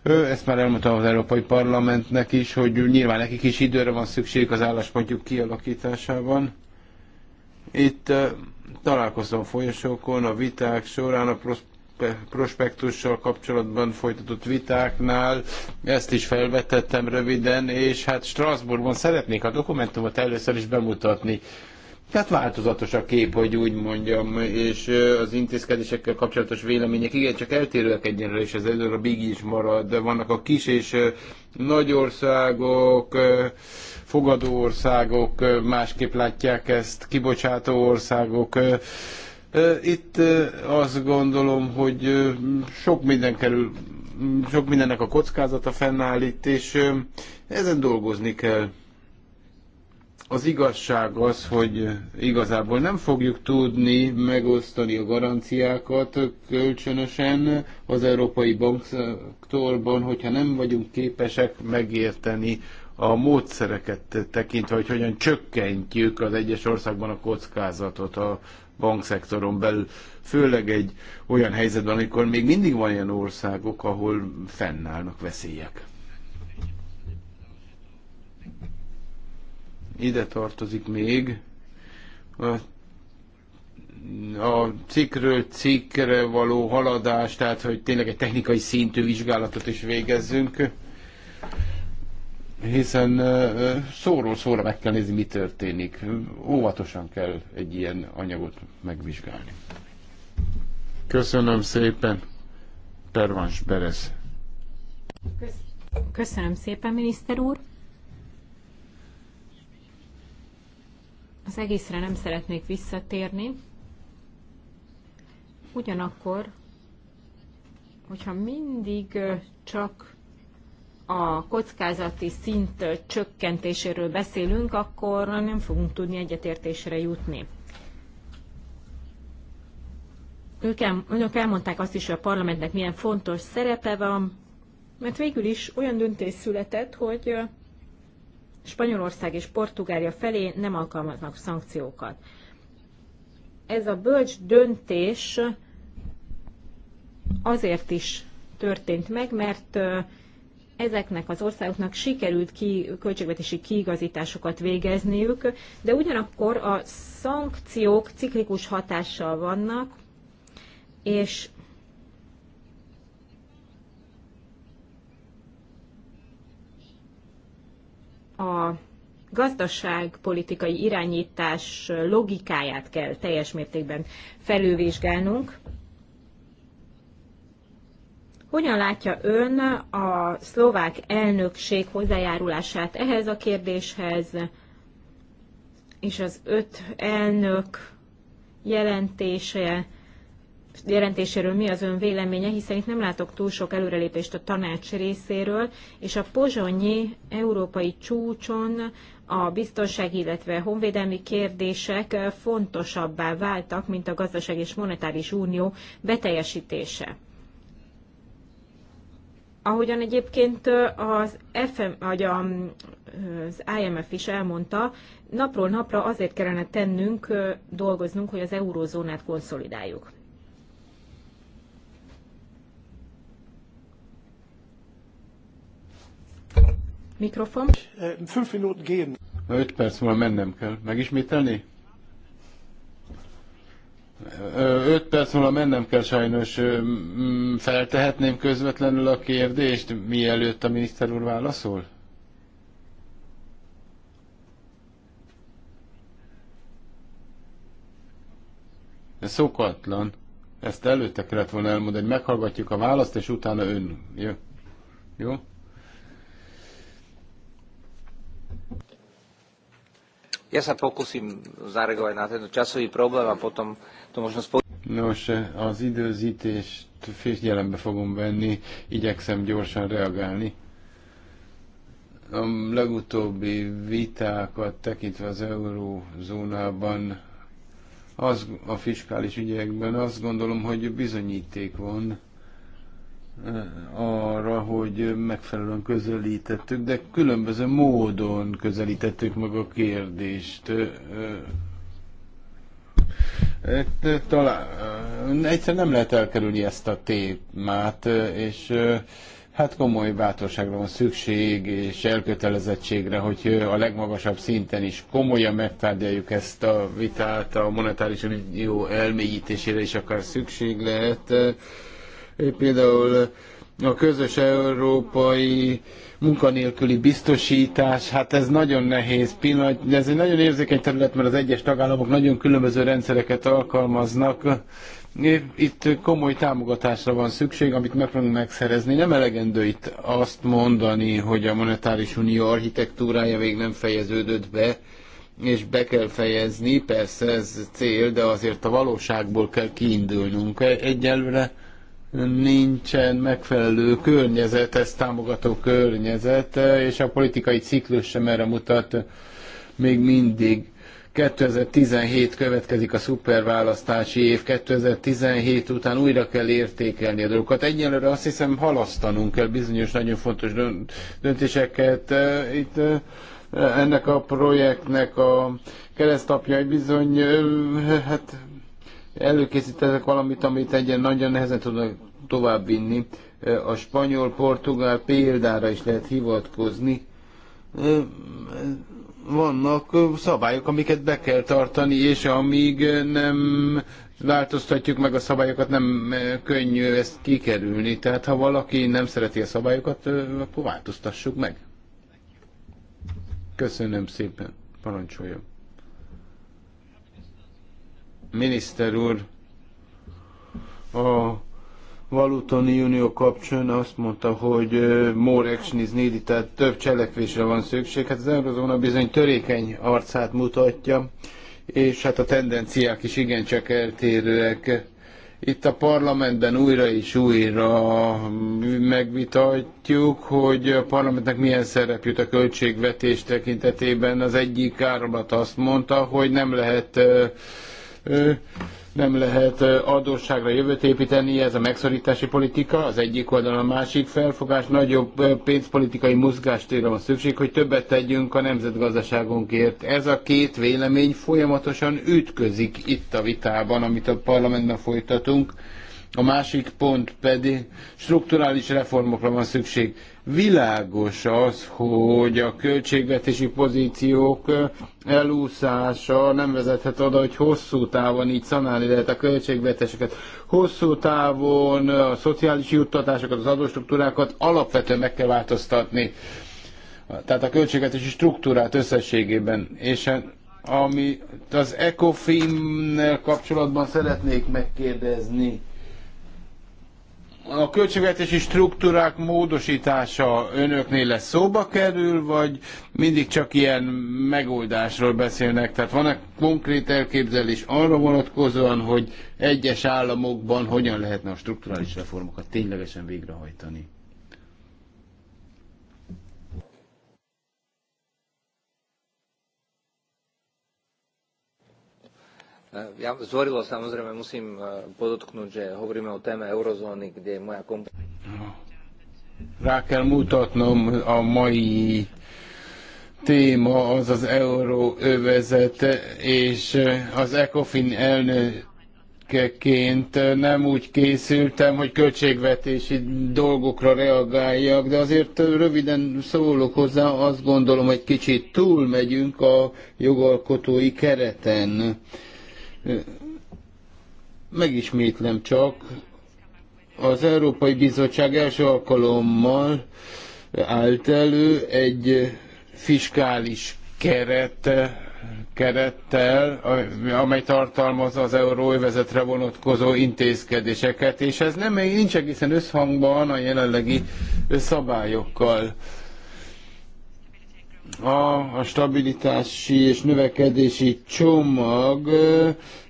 ezt már elmondtam az Európai Parlamentnek is, hogy nyilván nekik is időre van szükség az álláspontjuk kialakításában. Itt találkoztam folyosókon, a viták során, a prospektussal kapcsolatban folytatott vitáknál, ezt is felvetettem röviden, és hát Strasbourgban szeretnék a dokumentumot először is bemutatni tehát változatos a kép, hogy úgy mondjam, és az intézkedésekkel kapcsolatos vélemények igen, csak eltérőek egyenlőre, és ez előre a big is marad. Vannak a kis és nagy országok, fogadó országok, másképp látják ezt, kibocsátó országok. Itt azt gondolom, hogy sok minden kerül, sok mindennek a kockázata fennáll itt, és ezen dolgozni kell az igazság az, hogy igazából nem fogjuk tudni megosztani a garanciákat kölcsönösen az európai bankszektorban, hogyha nem vagyunk képesek megérteni a módszereket tekintve, hogy hogyan csökkentjük az egyes országban a kockázatot a bankszektoron belül, főleg egy olyan helyzetben, amikor még mindig van olyan országok, ahol fennállnak veszélyek. ide tartozik még. A, a cikkről cikkre való haladás, tehát hogy tényleg egy technikai szintű vizsgálatot is végezzünk, hiszen szóról szóra meg kell nézni, mi történik. Óvatosan kell egy ilyen anyagot megvizsgálni. Köszönöm szépen, Pervans Berez. Köszönöm szépen, miniszter úr. Az egészre nem szeretnék visszatérni. Ugyanakkor, hogyha mindig csak a kockázati szint csökkentéséről beszélünk, akkor nem fogunk tudni egyetértésre jutni. Ők, el, önök elmondták azt is, hogy a parlamentnek milyen fontos szerepe van, mert végül is olyan döntés született, hogy Spanyolország és Portugália felé nem alkalmaznak szankciókat. Ez a bölcs döntés azért is történt meg, mert ezeknek az országoknak sikerült ki, költségvetési kiigazításokat végezniük, de ugyanakkor a szankciók ciklikus hatással vannak, és a gazdaságpolitikai irányítás logikáját kell teljes mértékben felülvizsgálnunk. Hogyan látja ön a szlovák elnökség hozzájárulását ehhez a kérdéshez, és az öt elnök jelentése jelentéséről mi az ön véleménye, hiszen itt nem látok túl sok előrelépést a tanács részéről, és a pozsonyi európai csúcson a biztonság, illetve honvédelmi kérdések fontosabbá váltak, mint a gazdaság és monetáris unió beteljesítése. Ahogyan egyébként az, FM, vagy az IMF is elmondta, napról napra azért kellene tennünk, dolgoznunk, hogy az eurózónát konszolidáljuk. Mikrofon. Eh, fünf Minuten gehen. Öt perc múlva mennem kell. Megismételni? Eh, öt perc múlva mennem kell sajnos. Eh, mm, feltehetném közvetlenül a kérdést, mielőtt a miniszter úr válaszol? Ez szokatlan. Ezt előtte kellett volna elmondani, meghallgatjuk a választ, és utána ön. Jó? Jó? Ja sa pokúsim zareagovať na ten časový problém a potom to možno spolu... Nos, az időzítést figyelembe fogom venni, igyekszem gyorsan reagálni. A legutóbbi vitákat tekintve az eurózónában az, a fiskális ügyekben azt gondolom, hogy bizonyíték van arra, hogy megfelelően közelítettük, de különböző módon közelítettük meg a kérdést. Talán, egyszer nem lehet elkerülni ezt a témát, és hát komoly bátorságra van szükség, és elkötelezettségre, hogy a legmagasabb szinten is komolyan megtárgyaljuk ezt a vitát, a monetáris unió elmélyítésére is akár szükség lehet Például a közös európai munkanélküli biztosítás, hát ez nagyon nehéz pillanat, de ez egy nagyon érzékeny terület, mert az egyes tagállamok nagyon különböző rendszereket alkalmaznak. Itt komoly támogatásra van szükség, amit meg fogunk megszerezni. Nem elegendő itt azt mondani, hogy a monetáris unió architektúrája még nem fejeződött be, és be kell fejezni, persze ez cél, de azért a valóságból kell kiindulnunk egyelőre nincsen megfelelő környezet, ez támogató környezet, és a politikai ciklus sem erre mutat még mindig. 2017 következik a szuperválasztási év, 2017 után újra kell értékelni a dolgokat. Egyelőre azt hiszem halasztanunk kell bizonyos nagyon fontos döntéseket. Itt eh, ennek a projektnek a keresztapjai bizony, eh, hát előkészítettek valamit, amit egyen nagyon nehezen tudnak továbbvinni. A spanyol-portugál példára is lehet hivatkozni. Vannak szabályok, amiket be kell tartani, és amíg nem változtatjuk meg a szabályokat, nem könnyű ezt kikerülni. Tehát ha valaki nem szereti a szabályokat, akkor változtassuk meg. Köszönöm szépen. Parancsoljon. Miniszter úr, a Valutoni Unió kapcsán azt mondta, hogy more action is needed, tehát több cselekvésre van szükség. Hát az eurozóna bizony törékeny arcát mutatja, és hát a tendenciák is igencsak eltérőek itt a parlamentben újra és újra megvitatjuk, hogy a parlamentnek milyen szerep jut a költségvetés tekintetében. Az egyik áramlat azt mondta, hogy nem lehet nem lehet adósságra jövőt építeni, ez a megszorítási politika, az egyik oldalon a másik felfogás, nagyobb pénzpolitikai mozgástérre van szükség, hogy többet tegyünk a nemzetgazdaságunkért. Ez a két vélemény folyamatosan ütközik itt a vitában, amit a parlamentben folytatunk. A másik pont pedig strukturális reformokra van szükség. Világos az, hogy a költségvetési pozíciók elúszása nem vezethet oda, hogy hosszú távon így szanálni lehet a költségvetéseket. Hosszú távon a szociális juttatásokat, az adóstruktúrákat alapvetően meg kell változtatni. Tehát a költségvetési struktúrát összességében. És ami az ECOFIN-nel kapcsolatban szeretnék megkérdezni, a költségvetési struktúrák módosítása önöknél lesz szóba kerül, vagy mindig csak ilyen megoldásról beszélnek? Tehát van-e konkrét elképzelés arra vonatkozóan, hogy egyes államokban hogyan lehetne a strukturális reformokat ténylegesen végrehajtani? E, ja zvorilo samozrejme musím e, podotknúť, že hovoríme o téme eurozóny, kde je moja kompetencia. Rá kell mutatnom a mai téma az az euróövezet, és az ECOFIN elnökeként nem úgy készültem, hogy költségvetési dolgokra reagáljak, de azért röviden szólok hozzá, azt gondolom, hogy kicsit túl megyünk a jogalkotói kereten Megismétlem csak, az Európai Bizottság első alkalommal állt elő egy fiskális keret, kerettel, amely tartalmazza az euróövezetre vonatkozó intézkedéseket, és ez nem, nincs egészen összhangban a jelenlegi szabályokkal a, a stabilitási és növekedési csomag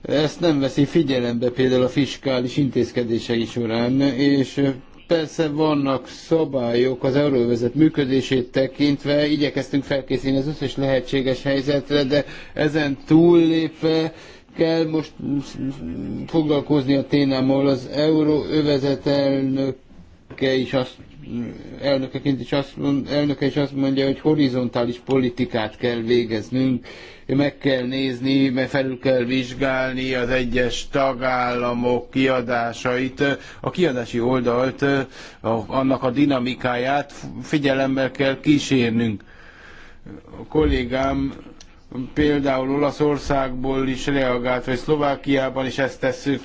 eh, ezt nem veszi figyelembe például a fiskális intézkedései során, és eh, persze vannak szabályok az euróvezet működését tekintve, igyekeztünk felkészíteni az összes lehetséges helyzetre, de ezen túllépve kell most foglalkozni a témámmal az euróövezet elnök elnöke is azt elnökeként is azt mond, elnöke is azt mondja, hogy horizontális politikát kell végeznünk, meg kell nézni, mert felül kell vizsgálni az egyes tagállamok kiadásait, a kiadási oldalt, a, annak a dinamikáját figyelemmel kell kísérnünk. A kollégám például Olaszországból is reagált, vagy Szlovákiában is ezt tesszük.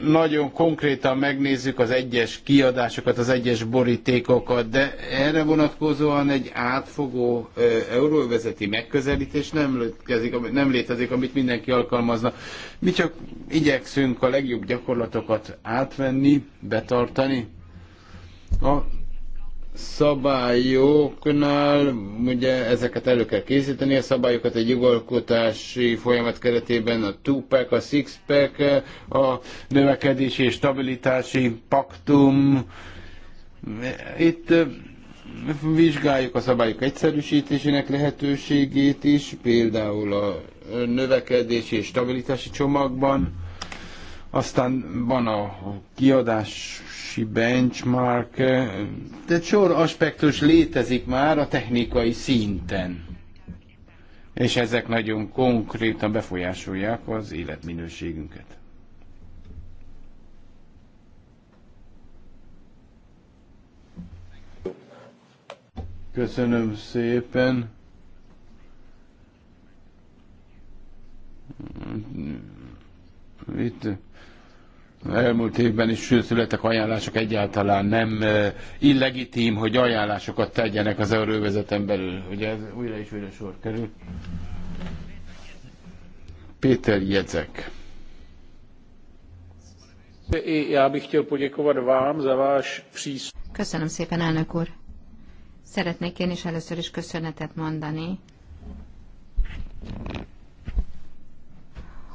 Nagyon konkrétan megnézzük az egyes kiadásokat, az egyes borítékokat, de erre vonatkozóan egy átfogó euróvezeti megközelítés nem, létezik, nem létezik, amit mindenki alkalmazna. Mi csak igyekszünk a legjobb gyakorlatokat átvenni, betartani, a szabályoknál ugye ezeket elő kell készíteni, a szabályokat egy jogalkotási folyamat keretében a two-pack, a six-pack, a növekedési és stabilitási paktum. Itt eh, vizsgáljuk a szabályok egyszerűsítésének lehetőségét is, például a növekedési és stabilitási csomagban. Aztán van a kiadás fejlesztési benchmark, eh, de sor aspektus létezik már a technikai szinten. És ezek nagyon konkrétan befolyásolják az életminőségünket. Köszönöm szépen. Itt elmúlt évben is születtek ajánlások, egyáltalán nem illegitim, hogy ajánlásokat tegyenek az euróvezeten belül. hogy ez újra és újra sor kerül. Péter Jezek. vám Köszönöm szépen, elnök úr. Szeretnék én is először is köszönetet mondani,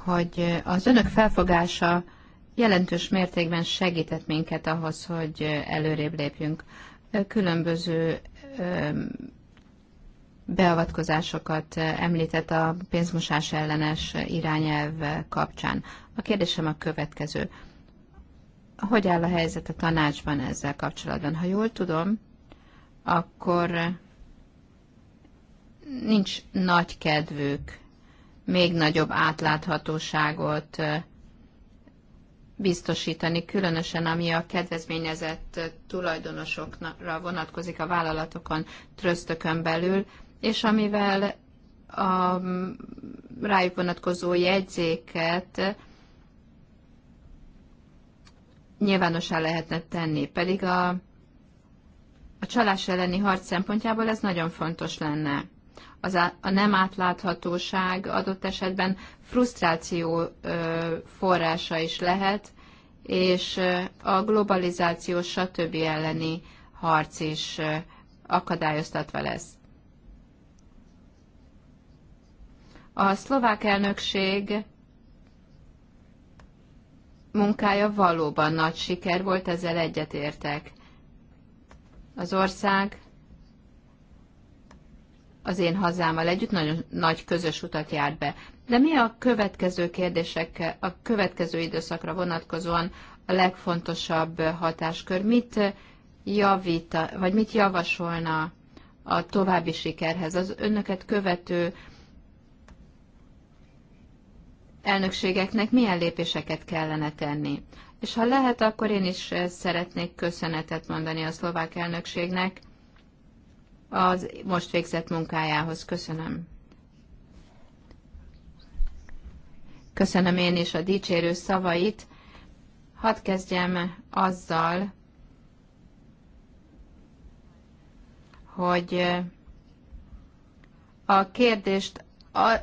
hogy az önök felfogása jelentős mértékben segített minket ahhoz, hogy előrébb lépjünk. Különböző beavatkozásokat említett a pénzmosás ellenes irányelv kapcsán. A kérdésem a következő. Hogy áll a helyzet a tanácsban ezzel kapcsolatban? Ha jól tudom, akkor nincs nagy kedvük még nagyobb átláthatóságot biztosítani, különösen ami a kedvezményezett tulajdonosokra vonatkozik a vállalatokon, trösztökön belül, és amivel a rájuk vonatkozó jegyzéket nyilvánossá lehetne tenni. Pedig a, a csalás elleni harc szempontjából ez nagyon fontos lenne az á, a nem átláthatóság adott esetben frusztráció forrása is lehet, és a globalizáció stb. elleni harc is akadályoztatva lesz. A szlovák elnökség munkája valóban nagy siker volt, ezzel egyetértek. Az ország az én hazámmal együtt nagyon nagy közös utat járt be. De mi a következő kérdések, a következő időszakra vonatkozóan a legfontosabb hatáskör? Mit javít, vagy mit javasolna a további sikerhez? Az önöket követő elnökségeknek milyen lépéseket kellene tenni? És ha lehet, akkor én is szeretnék köszönetet mondani a szlovák elnökségnek, az most végzett munkájához. Köszönöm. Köszönöm én is a dicsérő szavait. Hadd kezdjem azzal, hogy eh, a kérdést, a,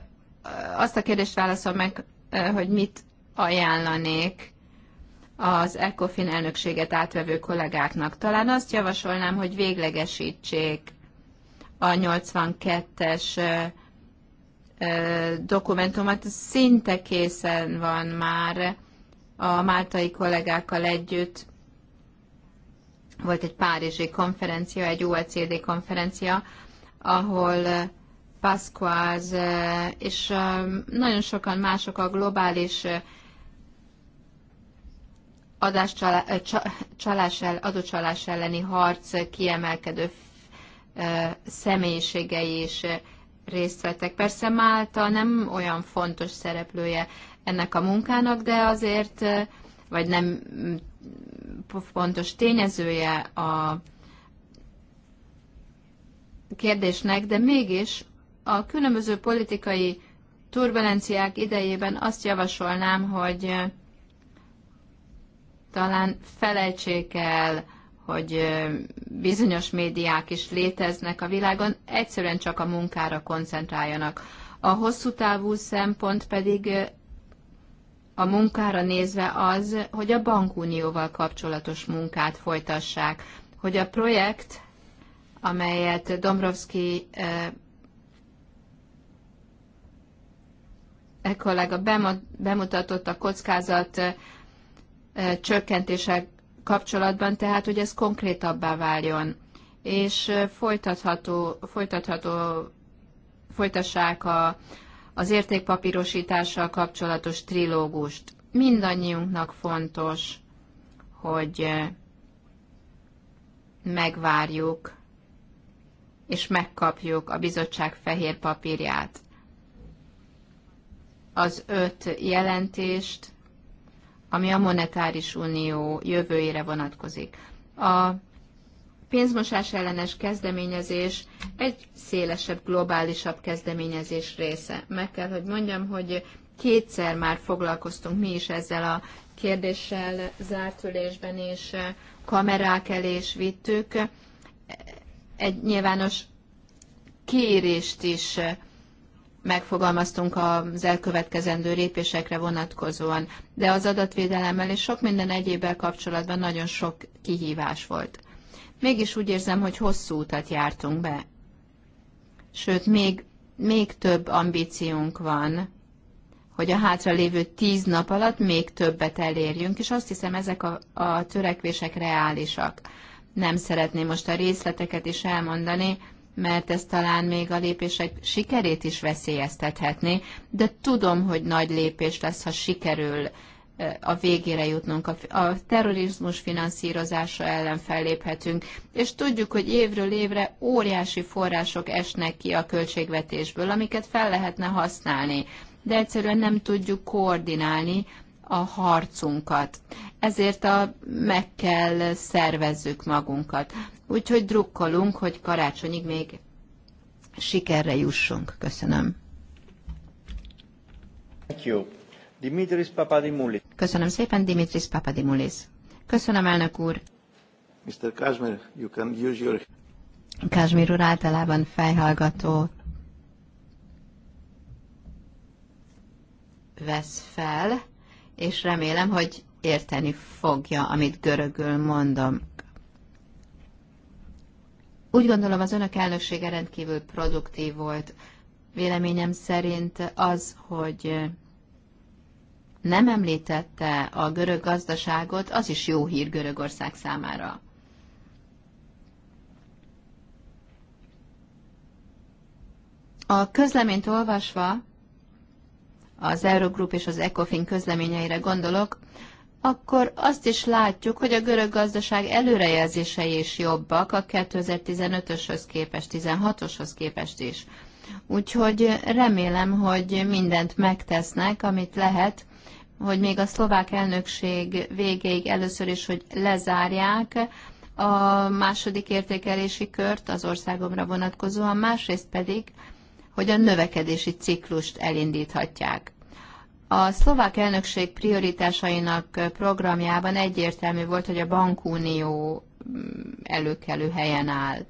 azt a kérdést válaszol meg, eh, hogy mit ajánlanék az ECOFIN elnökséget átvevő kollégáknak. Talán azt javasolnám, hogy véglegesítsék a 82-es dokumentumát, szinte készen van már a máltai kollégákkal együtt. Volt egy párizsi konferencia, egy OECD konferencia, ahol Pasquaz és nagyon sokan mások a globális adáscsalás, adócsalás elleni harc kiemelkedő személyiségei is részt vettek. Persze Málta nem olyan fontos szereplője ennek a munkának, de azért, vagy nem mm, fontos tényezője a kérdésnek, de mégis a különböző politikai turbulenciák idejében azt javasolnám, hogy talán felejtsék el hogy bizonyos médiák is léteznek a világon, egyszerűen csak a munkára koncentráljanak. A hosszú távú szempont pedig a munkára nézve az, hogy a bankunióval kapcsolatos munkát folytassák, hogy a projekt, amelyet Dombrovski e kollega bemutatott a kockázat csökkentése kapcsolatban, tehát hogy ez konkrétabbá váljon, és folytatható, folytatható folytassák a, az értékpapírosítással kapcsolatos trilógust. Mindannyiunknak fontos, hogy megvárjuk és megkapjuk a bizottság fehér papírját. Az öt jelentést, ami a monetáris unió jövőjére vonatkozik. A pénzmosás ellenes kezdeményezés egy szélesebb, globálisabb kezdeményezés része. Meg kell, hogy mondjam, hogy kétszer már foglalkoztunk mi is ezzel a kérdéssel zárt ülésben, és kamerák elé is vittük. Egy nyilvános kérést is megfogalmaztunk az elkövetkezendő lépésekre vonatkozóan, de az adatvédelemmel és sok minden egyébbel kapcsolatban nagyon sok kihívás volt. Mégis úgy érzem, hogy hosszú utat jártunk be. Sőt, még, még több ambíciónk van, hogy a lévő tíz nap alatt még többet elérjünk, és azt hiszem ezek a, a törekvések reálisak. Nem szeretném most a részleteket is elmondani, mert ez talán még a lépések sikerét is veszélyeztethetné, de tudom, hogy nagy lépés lesz, ha sikerül a végére jutnunk. A, terrorizmus finanszírozása ellen felléphetünk, és tudjuk, hogy évről évre óriási források esnek ki a költségvetésből, amiket fel lehetne használni, de egyszerűen nem tudjuk koordinálni, a harcunkat. Ezért a, meg kell szervezzük magunkat. Úgyhogy drukkolunk, hogy karácsonyig még sikerre jussunk. Köszönöm. Thank you. Dimitris Papadimulis. Köszönöm szépen, Dimitris Papadimulis. Köszönöm, elnök úr. Mr. Kazmir, you can use your... Kashmir úr általában fejhallgató vesz fel, és remélem, hogy érteni fogja, amit görögül mondom. Úgy gondolom, az önök elnöksége rendkívül produktív volt. Véleményem szerint az, hogy nem említette a görög gazdaságot, az is jó hír Görögország számára. A közleményt olvasva az Eurogroup és az ECOFIN közleményeire gondolok, akkor azt is látjuk, hogy a görög gazdaság előrejelzései is jobbak a 2015-öshöz képest, 16-oshoz képest is. Úgyhogy remélem, hogy mindent megtesznek, amit lehet, hogy még a szlovák elnökség végéig először is, hogy lezárják a második értékelési kört az országomra vonatkozóan, másrészt pedig hogy a növekedési ciklust elindíthatják. A szlovák elnökség prioritásainak programjában egyértelmű volt, hogy a bankunió mm, előkelő helyen áll.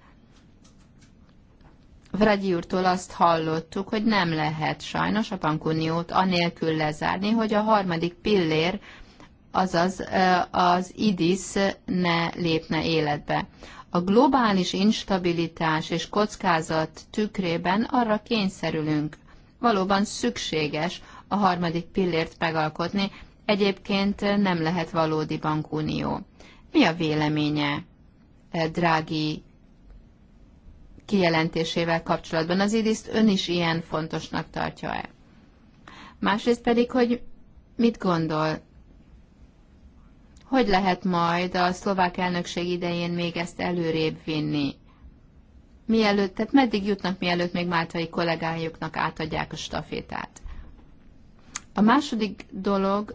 Vragyi úrtól azt hallottuk, hogy nem lehet sajnos a bankuniót anélkül lezárni, hogy a harmadik pillér azaz az IDIS ne lépne életbe. A globális instabilitás és kockázat tükrében arra kényszerülünk. Valóban szükséges a harmadik pillért megalkotni, egyébként nem lehet valódi bankunió. Mi a véleménye drági kijelentésével kapcsolatban? Az idiszt ön is ilyen fontosnak tartja-e? Másrészt pedig, hogy mit gondol hogy lehet majd a szlovák elnökség idején még ezt előrébb vinni? Mielőtt, tehát meddig jutnak, mielőtt még máltai kollégájuknak átadják a stafétát? A második dolog,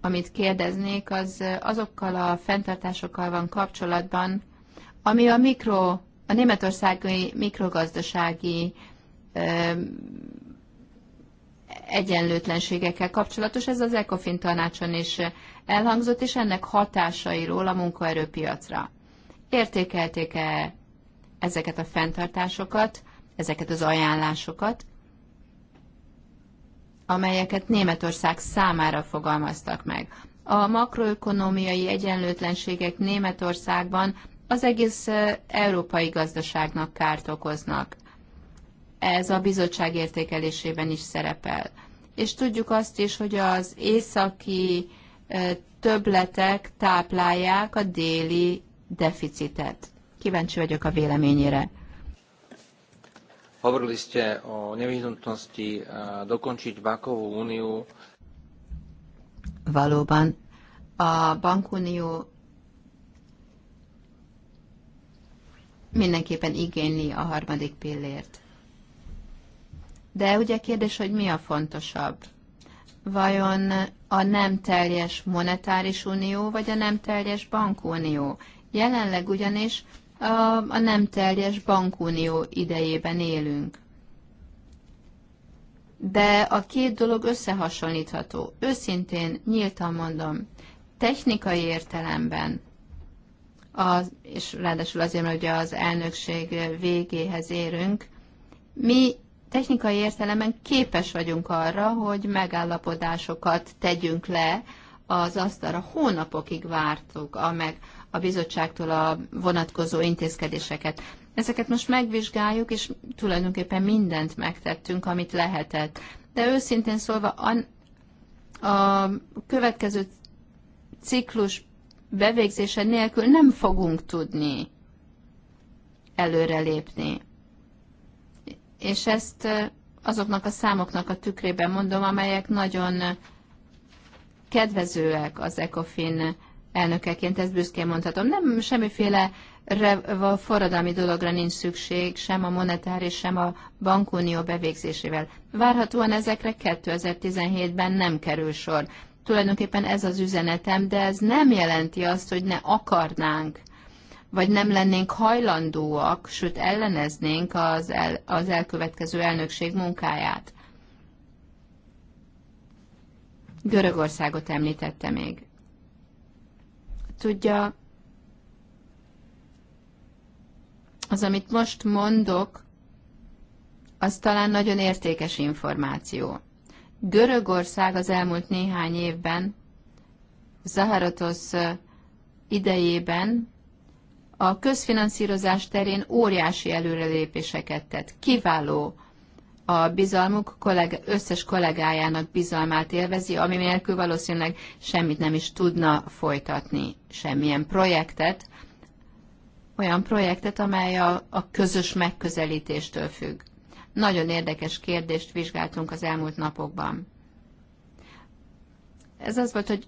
amit kérdeznék, az azokkal a fenntartásokkal van kapcsolatban, ami a mikro, a németországi mikrogazdasági ö, egyenlőtlenségekkel kapcsolatos. Ez az ECOFIN tanácson is elhangzott, és ennek hatásairól a munkaerőpiacra. Értékelték-e ezeket a fenntartásokat, ezeket az ajánlásokat, amelyeket Németország számára fogalmaztak meg. A makroökonomiai egyenlőtlenségek Németországban az egész európai gazdaságnak kárt okoznak. Ez a bizottság értékelésében is szerepel. És tudjuk azt is, hogy az északi többletek táplálják a déli deficitet. Kíváncsi vagyok a véleményére. Hovorili ste o nevyhnutnosti e, dokončiť bankovú úniu. Valóban a bankunió mindenképpen igényli a harmadik pillért. De ugye kérdés, hogy mi a fontosabb? vajon a nem teljes monetáris unió, vagy a nem teljes bankunió. Jelenleg ugyanis a, a nem teljes bankunió idejében élünk. De a két dolog összehasonlítható. Őszintén, nyíltan mondom, technikai értelemben, az, és ráadásul azért, mert ugye az elnökség végéhez érünk, mi technikai értelemben képes vagyunk arra, hogy megállapodásokat tegyünk le az asztalra. Hónapokig vártuk a, meg, a bizottságtól a vonatkozó intézkedéseket. Ezeket most megvizsgáljuk, és tulajdonképpen mindent megtettünk, amit lehetett. De őszintén szólva, a, a következő ciklus bevégzése nélkül nem fogunk tudni előrelépni és ezt azoknak a számoknak a tükrében mondom, amelyek nagyon kedvezőek az ECOFIN elnökeként, ezt büszkén mondhatom. Nem semmiféle forradalmi dologra nincs szükség, sem a monetáris, sem a bankunió bevégzésével. Várhatóan ezekre 2017-ben nem kerül sor. Tulajdonképpen ez az üzenetem, de ez nem jelenti azt, hogy ne akarnánk vagy nem lennénk hajlandóak, sőt elleneznénk az, el, az elkövetkező elnökség munkáját. Görögországot említette még. Tudja, az, amit most mondok, az talán nagyon értékes információ. Görögország az elmúlt néhány évben Zaharotos idejében a közfinanszírozás terén óriási előrelépéseket tett. Kiváló a bizalmuk kollega, összes kollégájának bizalmát élvezi, ami nélkül valószínűleg semmit nem is tudna folytatni, semmilyen projektet, olyan projektet, amely a, a közös megközelítéstől függ. Nagyon érdekes kérdést vizsgáltunk az elmúlt napokban. Ez az volt, hogy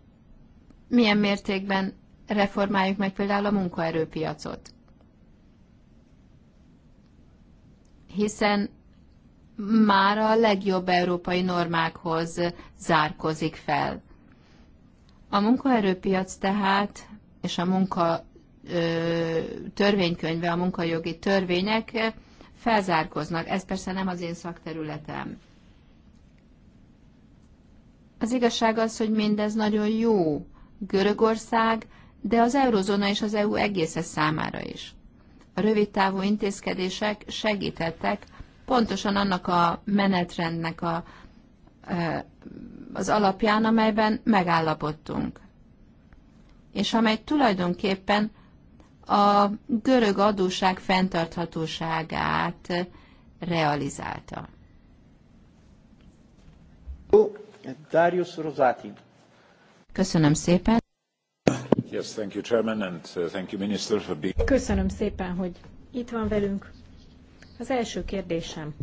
milyen mértékben reformáljuk meg például a munkaerőpiacot. Hiszen már a legjobb európai normákhoz zárkozik fel. A munkaerőpiac tehát, és a munka ö, törvénykönyve, a munkajogi törvények felzárkoznak. Ez persze nem az én szakterületem. Az igazság az, hogy mindez nagyon jó. Görögország de az eurozóna és az EU egésze számára is. A rövid távú intézkedések segítettek pontosan annak a menetrendnek a, e, az alapján, amelyben megállapodtunk. És amely tulajdonképpen a görög adóság fenntarthatóságát realizálta. Darius Rosati. Köszönöm szépen. Köszönöm szépen, hogy itt van velünk. Az első kérdésem.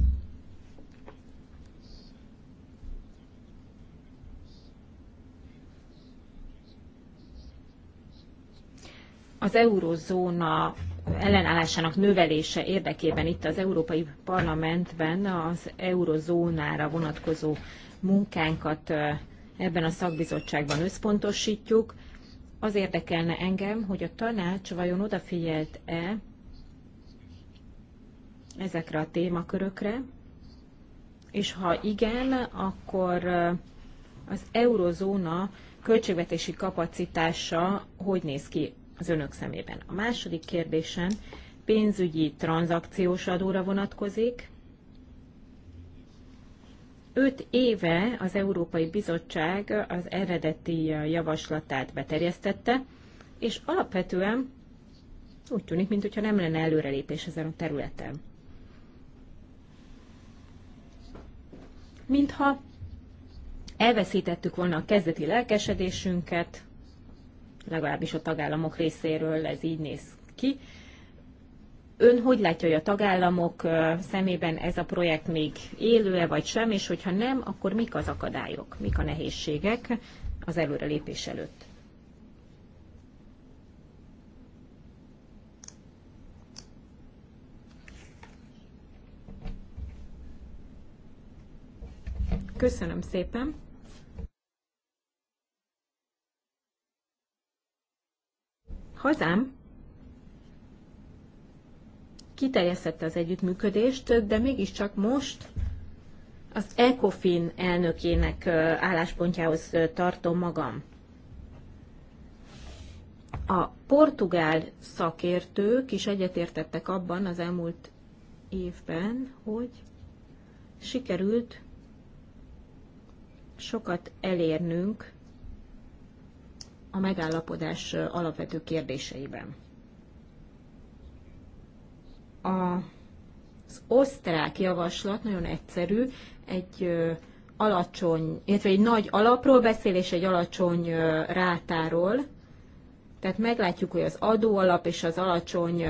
Az eurozóna ellenállásának növelése érdekében itt az Európai Parlamentben az eurozónára vonatkozó munkánkat ebben a szakbizottságban összpontosítjuk. Az érdekelne engem, hogy a tanács vajon odafigyelt-e ezekre a témakörökre, és ha igen, akkor az eurozóna költségvetési kapacitása hogy néz ki az önök szemében? A második kérdésen pénzügyi tranzakciós adóra vonatkozik öt éve az Európai Bizottság az eredeti javaslatát beterjesztette, és alapvetően úgy tűnik, mintha nem lenne előrelépés ezen a területen. Mintha elveszítettük volna a kezdeti lelkesedésünket, legalábbis a tagállamok részéről ez így néz ki, Ön hogy látja, hogy a tagállamok szemében ez a projekt még élő-e vagy sem, és hogyha nem, akkor mik az akadályok, mik a nehézségek az előrelépés előtt? Köszönöm szépen! Hazám kiterjesztette az együttműködést, de mégiscsak most az ECOFIN elnökének álláspontjához tartom magam. A portugál szakértők is egyetértettek abban az elmúlt évben, hogy sikerült sokat elérnünk a megállapodás alapvető kérdéseiben. A, az osztrák javaslat nagyon egyszerű, egy alacsony, illetve egy nagy alapról beszél, és egy alacsony rátáról. Tehát meglátjuk, hogy az adóalap és az alacsony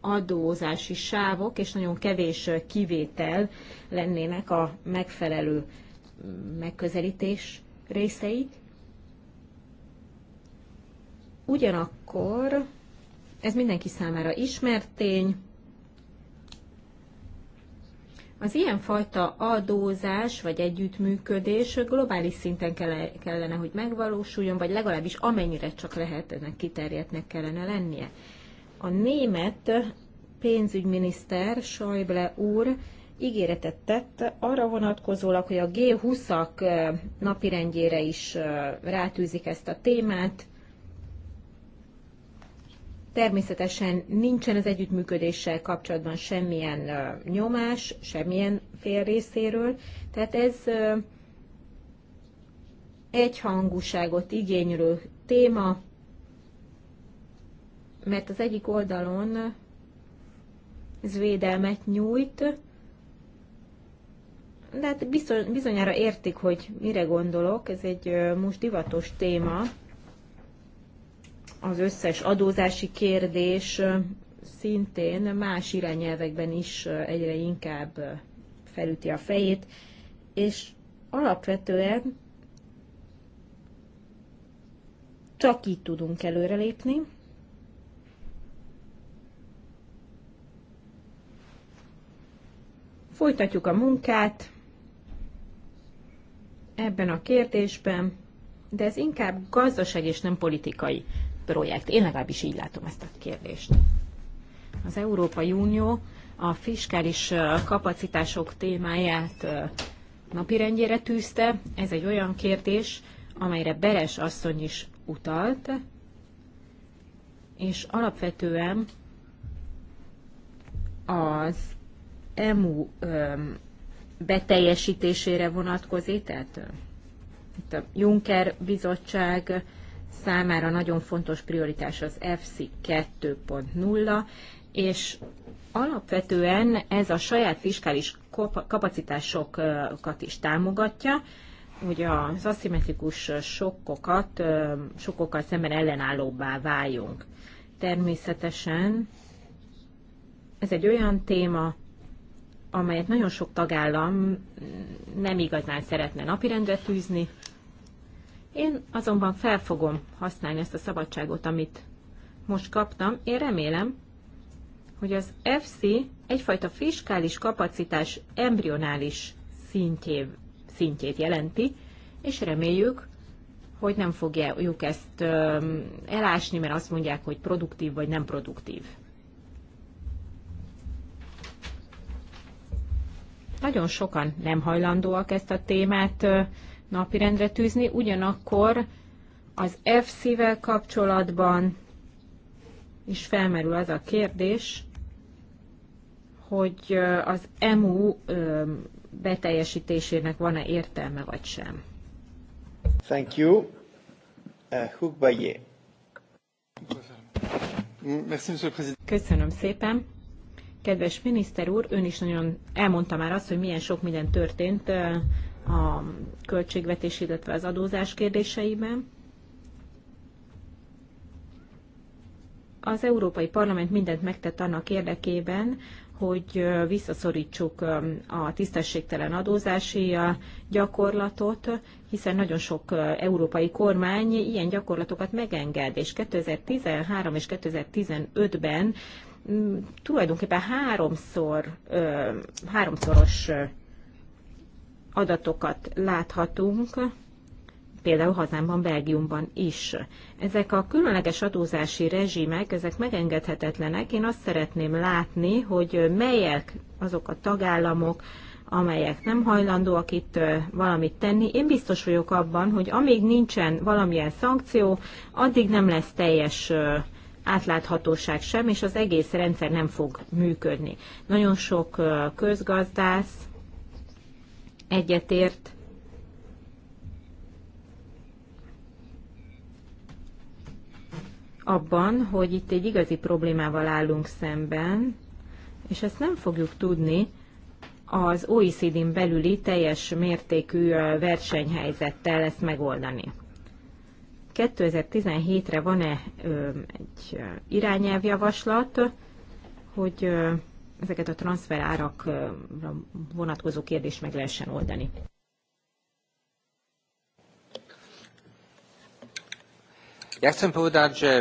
adózási sávok és nagyon kevés kivétel lennének a megfelelő mm, megközelítés részei. Ugyanakkor ez mindenki számára ismert tény. Az ilyenfajta adózás vagy együttműködés globális szinten kellene, hogy megvalósuljon, vagy legalábbis amennyire csak lehet, ennek kiterjedtnek kellene lennie. A német pénzügyminiszter Schäuble úr ígéretet tett arra vonatkozólag, hogy a G20-ak napirendjére is rátűzik ezt a témát, Természetesen nincsen az együttműködéssel kapcsolatban semmilyen nyomás, semmilyen fél részéről, tehát ez egyhangúságot igénylő téma, mert az egyik oldalon ez védelmet nyújt, de hát bizonyára értik, hogy mire gondolok, ez egy most divatos téma, az összes adózási kérdés szintén más irányelvekben is egyre inkább felüti a fejét, és alapvetően csak így tudunk előrelépni. Folytatjuk a munkát ebben a kérdésben, de ez inkább gazdaság és nem politikai projekt. Én legalábbis így látom ezt a kérdést. Az Európai Unió a fiskális kapacitások témáját napirendjére tűzte. Ez egy olyan kérdés, amelyre Beres asszony is utalt, és alapvetően az EMU beteljesítésére vonatkozik, tehát itt a Juncker bizottság számára nagyon fontos prioritás az FC 2.0, és alapvetően ez a saját fiskális kapacitásokat is támogatja, hogy az aszimetrikus sokkokat, sokokkal szemben ellenállóbbá váljunk. Természetesen ez egy olyan téma, amelyet nagyon sok tagállam nem igazán szeretne napirendre tűzni, én azonban fel fogom használni ezt a szabadságot, amit most kaptam. Én remélem, hogy az FC egyfajta fiskális kapacitás embrionális szintjé, szintjét jelenti, és reméljük, hogy nem fogjuk ezt elásni, mert azt mondják, hogy produktív vagy nem produktív. Nagyon sokan nem hajlandóak ezt a témát napirendre tűzni, ugyanakkor az FC-vel kapcsolatban is felmerül az a kérdés, hogy az EMU beteljesítésének van-e értelme vagy sem. Thank you. Uh, Köszönöm szépen. Kedves miniszter úr, ön is nagyon elmondta már azt, hogy milyen sok minden történt a költségvetés, illetve az adózás kérdéseiben. Az Európai Parlament mindent megtett annak érdekében, hogy visszaszorítsuk a tisztességtelen adózási gyakorlatot, hiszen nagyon sok európai kormány ilyen gyakorlatokat megenged, és 2013 és 2015-ben tulajdonképpen háromszor, háromszoros adatokat láthatunk, például hazámban, Belgiumban is. Ezek a különleges adózási rezsimek, ezek megengedhetetlenek. Én azt szeretném látni, hogy melyek azok a tagállamok, amelyek nem hajlandóak itt valamit tenni. Én biztos vagyok abban, hogy amíg nincsen valamilyen szankció, addig nem lesz teljes átláthatóság sem, és az egész rendszer nem fog működni. Nagyon sok közgazdász egyetért abban, hogy itt egy igazi problémával állunk szemben, és ezt nem fogjuk tudni az OECD-n belüli teljes mértékű versenyhelyzettel ezt megoldani. 2017-re van-e egy irányelvjavaslat, hogy ezeket a transferárakra vonatkozó kérdést meg lehessen oldani. Ja chcem povedať, že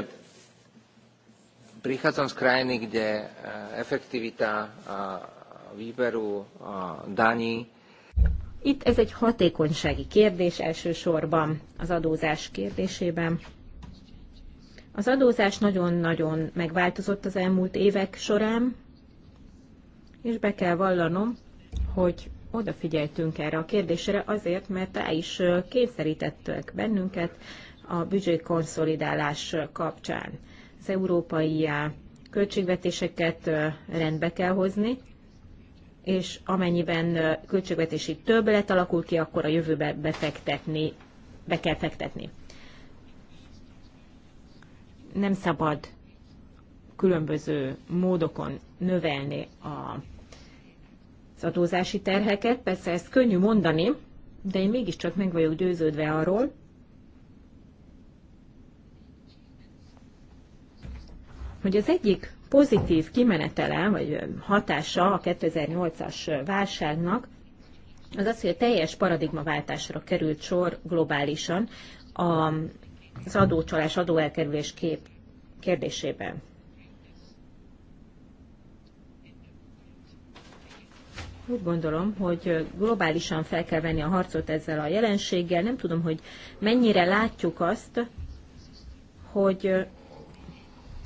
prichádzam z krajiny, kde e, efektivita e, výberu e, daní itt ez egy hatékonysági kérdés elsősorban az adózás kérdésében. Az adózás nagyon-nagyon megváltozott az elmúlt évek során, és be kell vallanom, hogy odafigyeltünk erre a kérdésre azért, mert rá is kényszerítettek bennünket a büdzsé konszolidálás kapcsán. Az európai költségvetéseket rendbe kell hozni, és amennyiben költségvetési többlet alakul ki, akkor a jövőbe befektetni, be kell fektetni. Nem szabad különböző módokon növelni a az adózási terheket. Persze ezt könnyű mondani, de én mégiscsak meg vagyok győződve arról, hogy az egyik pozitív kimenetele, vagy hatása a 2008-as válságnak, az az, hogy a teljes paradigmaváltásra került sor globálisan az adócsalás, adóelkerülés kép kérdésében. úgy gondolom, hogy globálisan fel kell venni a harcot ezzel a jelenséggel. Nem tudom, hogy mennyire látjuk azt, hogy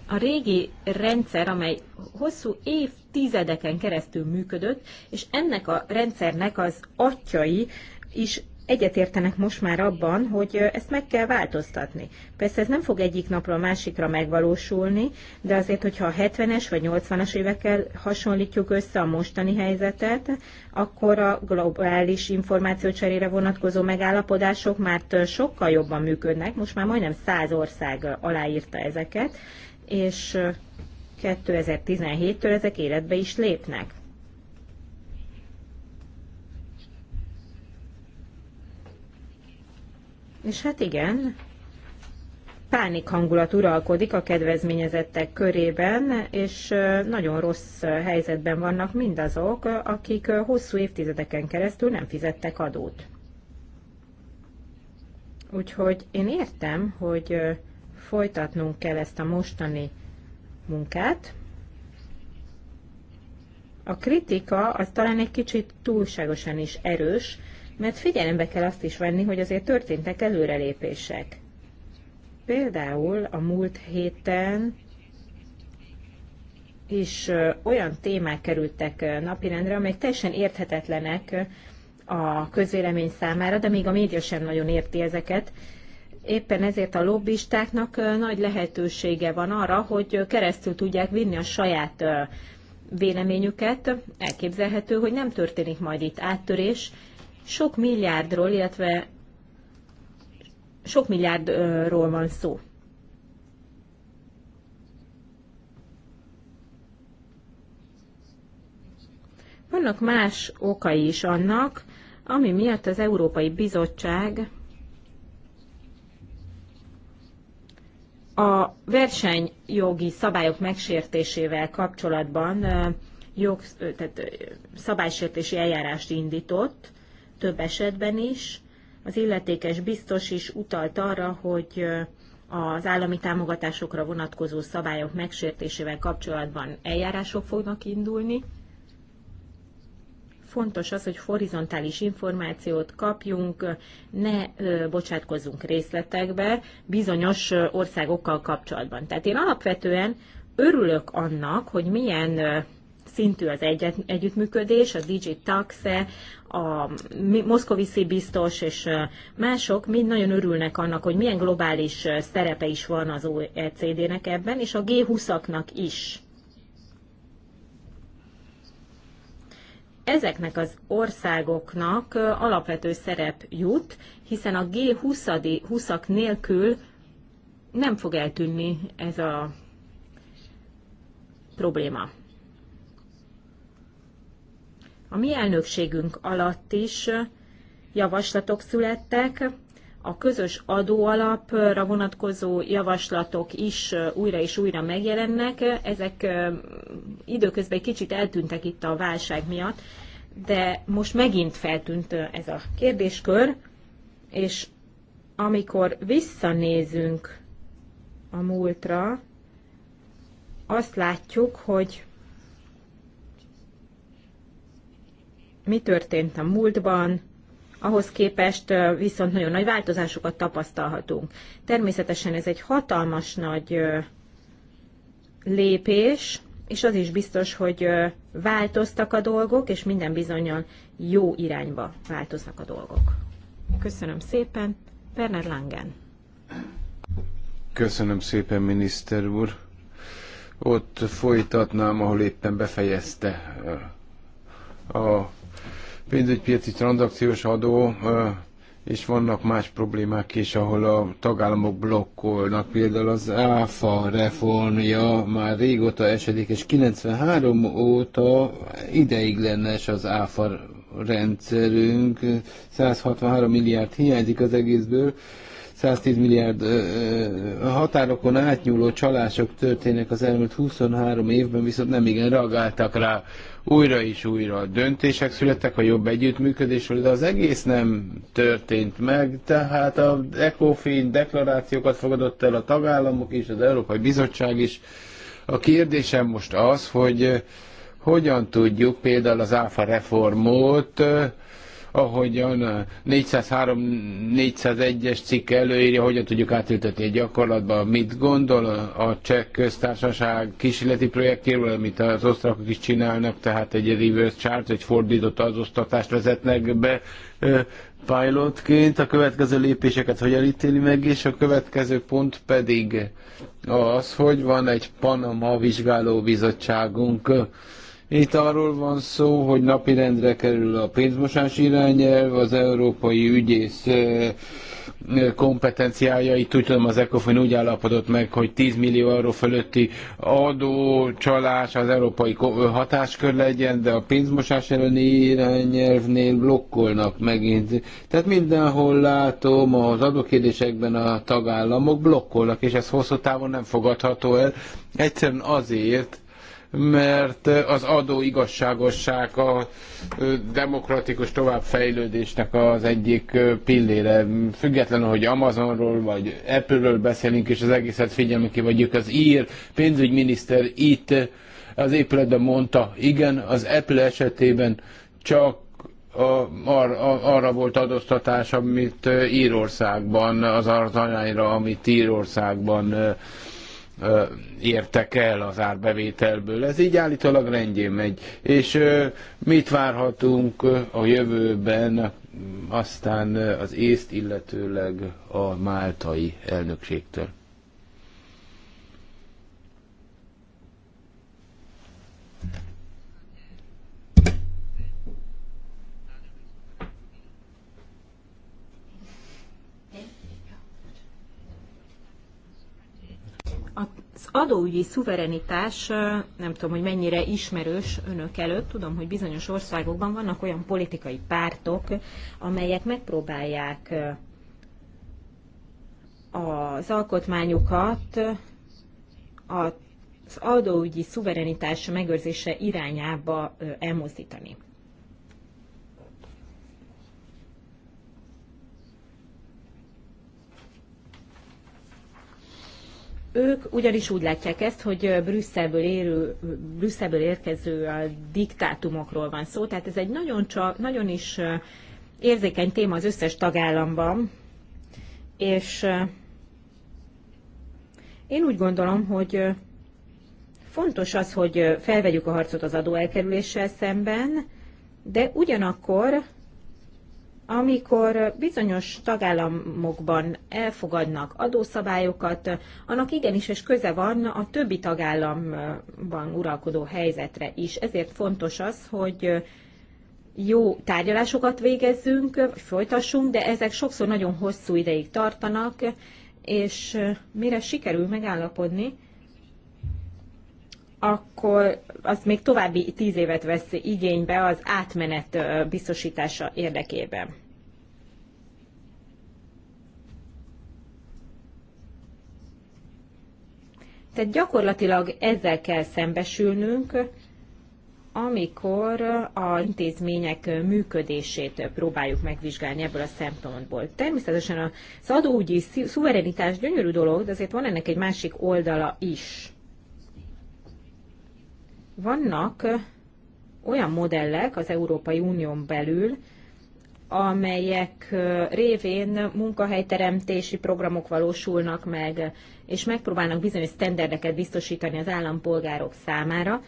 a régi rendszer, amely hosszú évtizedeken keresztül működött, és ennek a rendszernek az atyai is egyetértenek most már abban, hogy ezt meg kell változtatni. Persze ez nem fog egyik napról másikra megvalósulni, de azért, hogyha a 70-es vagy 80-as évekkel hasonlítjuk össze a mostani helyzetet, akkor a globális információcserére vonatkozó megállapodások már sokkal jobban működnek, most már majdnem 100 ország aláírta ezeket, és 2017-től ezek életbe is lépnek. És hát igen, pánik hangulat uralkodik a kedvezményezettek körében, és nagyon rossz helyzetben vannak mindazok, akik hosszú évtizedeken keresztül nem fizettek adót. Úgyhogy én értem, hogy folytatnunk kell ezt a mostani munkát. A kritika az talán egy kicsit túlságosan is erős, mert figyelembe kell azt is venni, hogy azért történtek előrelépések. Például a múlt héten is olyan témák kerültek napirendre, amelyek teljesen érthetetlenek a közvélemény számára, de még a média sem nagyon érti ezeket. Éppen ezért a lobbistáknak nagy lehetősége van arra, hogy keresztül tudják vinni a saját véleményüket. Elképzelhető, hogy nem történik majd itt áttörés, sok milliárdról, illetve sok milliárdról van szó. Vannak más okai is annak, ami miatt az Európai Bizottság a versenyjogi szabályok megsértésével kapcsolatban jog, tehát szabálysértési eljárást indított, több esetben is. Az illetékes biztos is utalt arra, hogy az állami támogatásokra vonatkozó szabályok megsértésével kapcsolatban eljárások fognak indulni. Fontos az, hogy horizontális információt kapjunk, ne bocsátkozzunk részletekbe bizonyos országokkal kapcsolatban. Tehát én alapvetően örülök annak, hogy milyen szintű az egyet, együttműködés, a DG Taxe, a Moszkoviszi biztos és mások mind nagyon örülnek annak, hogy milyen globális szerepe is van az OECD-nek ebben, és a G20-aknak is. ezeknek az országoknak alapvető szerep jut, hiszen a G20-ak nélkül nem fog eltűnni ez a probléma. A mi elnökségünk alatt is javaslatok születtek, a közös adóalapra vonatkozó javaslatok is újra és újra megjelennek. Ezek időközben egy kicsit eltűntek itt a válság miatt, de most megint feltűnt ez a kérdéskör, és amikor visszanézünk a múltra, azt látjuk, hogy mi történt a múltban, ahhoz képest viszont nagyon nagy változásokat tapasztalhatunk. Természetesen ez egy hatalmas nagy lépés, és az is biztos, hogy változtak a dolgok, és minden bizonyal jó irányba változnak a dolgok. Köszönöm szépen. Werner Langen. Köszönöm szépen, miniszter úr. Ott folytatnám, ahol éppen befejezte a pénzügypiaci tranzakciós adó, és vannak más problémák is, ahol a tagállamok blokkolnak. Például az ÁFA reformja már régóta esedik, és 93 óta ideiglenes az ÁFA rendszerünk. 163 milliárd hiányzik az egészből. 110 milliárd határokon átnyúló csalások történnek az elmúlt 23 évben, viszont nem igen reagáltak rá újra és újra döntések születtek a jobb együttműködésről, de az egész nem történt meg, tehát a ECOFIN deklarációkat fogadott el a tagállamok és az Európai Bizottság is. A kérdésem most az, hogy hogyan tudjuk például az áfa reformot ahogyan 403-401-es eh, cikk előírja, hogyan tudjuk átültetni egy gyakorlatba. Mit gondol a cseh köztársaság kísérleti projektjéről, amit az osztrakok is csinálnak, tehát egy reverse chart, egy fordított azosztatást vezetnek be eh, pilotként, a következő lépéseket hogyan ítéli meg, és a következő pont pedig az, hogy van egy Panama vizsgáló bizottságunk, itt arról van szó, hogy napirendre kerül a pénzmosás irányelv, az európai ügyész kompetenciája. Itt úgy tudom, az ECOFIN úgy állapodott meg, hogy 10 millió euró fölötti adócsalás az európai hatáskör legyen, de a pénzmosás elleni irányelvnél blokkolnak megint. Tehát mindenhol látom, az adókérdésekben a tagállamok blokkolnak, és ez hosszú távon nem fogadható el. Egyszerűen azért, mert az adó igazságosság a demokratikus továbbfejlődésnek az egyik pillére. Függetlenül, hogy Amazonról vagy Apple-ről beszélünk, és az egészet figyelmi ki vagyjuk, az ír pénzügyminiszter itt az épületben mondta, igen, az Apple esetében csak a, ar, a, arra volt adóztatás, amit Írországban, az arányra, amit Írországban értek el az árbevételből. Ez így állítólag rendjén megy. És mit várhatunk a jövőben, aztán az észt, illetőleg a máltai elnökségtől? adóügyi szuverenitás, nem tudom, hogy mennyire ismerős önök előtt, tudom, hogy bizonyos országokban vannak olyan politikai pártok, amelyek megpróbálják az alkotmányukat az adóügyi szuverenitás megőrzése irányába elmozdítani. Ők ugyanis úgy látják ezt, hogy Brüsszelből, érő, Brüsszelből érkező diktátumokról van szó, tehát ez egy nagyon, csak, nagyon is érzékeny téma az összes tagállamban, és én úgy gondolom, hogy fontos az, hogy felvegyük a harcot az adóelkerüléssel szemben, de ugyanakkor amikor bizonyos tagállamokban elfogadnak adószabályokat, annak igenis és köze van a többi tagállamban uralkodó helyzetre is. Ezért fontos az, hogy jó tárgyalásokat végezzünk, folytassunk, de ezek sokszor nagyon hosszú ideig tartanak, és mire sikerül megállapodni, akkor az még további tíz évet vesz igénybe az átmenet biztosítása érdekében. Tehát gyakorlatilag ezzel kell szembesülnünk, amikor a intézmények működését próbáljuk megvizsgálni ebből a szempontból. Természetesen az adóügyi szuverenitás gyönyörű dolog, de azért van ennek egy másik oldala is. Vannak olyan modellek az Európai Unión belül, amelyek révén munkahelyteremtési programok valósulnak meg, és megpróbálnak bizonyos sztenderdeket biztosítani az állampolgárok számára.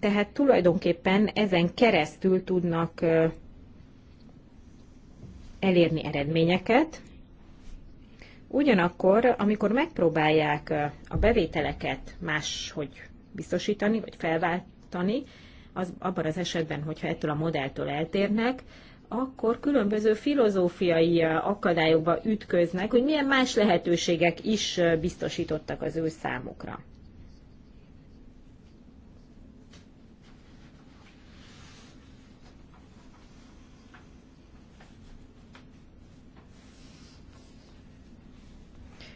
Tehát tulajdonképpen ezen keresztül tudnak elérni eredményeket. Ugyanakkor, amikor megpróbálják a bevételeket máshogy biztosítani, vagy felváltani, az, abban az esetben, hogyha ettől a modelltől eltérnek, akkor különböző filozófiai akadályokba ütköznek, hogy milyen más lehetőségek is biztosítottak az ő számukra.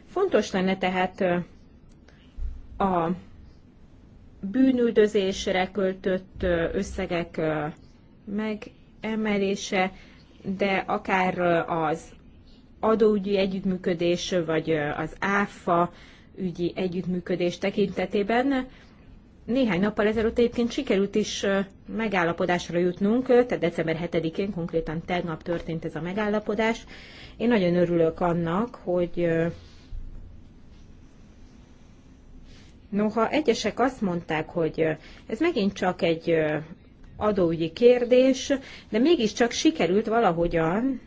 Fontos lenne tehát a bűnüldözésre költött összegek megemelése, de akár az adóügyi együttműködés, vagy az ÁFA ügyi együttműködés tekintetében. Néhány nappal ezelőtt egyébként sikerült is megállapodásra jutnunk, tehát december 7-én, konkrétan tegnap történt ez a megállapodás. Én nagyon örülök annak, hogy Noha egyesek azt mondták, hogy ez megint csak egy adóügyi kérdés, de mégiscsak sikerült valahogyan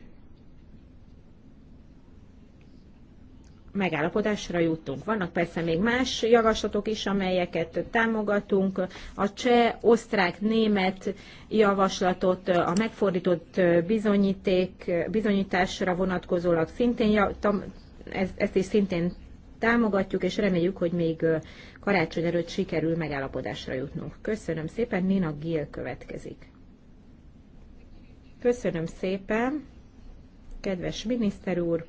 megállapodásra jutunk. Vannak persze még más javaslatok is, amelyeket támogatunk. A cseh, osztrák, német javaslatot a megfordított bizonyíték, bizonyításra vonatkozólag szintén ezt is szintén támogatjuk, és reméljük, hogy még karácsony előtt sikerül megállapodásra jutnunk. Köszönöm szépen, Nina Gill következik. Köszönöm szépen, kedves miniszter úr!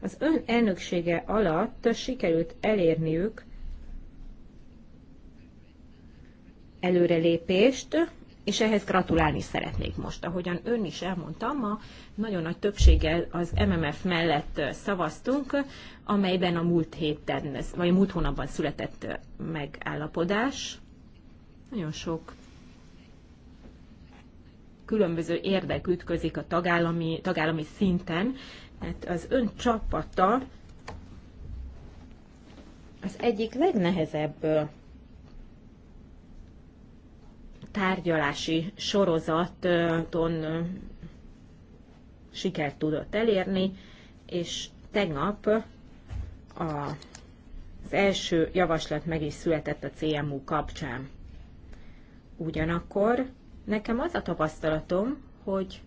Az ön elnöksége alatt sikerült elérniük előrelépést és ehhez gratulálni szeretnék most. Ahogyan ön is elmondta, ma nagyon nagy többséggel az MMF mellett szavaztunk, amelyben a múlt héten, vagy a múlt hónapban született megállapodás. Nagyon sok különböző érdek ütközik a tagállami, tagállami szinten. Hát az ön csapata az egyik legnehezebb tárgyalási sorozaton sikert tudott elérni, és tegnap a az első javaslat meg is született a CMU kapcsán. Ugyanakkor nekem az a tapasztalatom, hogy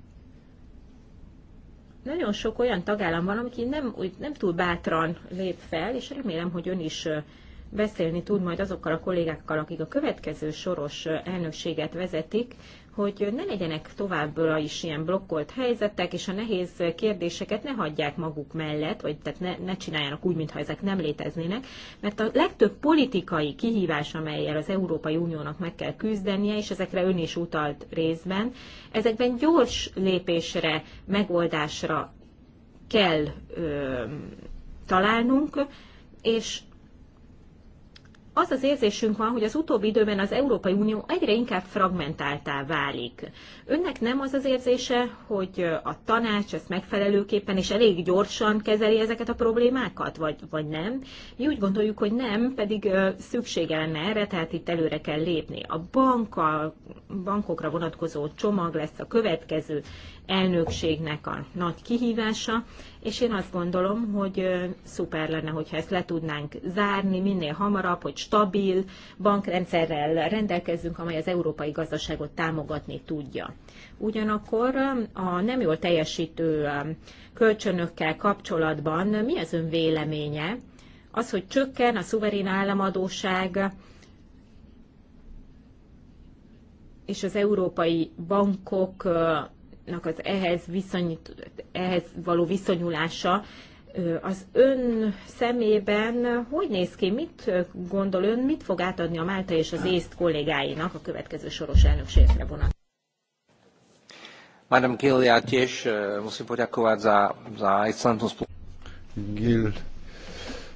nagyon sok olyan tagállam van, aki nem, úgy, nem túl bátran lép fel, és remélem, hogy ön is beszélni tud majd azokkal a kollégákkal, akik a következő soros elnökséget vezetik, hogy ne legyenek továbbra is ilyen blokkolt helyzetek, és a nehéz kérdéseket ne hagyják maguk mellett, vagy tehát ne, ne csináljanak úgy, mintha ezek nem léteznének, mert a legtöbb politikai kihívás, amelyel az Európai Uniónak meg kell küzdenie, és ezekre ön is utalt részben, ezekben gyors lépésre, megoldásra kell ö, találnunk, és az az érzésünk van, hogy az utóbbi időben az Európai Unió egyre inkább fragmentáltá válik. Önnek nem az az érzése, hogy a tanács ezt megfelelőképpen és elég gyorsan kezeli ezeket a problémákat, vagy, vagy nem? Mi úgy gondoljuk, hogy nem, pedig szüksége lenne erre, tehát itt előre kell lépni. A banka, bankokra vonatkozó csomag lesz a következő, elnökségnek a nagy kihívása, és én azt gondolom, hogy szuper lenne, hogyha ezt le tudnánk zárni minél hamarabb, hogy stabil bankrendszerrel rendelkezzünk, amely az európai gazdaságot támogatni tudja. Ugyanakkor a nem jól teljesítő kölcsönökkel kapcsolatban mi az ön véleménye? Az, hogy csökken a szuverén államadóság, és az európai bankok az ehhez, viszonyít, ehhez való viszonyulása az ön szemében hogy néz ki, mit gondol ön, mit fog átadni a Málta és az észt kollégáinak a következő soros elnökségre vonat? Madam Gill, ja tiež musím poďakovať za, za excelentnú spoluprácu.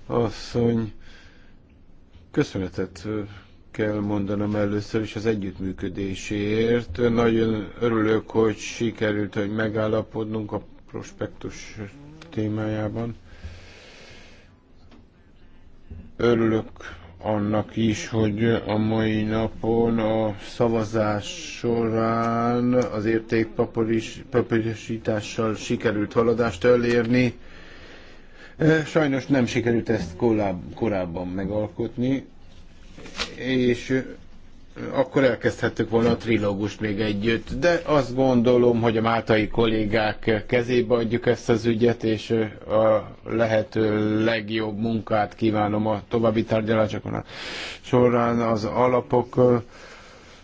asszony, köszönetet kell mondanom először is az együttműködésért. Nagyon örülök, hogy sikerült, hogy megállapodnunk a prospektus témájában. Örülök annak is, hogy a mai napon a szavazás során az értékpapírosítással sikerült haladást elérni. Eh, sajnos nem sikerült ezt korábban megalkotni, és akkor elkezdhettük volna a trilógust még együtt. De azt gondolom, hogy a máltai kollégák kezébe adjuk ezt az ügyet, és a lehető legjobb munkát kívánom a további tárgyalásokon. Során az alapok,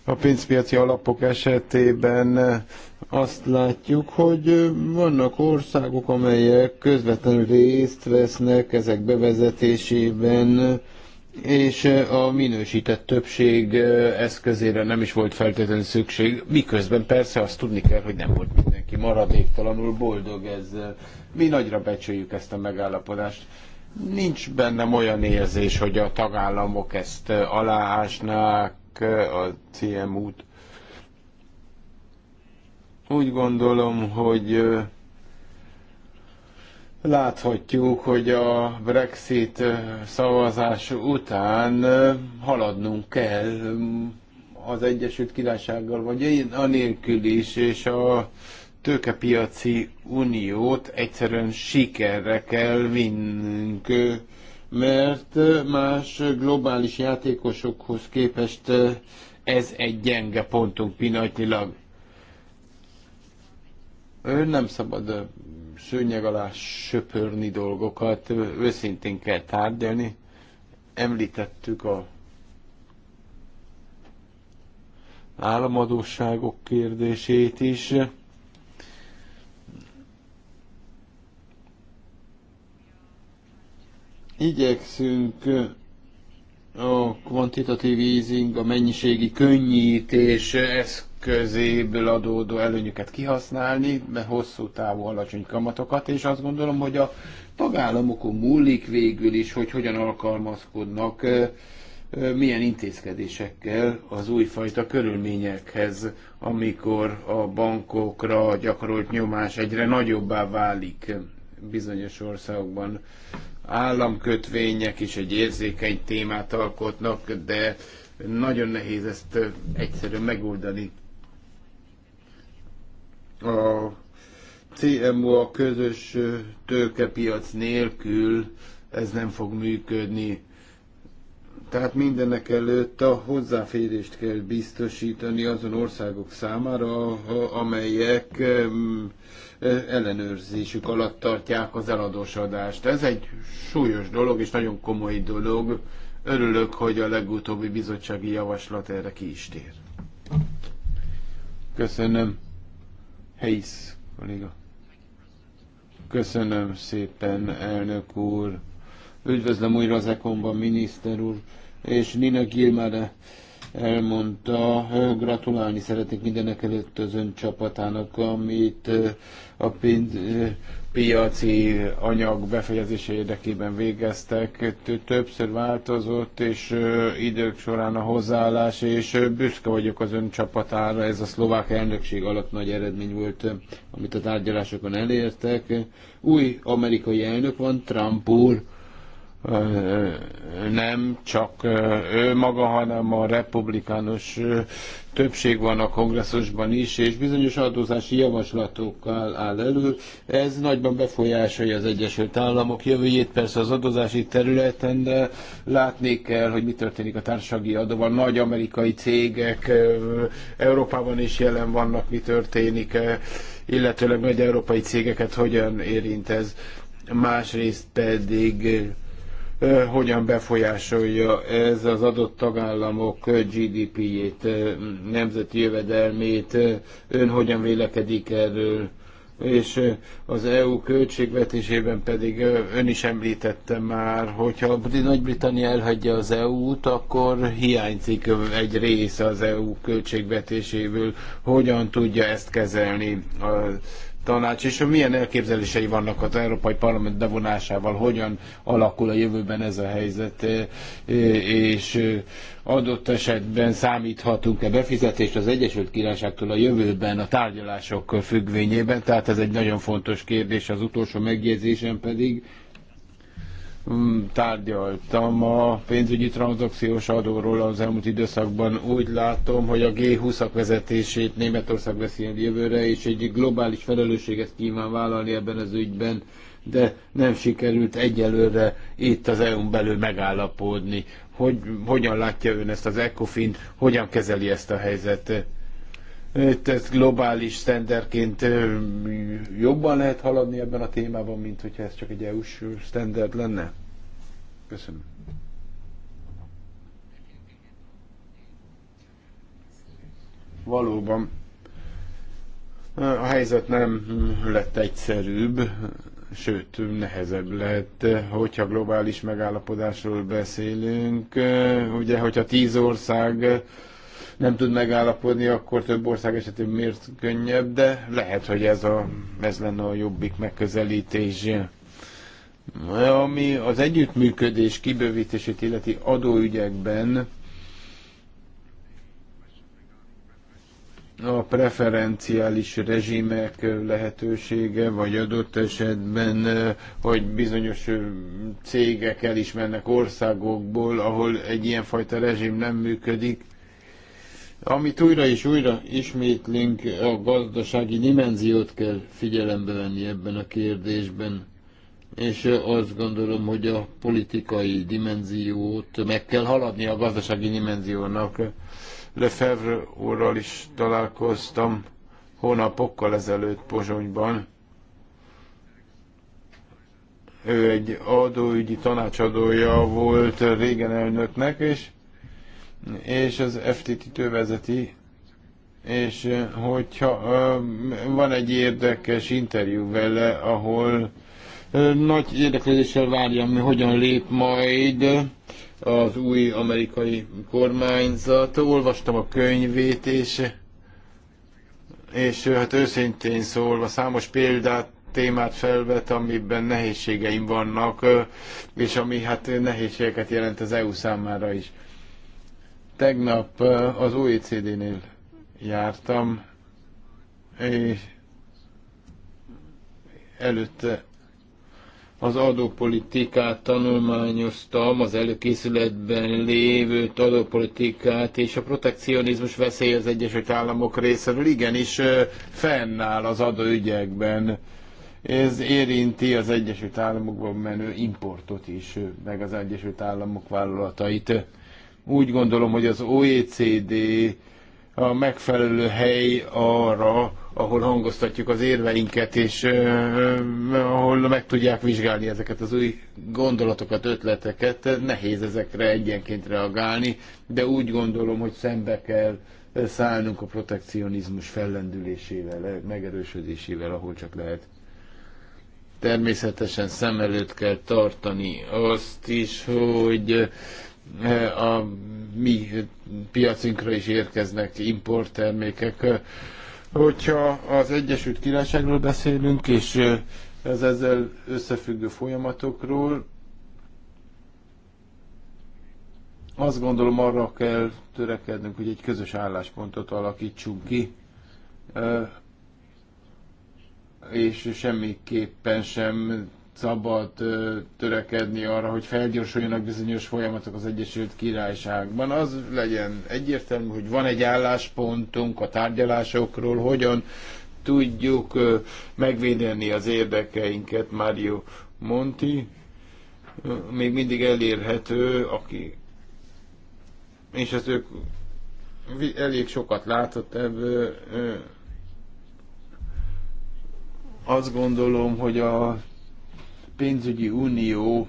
a pénzpiaci alapok esetében azt látjuk, hogy vannak országok, amelyek közvetlenül részt vesznek ezek bevezetésében, és a minősített többség eszközére nem is volt feltétlenül szükség, miközben persze azt tudni kell, hogy nem volt mindenki maradéktalanul boldog ezzel. Mi nagyra becsüljük ezt a megállapodást. Nincs bennem olyan érzés, hogy a tagállamok ezt aláásnák a CMU-t. Úgy gondolom, hogy Láthatjuk, hogy a Brexit szavazás után haladnunk kell az Egyesült Királysággal, vagy anélkül is, és a tőkepiaci uniót egyszerűen sikerre kell vinnünk, mert más globális játékosokhoz képest ez egy gyenge pontunk pillanatnyilag. Ő nem szabad szőnyeg alá söpörni dolgokat, őszintén kell tárgyalni. Említettük a államadóságok kérdését is. Igyekszünk a kvantitatív easing, a mennyiségi könnyítés, ez eszközéből adódó előnyöket kihasználni, mert hosszú távú alacsony kamatokat, és azt gondolom, hogy a tagállamokon múlik végül is, hogy hogyan alkalmazkodnak, milyen intézkedésekkel az újfajta körülményekhez, amikor a bankokra gyakorolt nyomás egyre nagyobbá válik bizonyos országokban. Államkötvények is egy érzékeny témát alkotnak, de nagyon nehéz ezt egyszerűen megoldani. A CMO a közös tőkepiac nélkül ez nem fog működni. Tehát mindenek előtt a hozzáférést kell biztosítani azon országok számára, amelyek ellenőrzésük alatt tartják az eladósodást. Ez egy súlyos dolog és nagyon komoly dolog. Örülök, hogy a legutóbbi bizottsági javaslat erre ki is tér. Köszönöm. Helyis kolléga. Köszönöm szépen, elnök úr. Üdvözlöm újra az Ekonban, miniszter úr. És Nina Gilmare elmondta, gratulálni szeretnék mindenek előtt az ön csapatának, amit a pénz, piaci anyag befejezése érdekében végeztek, többször változott, és idők során a hozzáállás, és büszke vagyok az ön csapatára, ez a szlovák elnökség alatt nagy eredmény volt, amit a tárgyalásokon elértek. Új amerikai elnök van, Trump úr, nem csak ő maga, hanem a republikánus többség van a kongresszusban is, és bizonyos adózási javaslatokkal áll elő. Ez nagyban befolyásolja az Egyesült Államok jövőjét, persze az adózási területen, de látni kell, hogy mi történik a társasági adóval. Nagy amerikai cégek Európában is jelen vannak, mi történik, illetőleg nagy európai cégeket hogyan érint ez. Másrészt pedig hogyan befolyásolja ez az adott tagállamok GDP-jét, nemzeti jövedelmét, ön hogyan vélekedik erről, és az EU költségvetésében pedig ön is említette már, hogyha Nagy-Britannia elhagyja az EU-t, akkor hiányzik egy része az EU költségvetéséből. Hogyan tudja ezt kezelni az tanács, és hogy milyen elképzelései vannak az Európai Parlament bevonásával, hogyan alakul a jövőben ez a helyzet, e, e, és e, adott esetben számíthatunk-e befizetést az Egyesült Királyságtól a jövőben a tárgyalások függvényében, tehát ez egy nagyon fontos kérdés, az utolsó megjegyzésem pedig, Mm, tárgyaltam a pénzügyi tranzakciós adóról az elmúlt időszakban. Úgy látom, hogy a G20-ak vezetését Németország veszi jövőre, és egy globális felelősséget kíván vállalni ebben az ügyben de nem sikerült egyelőre itt az EU-n belül megállapodni. Hogy, hogyan látja ön ezt az ECOFIN, hogyan kezeli ezt a helyzetet? ezt globális standardként jobban lehet haladni ebben a témában, mint hogyha ez csak egy EU-s standard lenne? Köszönöm. Valóban. A helyzet nem lett egyszerűbb, sőt, nehezebb lett, hogyha globális megállapodásról beszélünk. Ugye, hogyha tíz ország nem tud megállapodni, akkor több ország esetében miért könnyebb, de lehet, hogy ez, a, ez lenne a jobbik megközelítés. Ami az együttműködés kibővítését illeti adóügyekben, a preferenciális rezsimek lehetősége, vagy adott esetben, hogy bizonyos cégek elismernek országokból, ahol egy ilyenfajta rezsim nem működik. Amit újra és újra ismétlünk, a gazdasági dimenziót kell figyelembe venni ebben a kérdésben, és azt gondolom, hogy a politikai dimenziót meg kell haladni a gazdasági dimenziónak. Lefevre úrral is találkoztam hónapokkal ezelőtt Pozsonyban. Ő egy adóügyi tanácsadója volt régen elnöknek, és és az FTT-től vezeti, és eh, hogyha eh, van egy érdekes interjú vele, ahol eh, nagy érdeklődéssel várja, mi hogyan lép majd az új amerikai kormányzat. Olvastam a könyvét, és, és hát őszintén szólva számos példát témát felvet, amiben nehézségeim vannak, és ami hát nehézségeket jelent az EU számára is. Tegnap az OECD-nél jártam, és előtte az adópolitikát tanulmányoztam, az előkészületben lévő adópolitikát, és a protekcionizmus veszély az Egyesült Államok részéről igenis fennáll az adóügyekben. Ez érinti az Egyesült Államokban menő importot is, meg az Egyesült Államok vállalatait. Úgy gondolom, hogy az OECD a megfelelő hely arra, ahol hangoztatjuk az érveinket, és ahol meg tudják vizsgálni ezeket az új gondolatokat, ötleteket. Nehéz ezekre egyenként reagálni, de úgy gondolom, hogy szembe kell szállnunk a protekcionizmus fellendülésével, megerősödésével, ahol csak lehet. Természetesen szem előtt kell tartani azt is, hogy Eh, a mi piacinkra is érkeznek importtermékek. Eh, hogyha az Egyesült Királyságról beszélünk, és eh, az ezzel összefüggő folyamatokról, azt gondolom arra kell törekednünk, hogy egy közös álláspontot alakítsunk ki, és semmiképpen sem szabad törekedni arra, hogy felgyorsuljanak bizonyos folyamatok az Egyesült Királyságban. Az legyen egyértelmű, hogy van egy álláspontunk a tárgyalásokról, hogyan tudjuk megvédeni az érdekeinket, Mário Monti még mindig elérhető, aki és az ők elég sokat látott ebből. Azt gondolom, hogy a pénzügyi unió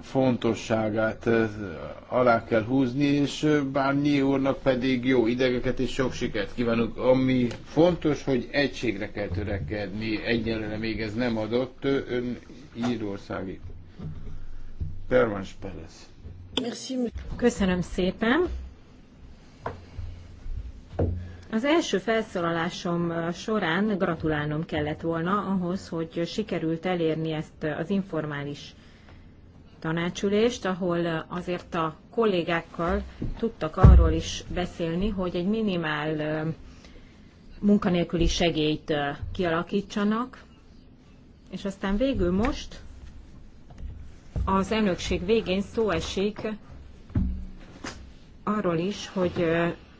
fontosságát alá kell húzni, és Bárnyi úrnak pedig jó idegeket és sok sikert kívánok. Ami fontos, hogy egységre kell törekedni, egyelőre még ez nem adott, ön írországi. Pervans Köszönöm szépen. Az első felszólalásom során gratulálnom kellett volna ahhoz, hogy sikerült elérni ezt az informális tanácsülést, ahol azért a kollégákkal tudtak arról is beszélni, hogy egy minimál munkanélküli segélyt kialakítsanak, és aztán végül most az elnökség végén szó esik arról is, hogy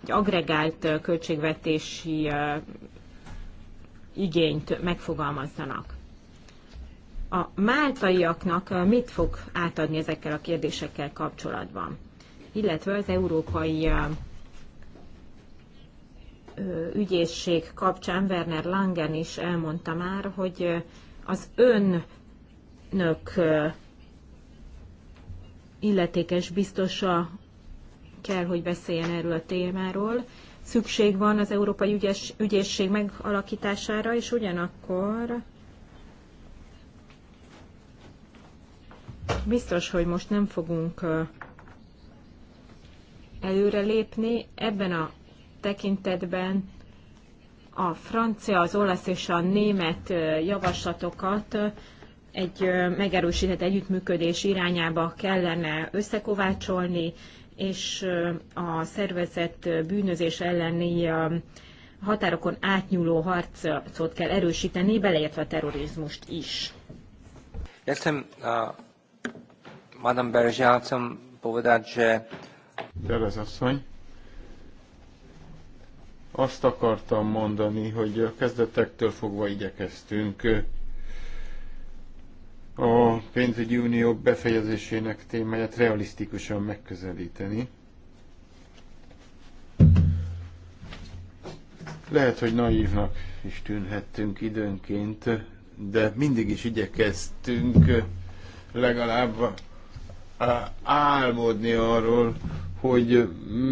egy agregált költségvetési igényt megfogalmazzanak. A máltaiaknak mit fog átadni ezekkel a kérdésekkel kapcsolatban? Illetve az európai ügyészség kapcsán Werner Langen is elmondta már, hogy az önnök illetékes biztosa kell, hogy beszéljen erről a témáról. Szükség van az Európai Ügyes, Ügyészség megalakítására, és ugyanakkor biztos, hogy most nem fogunk előrelépni ebben a tekintetben a francia, az olasz és a német javaslatokat egy megerősített együttműködés irányába kellene összekovácsolni, és a szervezett bűnözés elleni határokon átnyúló harcot kell erősíteni, beleértve a terrorizmust is. Értem, chcem, uh, Madame Berzsia, chcem povedať, že... Terez asszony, azt akartam mondani, hogy a kezdetektől fogva igyekeztünk a pénzügyi unió befejezésének témáját realisztikusan megközelíteni. Lehet, hogy naívnak is tűnhettünk időnként, de mindig is igyekeztünk legalább uh, álmodni arról, hogy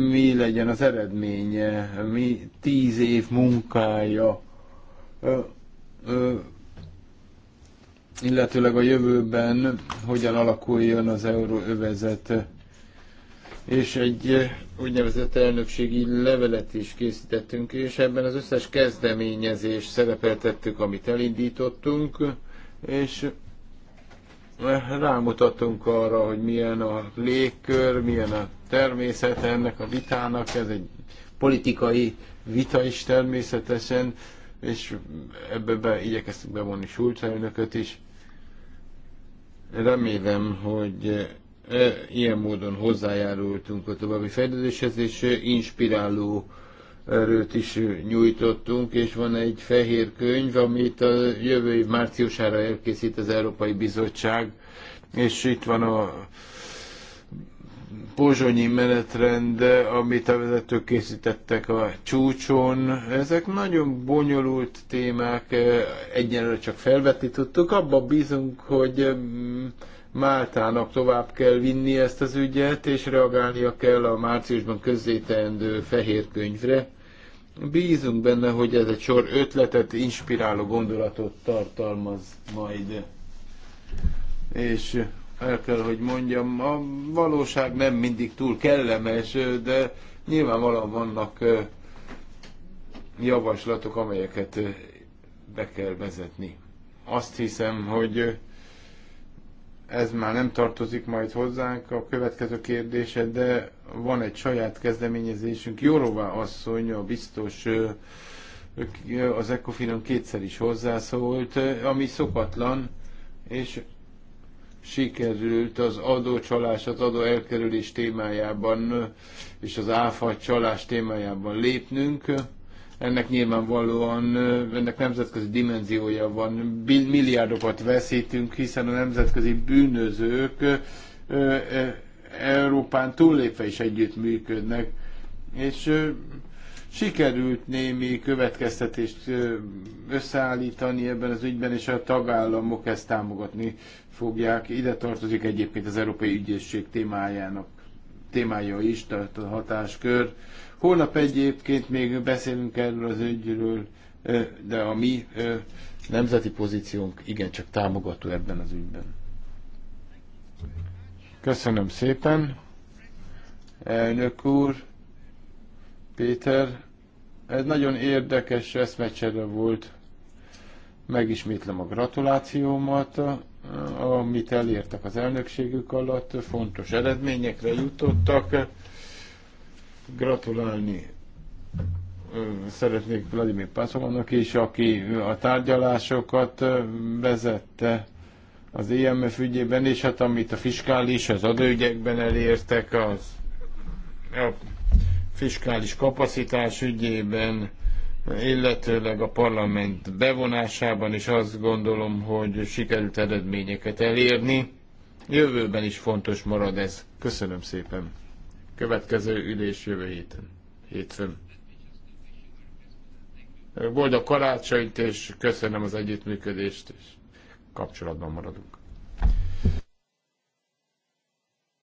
mi legyen az eredménye, mi tíz év munkája uh, uh, illetőleg a jövőben hogyan alakuljon az euróövezet. És egy úgynevezett elnökségi levelet is készítettünk, és ebben az összes kezdeményezés szerepeltettük, amit elindítottunk, és rámutatunk arra, hogy milyen a légkör, milyen a természet ennek a vitának, ez egy politikai vita is természetesen, és ebbe be, igyekeztünk bevonni Schulz elnököt is. Remélem, hogy e, ilyen módon hozzájárultunk a további fejlődéshez, és inspiráló erőt is nyújtottunk, és van egy fehér könyv, amit a jövő év márciusára elkészít az Európai Bizottság, és itt van a pozsonyi menetrend, amit a vezetők készítettek a csúcson, ezek nagyon bonyolult témák, egyenlőre csak felvetni tudtuk. Abba bízunk, hogy mm, Máltának tovább kell vinni ezt az ügyet, és reagálnia kell a márciusban közzétendő fehér könyvre. Bízunk benne, hogy ez egy sor ötletet, inspiráló gondolatot tartalmaz majd. És el kell, hogy mondjam, a valóság nem mindig túl kellemes, de nyilvánvalóan vannak javaslatok, amelyeket be kell vezetni. Azt hiszem, hogy ez már nem tartozik majd hozzánk a következő kérdése, de van egy saját kezdeményezésünk. Jórová asszony, a biztos az Ecofinon kétszer is hozzászólt, ami szokatlan, és sikerült az adócsalás, az adó elkerülés témájában és az áfa csalás témájában lépnünk. Ennek nyilvánvalóan, ennek nemzetközi dimenziója van, milliárdokat veszítünk, hiszen a nemzetközi bűnözők Európán túllépve is működnek és sikerült némi következtetést összeállítani ebben az ügyben, és a tagállamok ezt támogatni fogják. Ide tartozik egyébként az Európai Ügyészség témájának témája is, tehát a hatáskör. Holnap egyébként még beszélünk erről az ügyről, de a mi nemzeti pozíciónk igencsak támogató ebben az ügyben. Köszönöm szépen. Elnök úr, Péter, ez nagyon érdekes eszmecsere volt. Megismétlem a gratulációmat amit elértek az elnökségük alatt, fontos eredményekre jutottak. Gratulálni szeretnék Vladimir Pászolónak is, aki a tárgyalásokat vezette az IMF ügyében, és hát amit a fiskális, az adőgyekben elértek, az a fiskális kapacitás ügyében illetőleg a parlament bevonásában is azt gondolom, hogy sikerült eredményeket elérni. Jövőben is fontos marad ez. Köszönöm szépen. Következő ülés jövő héten. Hétfőn. Boldog karácsonyt, és köszönöm az együttműködést, és kapcsolatban maradunk.